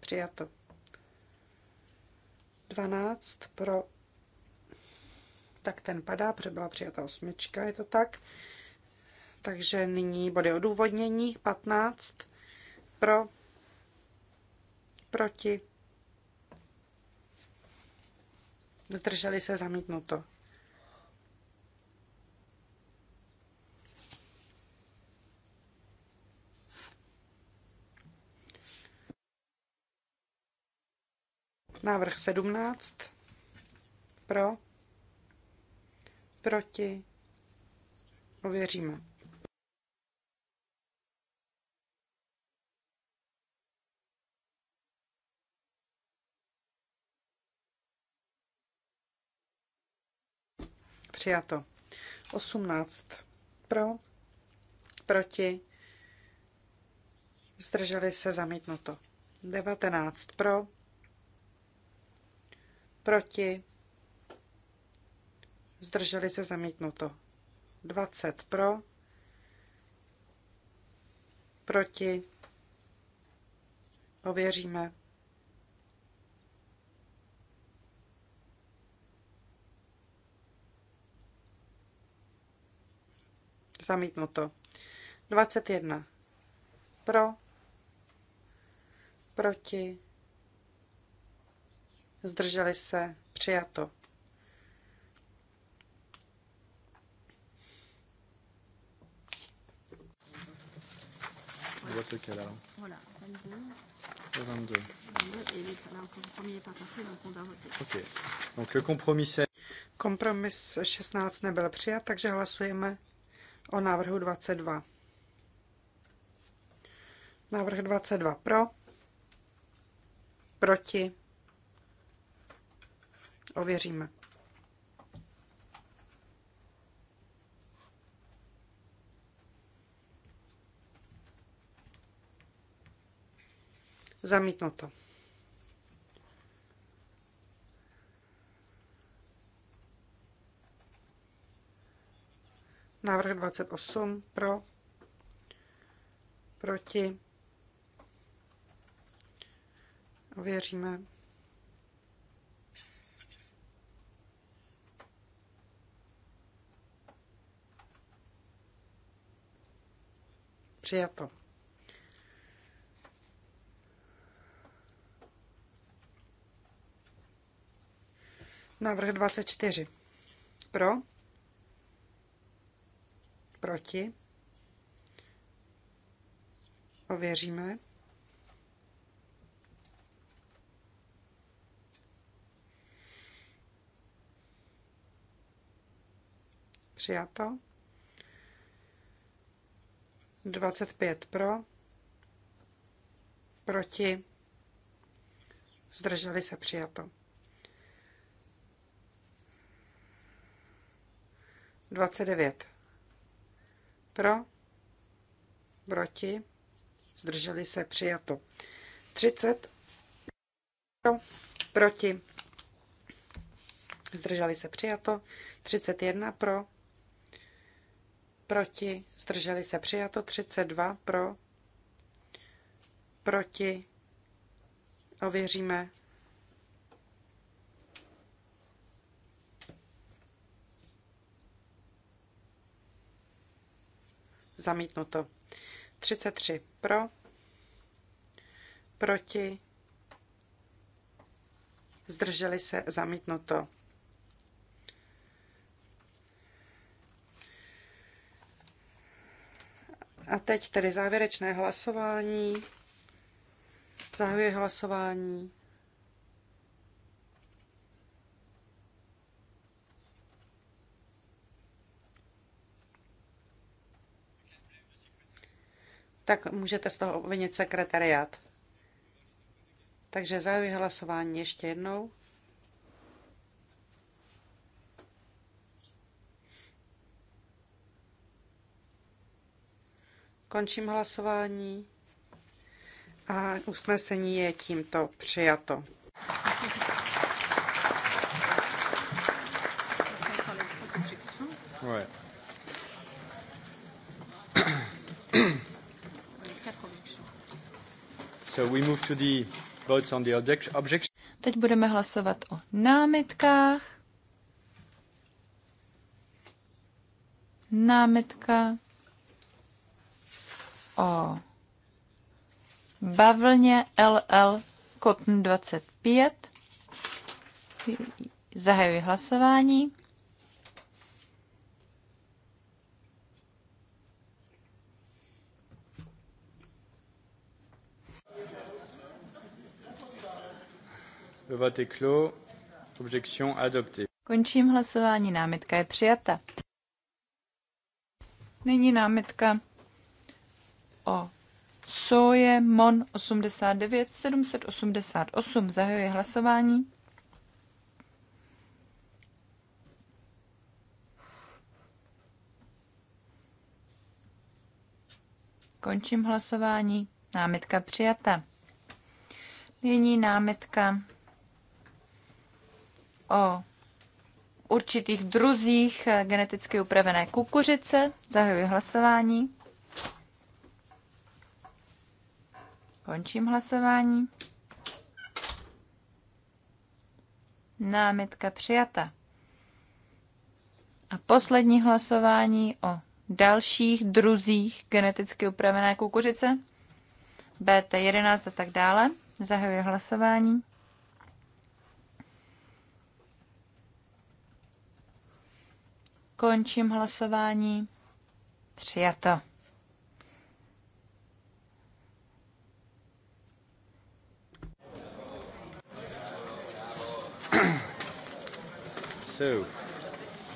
Přijato. 12 pro tak ten padá, protože byla přijata osmička, je to tak. Takže nyní body odůvodnění 15 pro, proti, zdrželi se zamítnuto. Návrh 17 pro, proti, ověříme. Přijato. 18 pro, proti, zdrželi se zamítnuto. 19 pro, proti, zdrželi se zamítnuto. 20 pro, proti, ověříme. Zamítnuto. 21 pro, proti, zdrželi se, přijato. Je On vote lequel alors Voilà, 22. 22. 22 et là le premier n'est pas passé, donc on doit voter. OK. Donc le compromis c'est... Kompromis 16 nebyl přijat, takže hlasujeme o návrhu 22. Návrh 22 pro, proti, ověříme. Zamítnuto. Návrh 28 pro, proti, ověříme. Přijato. Návrh 24. Pro? Proti? Ověříme. Přijato. 25 pro. Proti. Zdrželi se přijato. 29. Pro, proti, zdrželi se, přijato. 30. Pro, proti, zdrželi se, přijato. 31. Pro, proti, zdrželi se, přijato. 32. Pro, proti, ověříme zamítnuto. 33 pro, proti, zdrželi se, zamítnuto. A teď tedy závěrečné hlasování. Zahajuji hlasování. tak můžete z toho obvinit sekretariát. Takže zahajuji hlasování ještě jednou. Končím hlasování a usnesení je tímto přijato. Teď budeme hlasovat o námitkách. Námitka o bavlně LL Cotton 25. Zahajuji hlasování. Le vote est clos. Objection adoptée. Končím hlasování. Námitka je přijata. Nyní námitka o Soje Mon 89 788. Zahajuji hlasování. Končím hlasování. Námitka přijata. Nyní námitka o určitých druzích eh, geneticky upravené kukuřice. Zahajuji hlasování. Končím hlasování. Námitka přijata. A poslední hlasování o dalších druzích geneticky upravené kukuřice, BT11 a tak dále. Zahajuji hlasování. Končím hlasování. Přijato. So,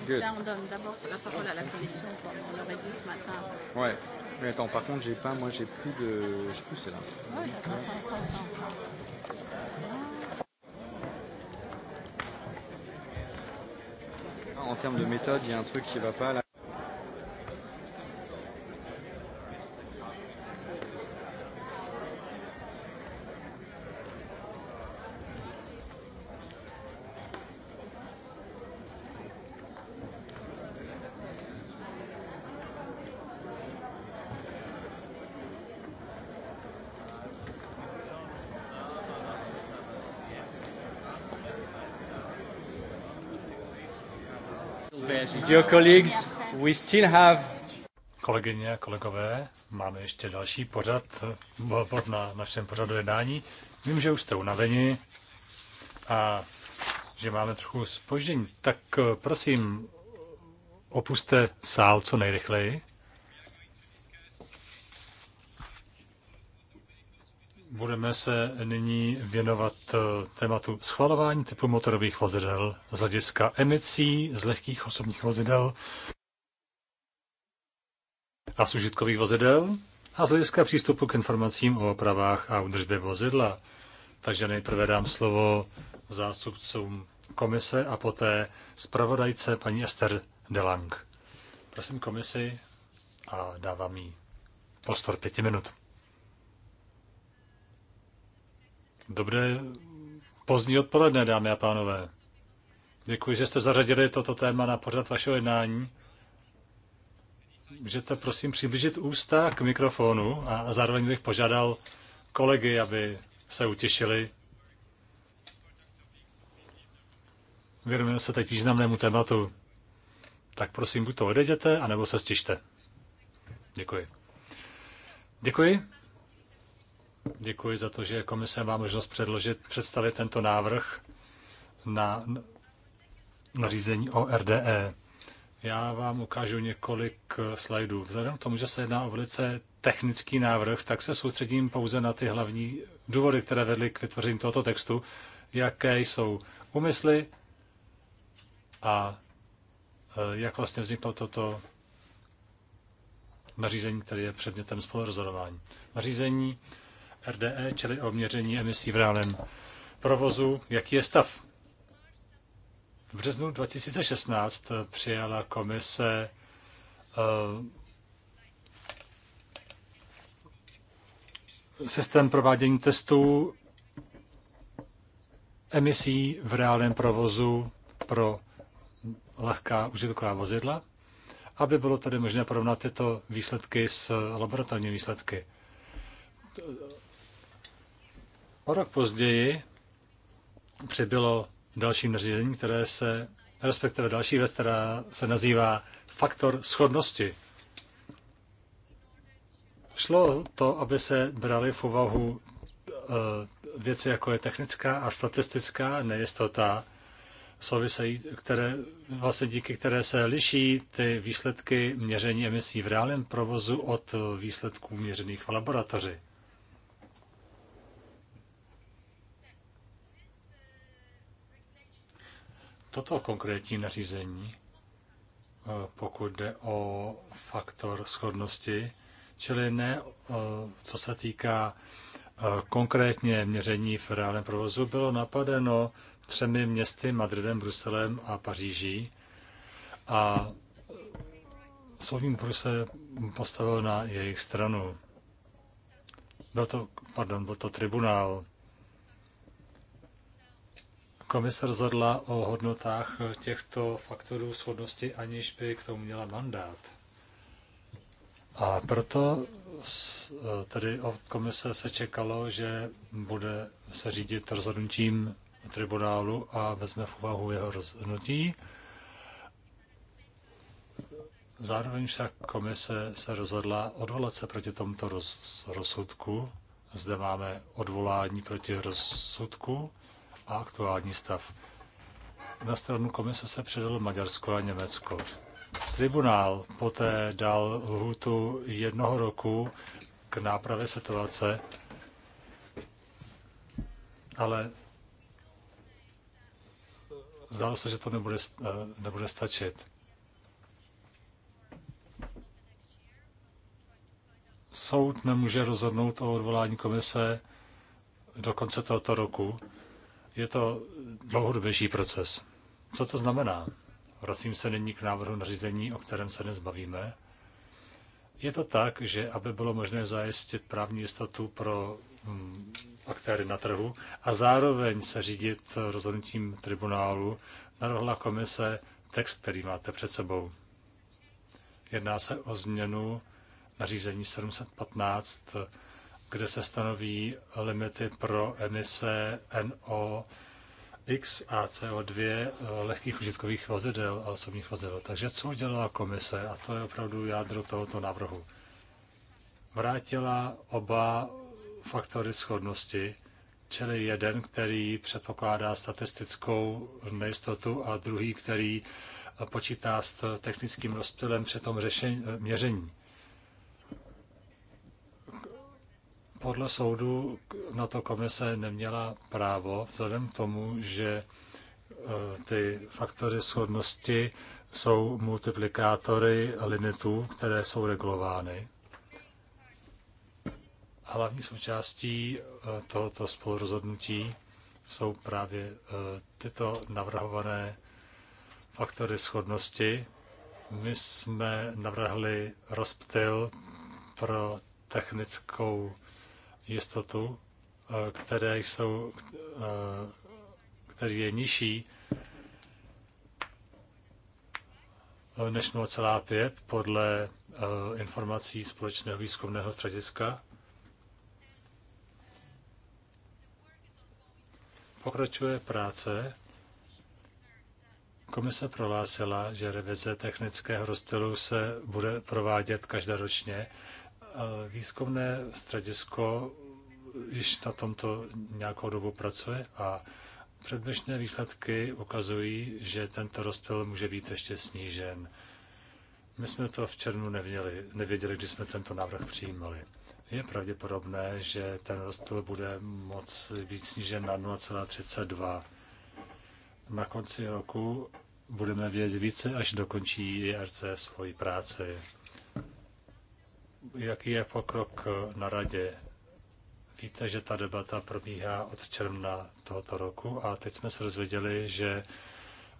good. Là, on donne d'abord la parole à la commission, ce matin. Ouais. Mais attends, par contre, j'ai pas, moi, j'ai plus de, je sais plus, c'est là. Ouais, en termes de méthode, il y a un truc qui ne va pas là. Dear colleagues, we still have... Kolegyně a kolegové, máme ještě další pořad, na našem pořadu jednání. Vím, že už jste unaveni a že máme trochu spoždění, tak prosím, opuste sál co nejrychleji. budeme se nyní věnovat eh, tématu schvalování typu motorových vozidel z hlediska emisí z lehkých osobních vozidel a z vozidel a z hlediska přístupu k informacím o opravách a údržbě vozidla. Takže nejprve dám slovo zástupcům komise a poté zpravodajce paní Esther Delang. Prosím komisi a dávám jí prostor pěti minut. Dobré pozdní odpoledne, dámy a pánové. Děkuji, že jste zařadili toto téma na pořad vašeho jednání. Můžete prosím přiblížit ústa k mikrofonu a zároveň bych požádal kolegy, aby se utěšili. Věnujeme se teď významnému tématu. Tak prosím, buď to odejděte, anebo se stěžte. Děkuji. Děkuji. Děkuji za to, že komise má možnost předložit, představit tento návrh na nařízení o RDE. Já vám ukážu několik eh, slajdů. Vzhledem k tomu, že se jedná o velice technický návrh, tak se soustředím pouze na ty hlavní důvody, které vedly k vytvoření tohoto textu, jaké jsou úmysly a eh, jak vlastně vzniklo toto nařízení, které je předmětem spolurozhodování. Nařízení RDE, čili o měření emisí v reálném provozu. Jaký je stav? V březnu 2016 přijala komise eh, systém provádění testů emisí v reálném provozu pro lehká užitková vozidla, aby bylo tedy možné porovnat tyto výsledky s laboratorními výsledky. O rok později přibylo další nařízení, které se, respektive další věc, která se nazývá faktor schodnosti. Šlo to, aby se brali v úvahu e, věci, jako je technická a statistická nejistota, souvisejí, které, vlastně díky které se liší ty výsledky měření emisí v reálném provozu od výsledků měřených v laboratoři. toto konkrétní nařízení, eh, pokud jde o faktor schodnosti, čili ne eh, co se týká eh, konkrétně měření v reálném provozu, bylo napadeno třemi městy, Madridem, Bruselem a Paříží. A soudní dvůr se postavil na jejich stranu. Byl to, pardon, byl to tribunál komise rozhodla o hodnotách těchto faktorů shodnosti, aniž by k tomu měla mandát. A proto eh, tedy od komise se čekalo, že bude se řídit rozhodnutím tribunálu a vezme v úvahu jeho rozhodnutí. Zároveň však komise se rozhodla odvolat se proti tomuto roz, rozsudku. Zde máme odvolání proti rozsudku a aktuální stav. Na stranu komise se předalo Maďarsko a Německo. Tribunál poté dal lhůtu jednoho roku k nápravě situace, ale zdálo se, že to nebude, eh, nebude stačit. Soud nemůže rozhodnout o odvolání komise do konce tohoto roku. Je to dlouhodobější proces. Co to znamená? Vracím se nyní k návrhu nařízení, o kterém se dnes bavíme. Je to tak, že aby bylo možné zajistit právní jistotu pro mm, aktéry na trhu a zároveň se řídit rozhodnutím tribunálu, narohla komise text, který máte před sebou. Jedná se o změnu nařízení 715 kde se stanoví limity pro emise NOx a CO2 eh, lehkých užitkových vozidel a osobních vozidel. Takže co udělala komise, a to je opravdu jádro tohoto návrhu, vrátila oba faktory schodnosti, čili jeden, který předpokládá statistickou nejistotu a druhý, který počítá s technickým rozptylem při tom řešení, měření. Podle soudu na to komise neměla právo, vzhledem k tomu, že e, ty faktory shodnosti jsou multiplikátory limitů, které jsou regulovány. Hlavní součástí e, tohoto spolurozhodnutí jsou právě e, tyto navrhované faktory shodnosti. My jsme navrhli rozptyl pro technickou jistotu, eh, které jsou, eh, který je nižší eh, než 0,5 podle informací Společného výzkumného střediska. Pokračuje práce. Komise prohlásila, že revize technického rozptylu se bude provádět každoročně Výzkumné středisko již na tomto nějakou dobu pracuje a předběžné výsledky ukazují, že tento rozptyl může být ještě snížen. My jsme to v červnu nevěděli, nevěděli když jsme tento návrh přijímali. Je pravděpodobné, že ten rozptyl bude moc být snížen na 0,32. Na konci roku budeme vědět více, až dokončí IRC svoji práci jaký je pokrok na radě. Víte, že ta debata probíhá od června tohoto roku a teď jsme se dozvěděli, že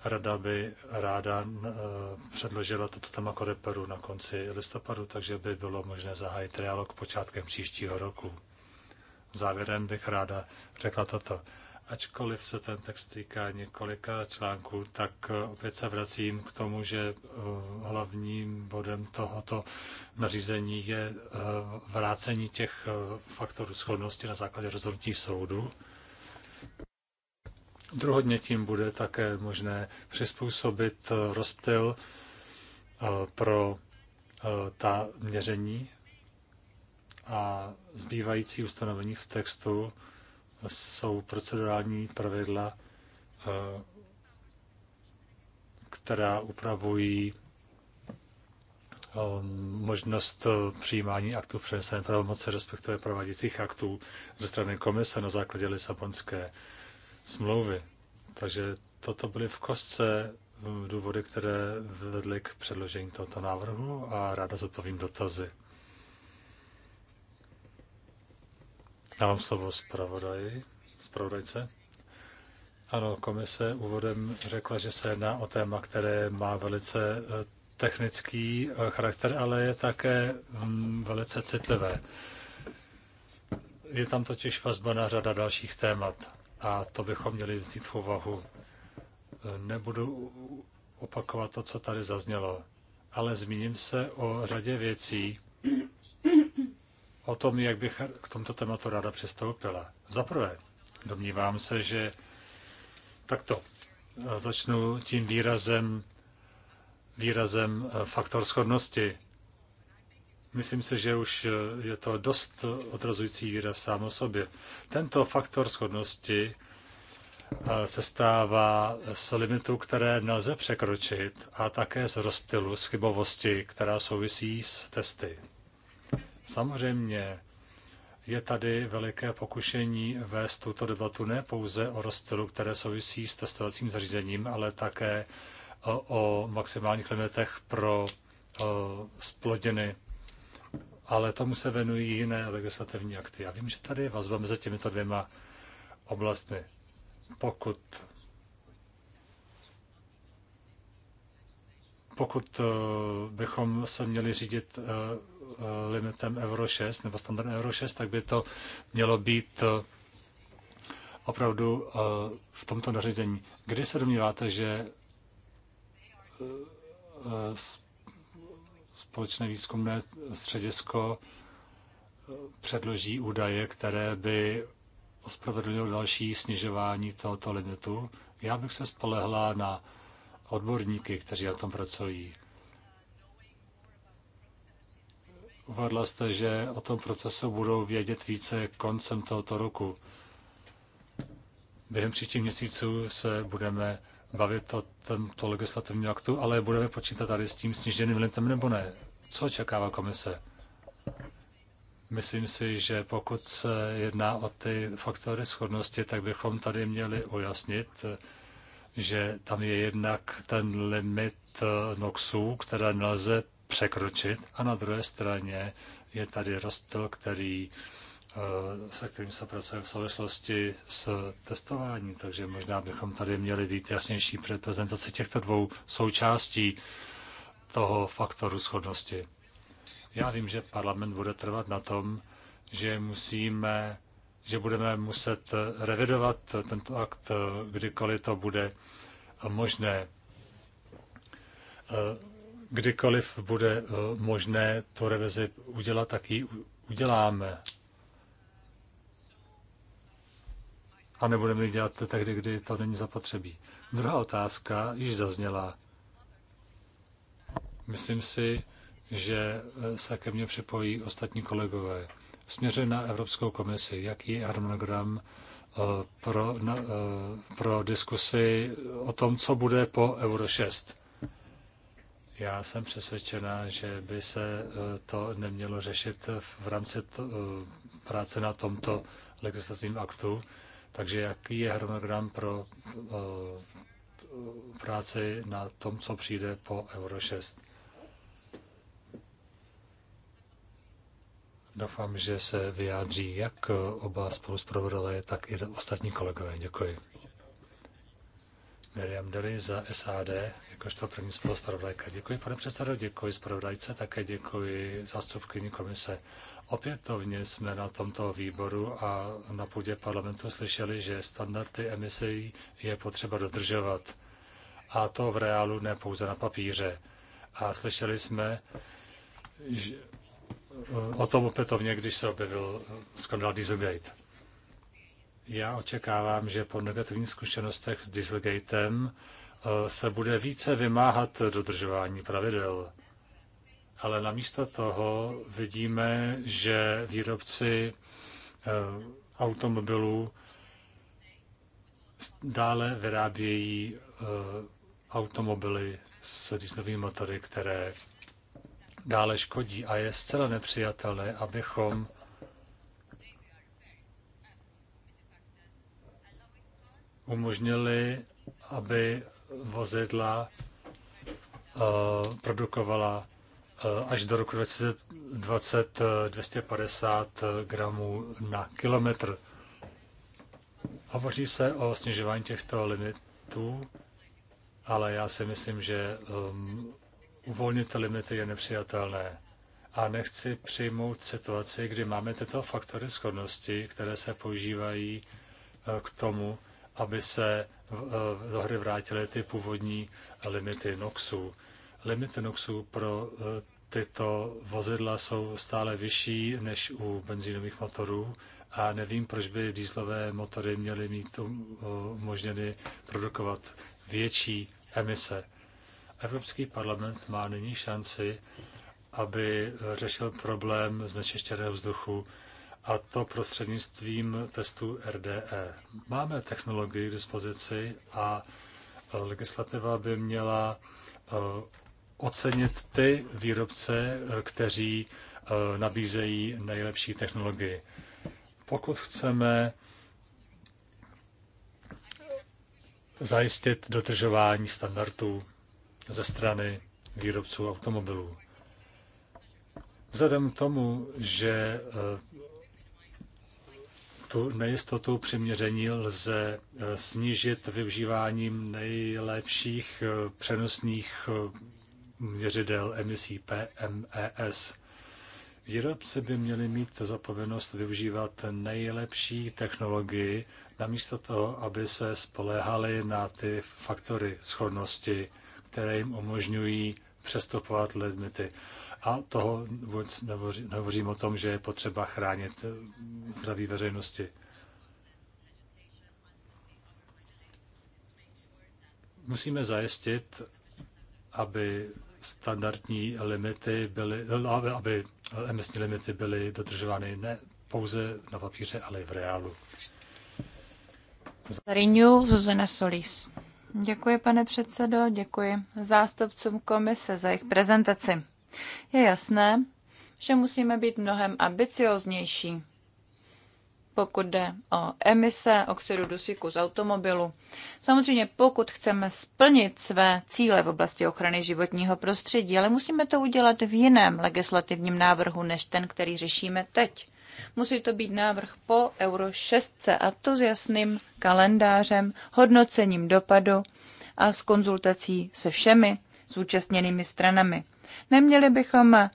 rada by ráda eh, předložila toto téma koreperu na konci listopadu, takže by bylo možné zahájit trialog počátkem příštího roku. Závěrem bych ráda řekla toto. Ačkoliv se ten text týká několika článků, tak eh, opět se vracím k tomu, že eh, hlavním bodem tohoto nařízení je eh, vrácení těch faktorů schodnosti na základě rozhodnutí soudu. Druhodně tím bude také možné přizpůsobit rozptyl pro ta měření a zbývající ustanovení v textu jsou procedurální pravidla, eh, která upravují eh, možnost eh, přijímání aktů přenesené pravomoci, respektive prováděcích aktů ze strany komise na základě Lisabonské smlouvy. Takže toto byly v kostce důvody, které vedly k předložení tohoto návrhu a ráda zodpovím dotazy. Dávám slovo zpravodaji, zpravodajce. Ano, komise úvodem řekla, že se jedná o téma, které má velice eh, technický eh, charakter, ale je také hm, velice citlivé. Je tam totiž vazba na řada dalších témat a to bychom měli vzít v úvahu. Eh, nebudu opakovat to, co tady zaznělo, ale zmíním se o řadě věcí, o tom, jak bych k tomto tématu ráda přistoupila. Za prvé, domnívám se, že takto e, začnu tím výrazem, výrazem e, faktor schodnosti. Myslím si, že už e, je to dost odrazující výraz sám o sobě. Tento faktor schodnosti se stává z limitu, které nelze překročit a také z rozptylu, z chybovosti, která souvisí s testy. Samozřejmě je tady veliké pokušení vést tuto debatu ne pouze o rozptylu, které souvisí s testovacím zařízením, ale také o, o maximálních limitech pro o, splodiny. Ale tomu se venují jiné legislativní akty. Já vím, že tady je vazba mezi těmito dvěma oblastmi. Pokud pokud bychom se měli řídit Eh, limitem Euro 6 nebo standardem Euro 6, tak by to mělo být eh, opravdu eh, v tomto nařízení. Kdy se domníváte, že společné výzkumné středisko předloží údaje, které by ospravedlnilo další snižování tohoto limitu? Já bych se spolehla na odborníky, kteří na tom pracují. Uvedla jste, že o tom procesu budou vědět více koncem tohoto roku. Během příštích měsíců se budeme bavit o tomto legislativním aktu, ale budeme počítat tady s tím sníženým limitem nebo ne. Co očekává komise? Myslím si, že pokud se jedná o ty faktory schodnosti, tak bychom tady měli ujasnit, že tam je jednak ten limit NOXů, které nelze překročit a na druhé straně je tady rozptyl, který, eh, se kterým se pracuje v souvislosti s testováním, takže možná bychom tady měli být jasnější při těchto dvou součástí toho faktoru schodnosti. Já vím, že parlament bude trvat na tom, že musíme, že budeme muset revidovat tento akt, eh, kdykoliv to bude možné. Eh, kdykoliv bude eh, možné to revizi udělat, tak ji uděláme. A nebudeme ji dělat tehdy, kdy to není zapotřebí. Druhá otázka již zazněla. Myslím si, že eh, se ke mně připojí ostatní kolegové. Směřuje na Evropskou komisi. Jaký je harmonogram eh, pro, na, pro diskusi o tom, co bude po Euro 6? Já jsem přesvědčená, že by se eh, to nemělo řešit v rámci to, eh, práce na tomto legislativním aktu. Takže jaký je harmonogram pro eh, práci na tom, co přijde po Euro 6? Doufám, že se vyjádří jak oba spoluspravodové, tak i ostatní kolegové. Děkuji. Miriam Deli za SAD, jakožto první spoluzpravodajka. Děkuji, pane předsedo, děkuji zpravodajce, také děkuji zástupkyni komise. Opětovně jsme na tomto výboru a na půdě parlamentu slyšeli, že standardy emisí je potřeba dodržovat. A to v reálu, ne pouze na papíře. A slyšeli jsme že o tom opětovně, když se objevil skandal Dieselgate. Já očekávám, že po negativních zkušenostech s Dieselgatem eh, se bude více vymáhat dodržování pravidel. Ale namísto toho vidíme, že výrobci eh, automobilů dále vyrábějí eh, automobily s dieselovými motory, které dále škodí. A je zcela nepřijatelné, abychom umožnili, aby vozidla eh, produkovala eh, až do roku 2020 250 eh, gramů na kilometr. Hovoří se o snižování těchto limitů, ale já si myslím, že um, uvolnit limity je nepřijatelné. A nechci přijmout situaci, kdy máme tyto faktory schodnosti, které se používají k tomu, aby se eh, do hry vrátily ty původní limity NOXu. Limity NOXu pro eh, tyto vozidla jsou stále vyšší než u benzínových motorů a nevím, proč by dýzlové motory měly mít eh, umožněny produkovat větší emise. Evropský parlament má nyní šanci, aby řešil problém znečištěného vzduchu a to prostřednictvím testů RDE. Máme technologii k dispozici a e, legislativa by měla e, ocenit ty výrobce, e, kteří nabízejí nejlepší technologii. Pokud chceme zajistit dodržování standardů ze strany výrobců automobilů. Vzhledem k tomu, že tu nejistotu přiměření lze eh, snížit využíváním nejlepších eh, přenosných eh, měřidel emisí PMES. Výrobci by měli mít za povinnost využívat nejlepší technologii, namísto toho, aby se spolehali na ty faktory schodnosti, které jim umožňují přestupovat limity. A toho vůbec nehovořím, o tom, že je potřeba chránit eh, zdraví veřejnosti. Musíme zajistit, aby standardní limity byly, eh, aby, aby emisní limity byly dodržovány ne pouze na papíře, ale i v reálu. Zariňu Zuzana Solis. Děkuji, pane předsedo, děkuji zástupcům komise za jejich prezentaci. Je jasné, že musíme být mnohem ambicioznější, pokud jde o emise oxidu dusíku z automobilu. Samozřejmě pokud chceme splnit své cíle v oblasti ochrany životního prostředí, ale musíme to udělat v jiném legislativním návrhu než ten, který řešíme teď. Musí to být návrh po Euro 6 a to s jasným kalendářem, hodnocením dopadu a s konzultací se všemi zúčastněnými stranami. Neměli bychom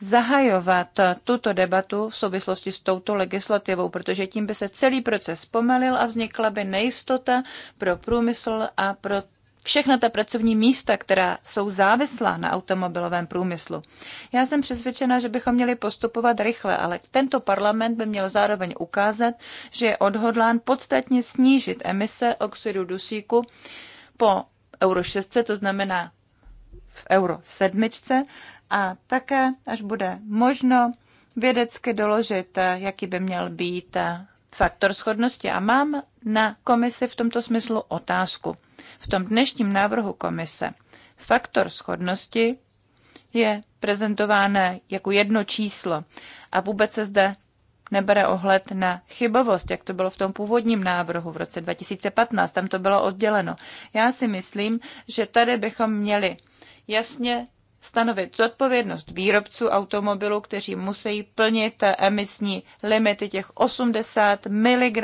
zahajovat tuto debatu v souvislosti s touto legislativou, protože tím by se celý proces pomalil a vznikla by nejistota pro průmysl a pro všechna ta pracovní místa, která jsou závislá na automobilovém průmyslu. Já jsem přesvědčena, že bychom měli postupovat rychle, ale tento parlament by měl zároveň ukázat, že je odhodlán podstatně snížit emise oxidu dusíku po Euro 6, to znamená v euro sedmičce a také, až bude možno, vědecky doložit, jaký by měl být faktor schodnosti. A mám na komisi v tomto smyslu otázku. V tom dnešním návrhu komise faktor schodnosti je prezentován jako jedno číslo a vůbec se zde nebere ohled na chybovost, jak to bylo v tom původním návrhu v roce 2015, tam to bylo odděleno. Já si myslím, že tady bychom měli jasně stanovit zodpovědnost výrobců automobilů, kteří musí plnit emisní limity těch 80 mg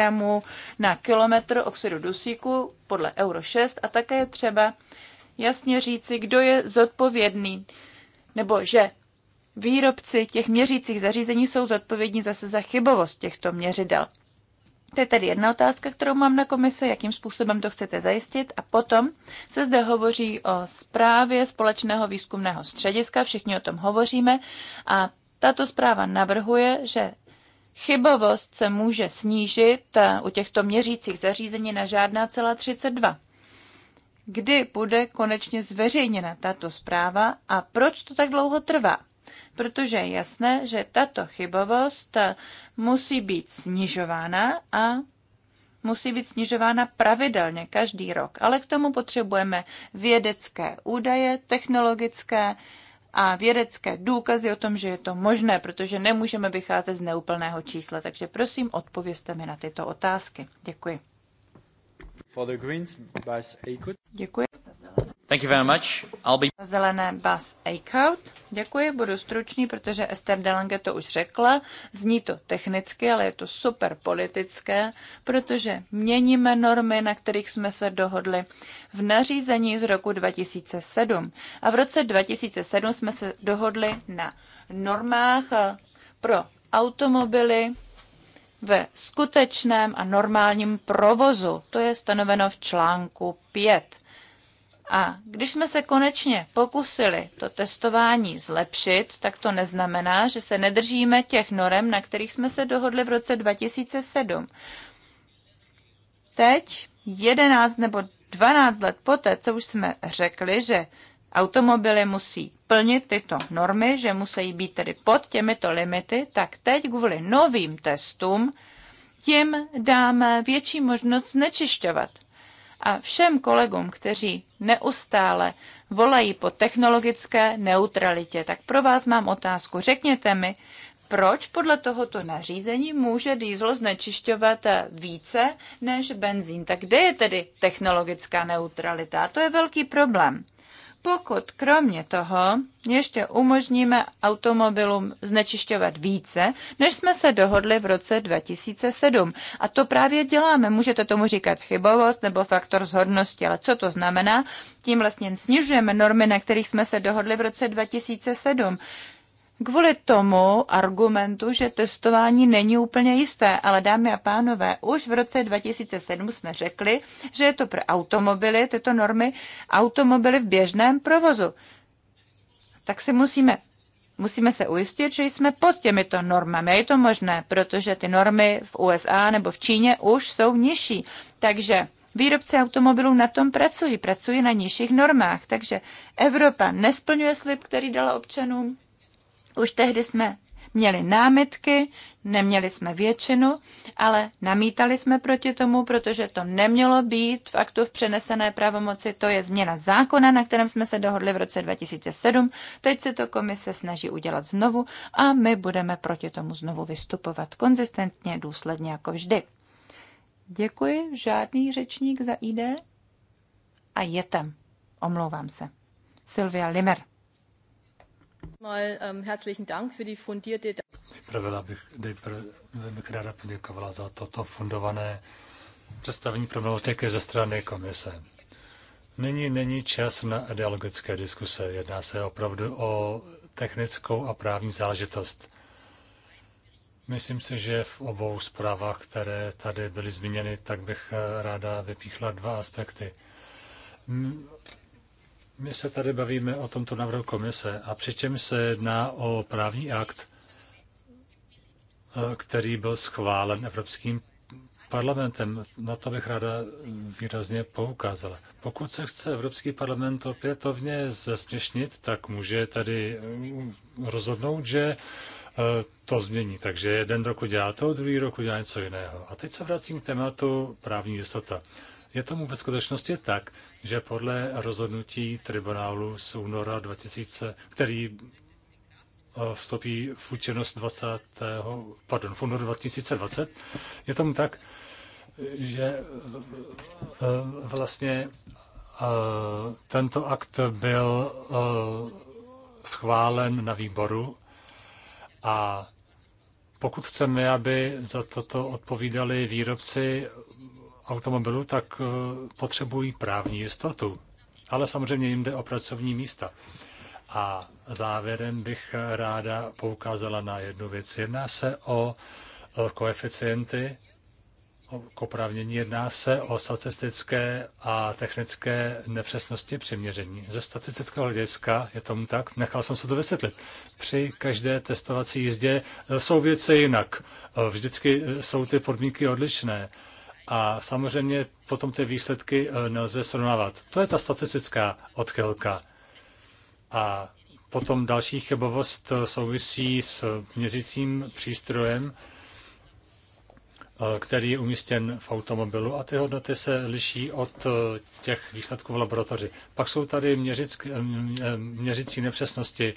na kilometr oxidu dusíku podle Euro 6 a také je třeba jasně říci, kdo je zodpovědný, nebo že výrobci těch měřících zařízení jsou zodpovědní zase za chybovost těchto měřidel. To je tedy jedna otázka, kterou mám na komise. jakým způsobem to chcete zajistit. A potom se zde hovoří o zprávě společného výzkumného střediska, všichni o tom hovoříme. A tato zpráva navrhuje, že chybovost se může snížit eh, u těchto měřících zařízení na žádná celá 32. Kdy bude konečně zveřejněna tato zpráva a proč to tak dlouho trvá? protože je jasné, že tato chybovost eh, musí být snižována a musí být snižována pravidelně každý rok. Ale k tomu potřebujeme vědecké údaje, technologické a vědecké důkazy o tom, že je to možné, protože nemůžeme vycházet z neúplného čísla. Takže prosím, odpovězte mi na tyto otázky. Děkuji. For the Greens, Děkuji. Thank you very much. I'll be... Zelené Bas Eichhout. Děkuji, budu stručný, protože Esther Delange to už řekla. Zní to technicky, ale je to super politické, protože měníme normy, na kterých jsme se dohodli v nařízení z roku 2007. A v roce 2007 jsme se dohodli na normách eh, pro automobily ve skutečném a normálním provozu. To je stanoveno v článku 5. A když jsme se konečně pokusili to testování zlepšit, tak to neznamená, že se nedržíme těch norem, na kterých jsme se dohodli v roce 2007. Teď, 11 nebo 12 let poté, co už jsme řekli, že automobily musí plnit tyto normy, že musí být tedy pod těmito limity, tak teď kvůli novým testům tím dáme větší možnost znečišťovat. A všem kolegům, kteří neustále volají po technologické neutralitě, tak pro vás mám otázku. Řekněte mi, proč podle tohoto nařízení může diesel znečišťovat více než benzín. Tak kde je tedy technologická neutralita? A to je velký problém. Pokud kromě toho ještě umožníme automobilům znečišťovat více, než jsme se dohodli v roce 2007. A to právě děláme. Můžete tomu říkat chybovost nebo faktor zhodnosti, ale co to znamená? Tím vlastně snižujeme normy, na kterých jsme se dohodli v roce 2007 kvůli tomu argumentu, že testování není úplně jisté, ale dámy a pánové, už v roce 2007 jsme řekli, že je to pro automobily, tyto normy, automobily v běžném provozu. Tak si musíme musíme se ujistit, že jsme pod těmito normami. je to možné, protože ty normy v USA nebo v Číně už jsou nižší. Takže výrobci automobilů na tom pracují, pracují na nižších normách. Takže Evropa nesplňuje slib, který dala občanům, už tehdy jsme měli námitky, neměli jsme většinu, ale namítali jsme proti tomu, protože to nemělo být v aktu v přenesené pravomoci. To je změna zákona, na kterém jsme se dohodli v roce 2007. Teď se to komise snaží udělat znovu a my budeme proti tomu znovu vystupovat konzistentně, důsledně jako vždy. Děkuji, žádný řečník za ID. A je tam. Omlouvám se. Silvia Limer. Mal, um, herzlichen Dank für Pravila bych, bych ráda poděkovala za toto fundované představení problematiky ze strany komise. Nyní není čas na ideologické diskuse. Jedná se opravdu o technickou a právní záležitost. Myslím si, že v obou zprávách, které tady byly zmíněny, tak bych eh, ráda vypíchla dva aspekty. My se tady bavíme o tomto návrhu komise a přičem se jedná o právní akt, eh, který byl schválen Evropským parlamentem. Na to bych ráda výrazně poukázala. Pokud se chce Evropský parlament opětovně zesměšnit, tak může tady rozhodnout, že eh, to změní. Takže jeden rok udělá to, druhý rok udělá něco jiného. A teď se vracím k tématu právní jistota. Je tomu ve skutečnosti tak, že podle rozhodnutí tribunálu z února 2000, který eh, vstoupí v účinnost 20. Pardon, v únoru 2020, je tomu tak, že eh, eh, vlastně tento akt byl schválen na výboru a pokud chceme, aby za toto odpovídali výrobci, automobilu, tak eh, potřebují právní jistotu. Ale samozřejmě jim jde o pracovní místa. A závěrem bych ráda poukázala na jednu věc. Jedná se o koeficienty, o koprávnění, jedná se o statistické a technické nepřesnosti přiměření. Ze statistického hlediska je tomu tak, nechal jsem se to vysvětlit. Při každé testovací jízdě eh, jsou věci jinak. Eh, vždycky jsou ty podmínky odlišné. A samozřejmě potom ty výsledky eh, nelze srovnávat. To je ta statistická odchylka. A potom další chybovost eh, souvisí s měřícím přístrojem, eh, který je umístěn v automobilu a ty hodnoty se liší od těch výsledků v laboratoři. Pak jsou tady měřick, měřicí nepřesnosti,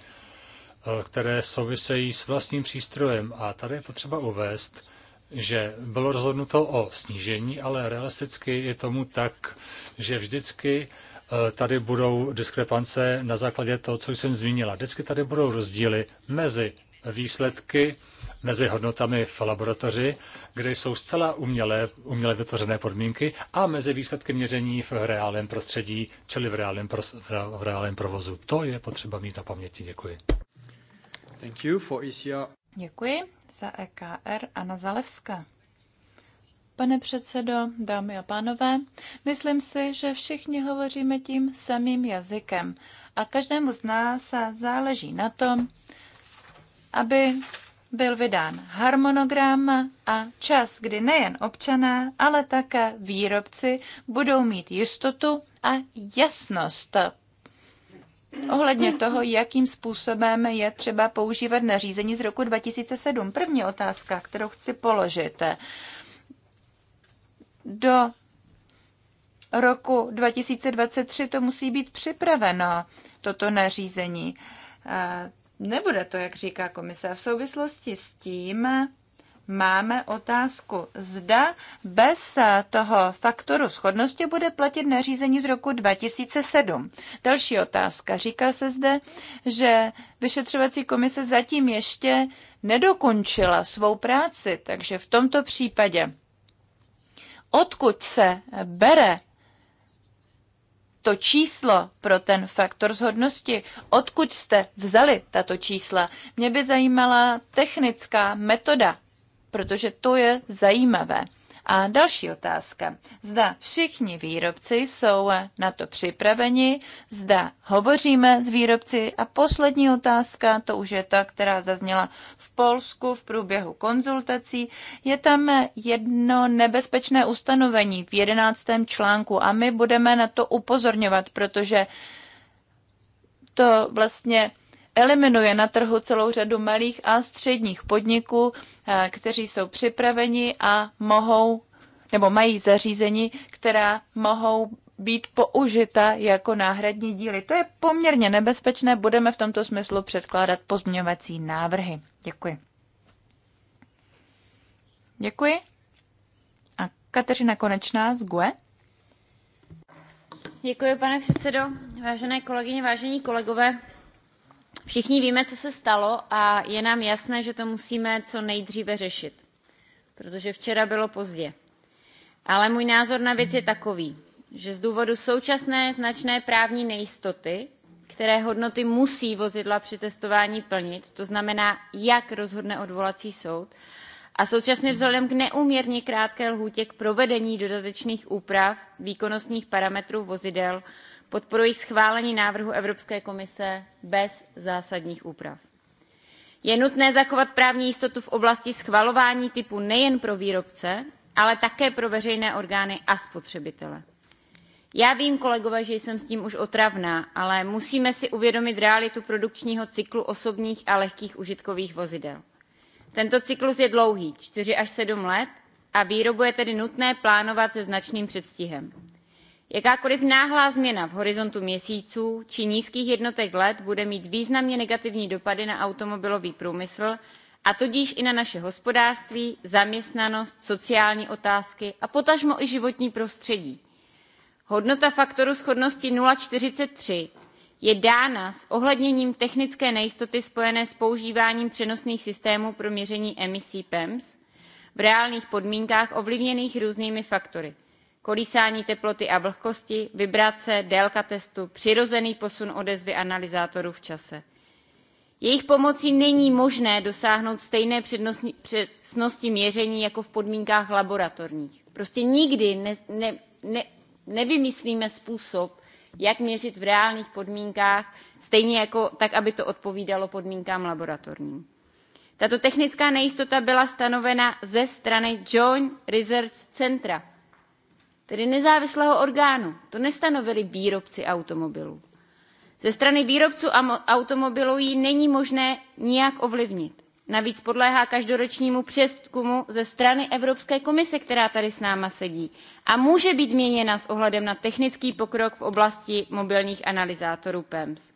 které souvisejí s vlastním přístrojem a tady je potřeba uvést, že bylo rozhodnuto o snížení, ale realisticky je tomu tak, že vždycky eh, tady budou diskrepance na základě toho, co jsem zmínila. Vždycky tady budou rozdíly mezi výsledky, mezi hodnotami v laboratoři, kde jsou zcela umělé, uměle vytvořené podmínky, a mezi výsledky měření v reálném prostředí, čili v reálném, v reálném provozu. To je potřeba mít na paměti. Děkuji. Thank you for ECR. Děkuji za EKR Anna Zalevská. Pane předsedo, dámy a pánové, myslím si, že všichni hovoříme tím samým jazykem a každému z nás záleží na tom, aby byl vydán harmonogram a čas, kdy nejen občané, ale také výrobci budou mít jistotu a jasnost, ohledně toho, jakým způsobem je třeba používat nařízení z roku 2007. První otázka, kterou chci položit. Do roku 2023 to musí být připraveno, toto nařízení. Nebude to, jak říká komise, v souvislosti s tím, máme otázku, zda bez eh, toho faktoru schodnosti bude platit nařízení z roku 2007. Další otázka. Říká se zde, že vyšetřovací komise zatím ještě nedokončila svou práci, takže v tomto případě odkud se bere to číslo pro ten faktor zhodnosti, odkud jste vzali tato čísla. Mě by zajímala technická metoda protože to je zajímavé. A další otázka. Zda všichni výrobci jsou na to připraveni, zda hovoříme s výrobci. A poslední otázka, to už je ta, která zazněla v Polsku v průběhu konzultací. Je tam jedno nebezpečné ustanovení v jedenáctém článku a my budeme na to upozorňovat, protože to vlastně eliminuje na trhu celou řadu malých a středních podniků, eh, kteří jsou připraveni a mohou nebo mají zařízení, která mohou být použita jako náhradní díly. To je poměrně nebezpečné, budeme v tomto smyslu předkládat pozměňovací návrhy. Děkuji. Děkuji. A Kateřina Konečná z GUE. Děkuji, pane předsedo. Vážené kolegyně, vážení kolegové, Všichni víme, co se stalo a je nám jasné, že to musíme co nejdříve řešit, protože včera bylo pozdě. Ale můj názor na věc je takový, že z důvodu současné značné právní nejistoty, které hodnoty musí vozidla při testování plnit, to znamená, jak rozhodne odvolací soud, a současně vzhledem k neúměrně krátké lhůtě k provedení dodatečných úprav výkonnostních parametrů vozidel podporuji schválení návrhu Evropské komise bez zásadních úprav. Je nutné zachovat právní jistotu v oblasti schvalování typu nejen pro výrobce, ale také pro veřejné orgány a spotřebitele. Já vím, kolegové, že jsem s tím už otravná, ale musíme si uvědomit realitu produkčního cyklu osobních a lehkých užitkových vozidel. Tento cyklus je dlouhý, 4 až 7 let, a výrobu je tedy nutné plánovat se značným předstihem jakákoliv náhlá změna v horizontu měsíců či nízkých jednotek let bude mít významně negativní dopady na automobilový průmysl a tudíž i na naše hospodářství zaměstnanost sociální otázky a potažmo i životní prostředí. hodnota faktoru shodnosti zero forty three je dána s ohledněním technické nejistoty spojené s používáním přenosných systémů pro měření emisí pems v reálných podmínkách ovlivněných různými faktory kolísání teploty a vlhkosti, vibrace, délka testu, přirozený posun odezvy analyzátorů v čase. Jejich pomocí není možné dosáhnout stejné přesnosti měření jako v podmínkách laboratorních. Prostě nikdy ne, ne, ne, nevymyslíme způsob, jak měřit v reálných podmínkách, stejně jako tak, aby to odpovídalo podmínkám laboratorním. Tato technická nejistota byla stanovena ze strany Joint Research Centra, tedy nezávislého orgánu. To nestanovili výrobci automobilů. Ze strany výrobců automobilů ji není možné nijak ovlivnit. Navíc podléhá každoročnímu přezkumu ze strany Evropské komise, která tady s náma sedí a může být měněna s ohledem na technický pokrok v oblasti mobilních analyzátorů PEMS.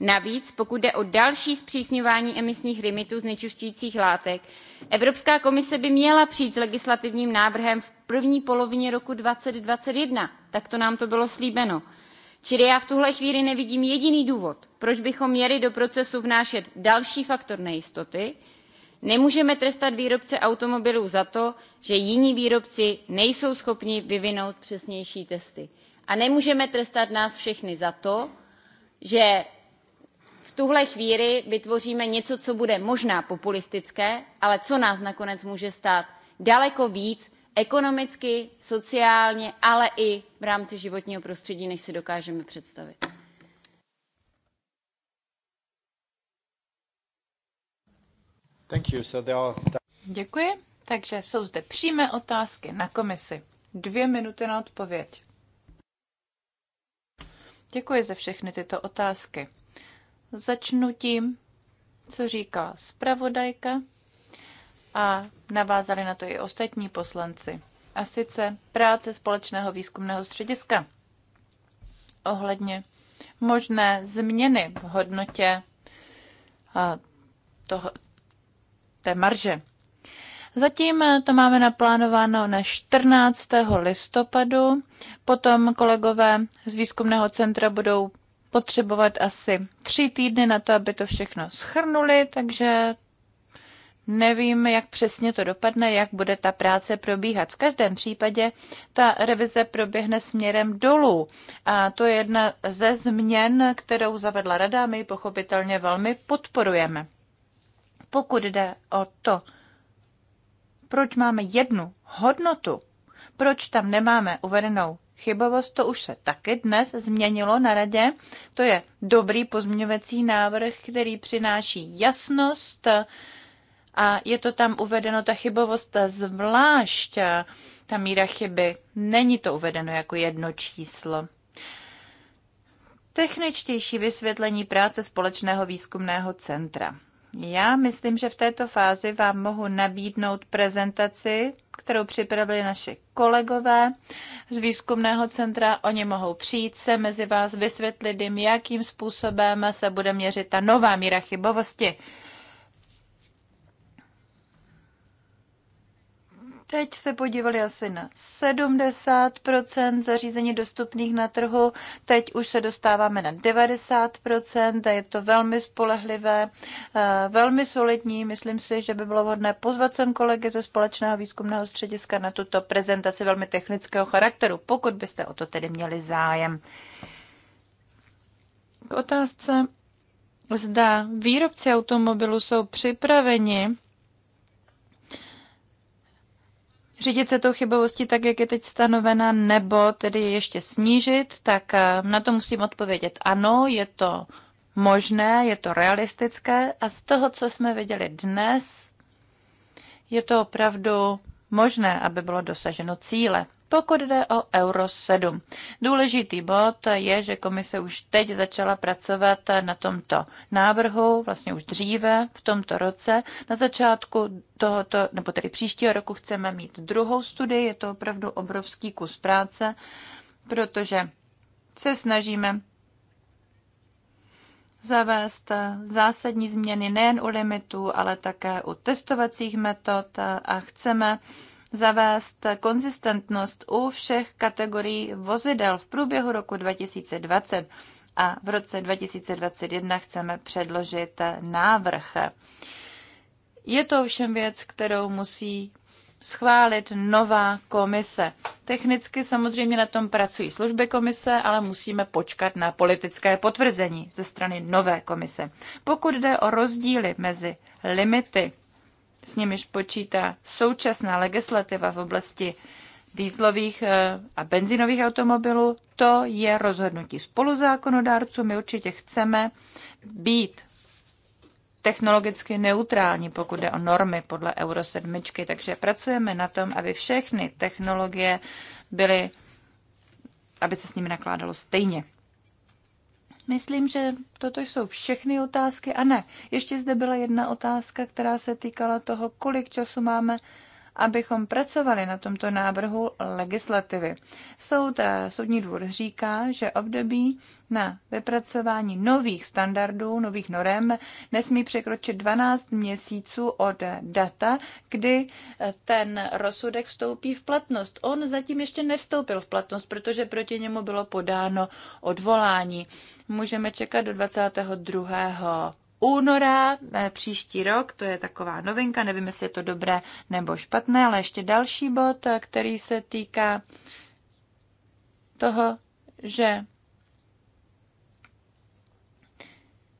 Navíc, pokud jde o další zpřísňování emisních limitů znečišťujících látek, Evropská komise by měla přijít s legislativním návrhem v první polovině roku 2021. Takto nám to bylo slíbeno. Čili já v tuhle chvíli nevidím jediný důvod, proč bychom měli do procesu vnášet další faktor nejistoty. Nemůžeme trestat výrobce automobilů za to, že jiní výrobci nejsou schopni vyvinout přesnější testy. A nemůžeme trestat nás všechny za to, že v tuhle chvíli vytvoříme něco co bude možná populistické ale co nás nakonec může stát daleko víc ekonomicky sociálně ale i v rámci životního prostředí než si dokážeme představit. Děkuji. Takže jsou zde přímé otázky na komisi. Dvě minuty na odpověď. Děkuji za všechny tyto otázky. Začnu tím, co říkala zpravodajka a navázali na to i ostatní poslanci. A sice práce společného výzkumného střediska ohledně možné změny v hodnotě toho, té marže. Zatím eh, to máme naplánováno na 14. listopadu. Potom kolegové z výzkumného centra budou potřebovat asi tři týdny na to, aby to všechno schrnuli, takže nevím, jak přesně to dopadne, jak bude ta práce probíhat. V každém případě ta revize proběhne směrem dolů a to je jedna ze změn, kterou zavedla rada, my ji pochopitelně velmi podporujeme. Pokud jde o to, proč máme jednu hodnotu, proč tam nemáme uvedenou chybovost, to už se taky dnes změnilo na radě. To je dobrý pozměňovací návrh, který přináší jasnost a je to tam uvedeno, ta chybovost zvlášť, ta míra chyby, není to uvedeno jako jedno číslo. Techničtější vysvětlení práce Společného výzkumného centra. Já myslím, že v této fázi vám mohu nabídnout prezentaci, kterou připravili naši kolegové z výzkumného centra. Oni mohou přijít se mezi vás, vysvětlit jim, jakým způsobem se bude měřit ta nová míra chybovosti. Teď se podívali asi na 70% zařízení dostupných na trhu, teď už se dostáváme na 90% a je to velmi spolehlivé, eh, velmi solidní. Myslím si, že by bylo vhodné pozvat sem kolegy ze Společného výzkumného střediska na tuto prezentaci velmi technického charakteru, pokud byste o to tedy měli zájem. K otázce, zda výrobci automobilů jsou připraveni řídit se tou chybovostí tak, jak je teď stanovena, nebo tedy ještě snížit, tak eh, na to musím odpovědět ano, je to možné, je to realistické a z toho, co jsme viděli dnes, je to opravdu možné, aby bylo dosaženo cíle. Pokud jde o Euro 7, důležitý bod je, že komise už teď začala pracovat na tomto návrhu, vlastně už dříve v tomto roce. Na začátku tohoto, nebo tedy příštího roku chceme mít druhou studii, je to opravdu obrovský kus práce, protože se snažíme zavést zásadní změny nejen u limitů, ale také u testovacích metod a chceme zavést konzistentnost u všech kategorií vozidel v průběhu roku 2020 a v roce 2021 chceme předložit návrh. Je to ovšem věc, kterou musí schválit nová komise. Technicky samozřejmě na tom pracují služby komise, ale musíme počkat na politické potvrzení ze strany nové komise. Pokud jde o rozdíly mezi limity s nimiž počítá současná legislativa v oblasti dýzlových eh, a benzinových automobilů, to je rozhodnutí spoluzákonodárců. My určitě chceme být technologicky neutrální, pokud jde o normy podle Euro 7, takže pracujeme na tom, aby všechny technologie byly, aby se s nimi nakládalo stejně. Myslím, že toto jsou všechny otázky. A ne, ještě zde byla jedna otázka, která se týkala toho, kolik času máme abychom pracovali na tomto návrhu legislativy. Soud, eh, soudní dvůr říká, že období na vypracování nových standardů, nových norem nesmí překročit 12 měsíců od data, kdy eh, ten rozsudek vstoupí v platnost. On zatím ještě nevstoupil v platnost, protože proti němu bylo podáno odvolání. Můžeme čekat do 22 února eh, příští rok. To je taková novinka, nevím, jestli je to dobré nebo špatné, ale ještě další bod, eh, který se týká toho, že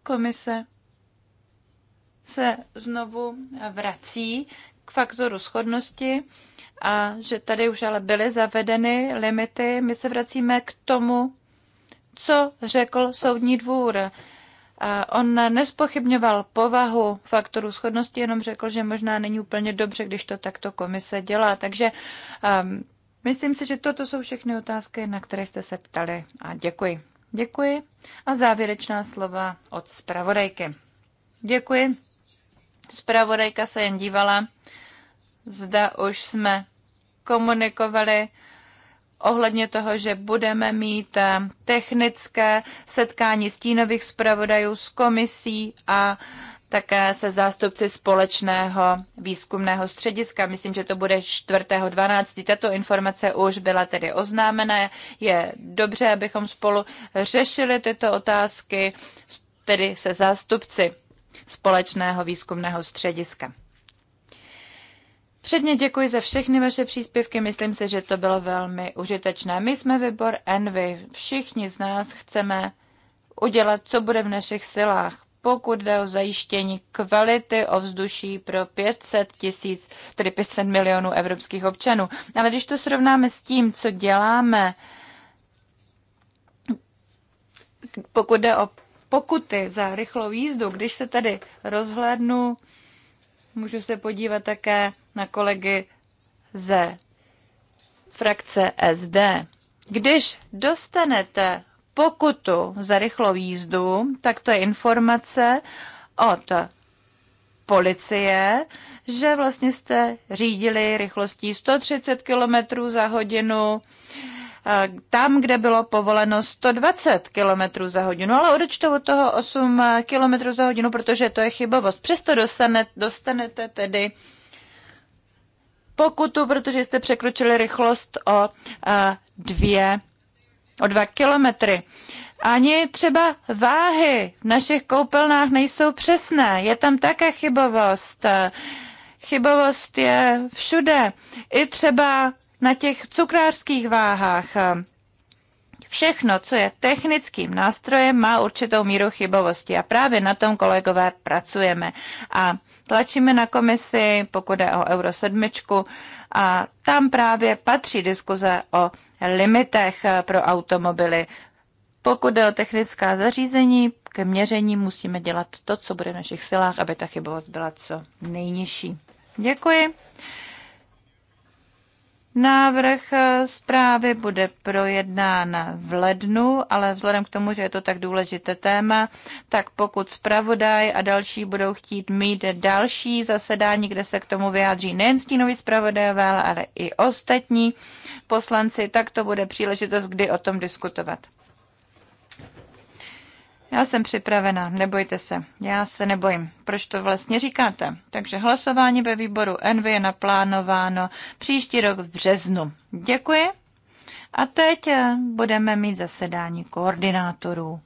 komise se znovu vrací k faktoru schodnosti a že tady už ale byly zavedeny limity. My se vracíme k tomu, co řekl soudní dvůr. On nespochybňoval povahu faktoru schodnosti, jenom řekl, že možná není úplně dobře, když to takto komise dělá. Takže um, myslím si, že toto jsou všechny otázky, na které jste se ptali. A děkuji. Děkuji. A závěrečná slova od zpravodajky. Děkuji. Zpravodajka se jen dívala, zda už jsme komunikovali ohledně toho, že budeme mít eh, technické setkání stínových zpravodajů s komisí a také se zástupci společného výzkumného střediska. Myslím, že to bude 4.12. Tato informace už byla tedy oznámena. Je dobře, abychom spolu řešili tyto otázky, tedy se zástupci společného výzkumného střediska. Předně děkuji za všechny vaše příspěvky, myslím si, že to bylo velmi užitečné. My jsme výbor Envy, všichni z nás chceme udělat, co bude v našich silách, pokud jde o zajištění kvality ovzduší pro 500 tisíc, tedy 500 milionů evropských občanů. Ale když to srovnáme s tím, co děláme, pokud jde o pokuty za rychlou jízdu, když se tady rozhlédnu, Můžu se podívat také na kolegy ze frakce SD. Když dostanete pokutu za rychlou jízdu, tak to je informace od policie, že vlastně jste řídili rychlostí 130 km za hodinu, Eh, tam, kde bylo povoleno 120 km za hodinu, ale odečtou od toho 8 eh, km za hodinu, protože to je chybovost. Přesto dostane, dostanete tedy pokutu, protože jste překročili rychlost o 2 eh, o dva kilometry. Ani třeba váhy v našich koupelnách nejsou přesné. Je tam také chybovost. Chybovost je všude. I třeba na těch cukrářských váhách. Všechno, co je technickým nástrojem, má určitou míru chybovosti a právě na tom kolegové pracujeme. A tlačíme na komisi, pokud je o Euro 7, a tam právě patří diskuze o limitech pro automobily. Pokud je o technická zařízení, k měření musíme dělat to, co bude v našich silách, aby ta chybovost byla co nejnižší. Děkuji. Návrh eh, zprávy bude projednán v lednu, ale vzhledem k tomu, že je to tak důležité téma, tak pokud zpravodaj a další budou chtít mít další zasedání, kde se k tomu vyjádří nejen stínový zpravodajové, ale i ostatní poslanci, tak to bude příležitost, kdy o tom diskutovat. Já jsem připravena, nebojte se. Já se nebojím. Proč to vlastně říkáte? Takže hlasování ve výboru Envy je naplánováno příští rok v březnu. Děkuji. A teď eh, budeme mít zasedání koordinátorů.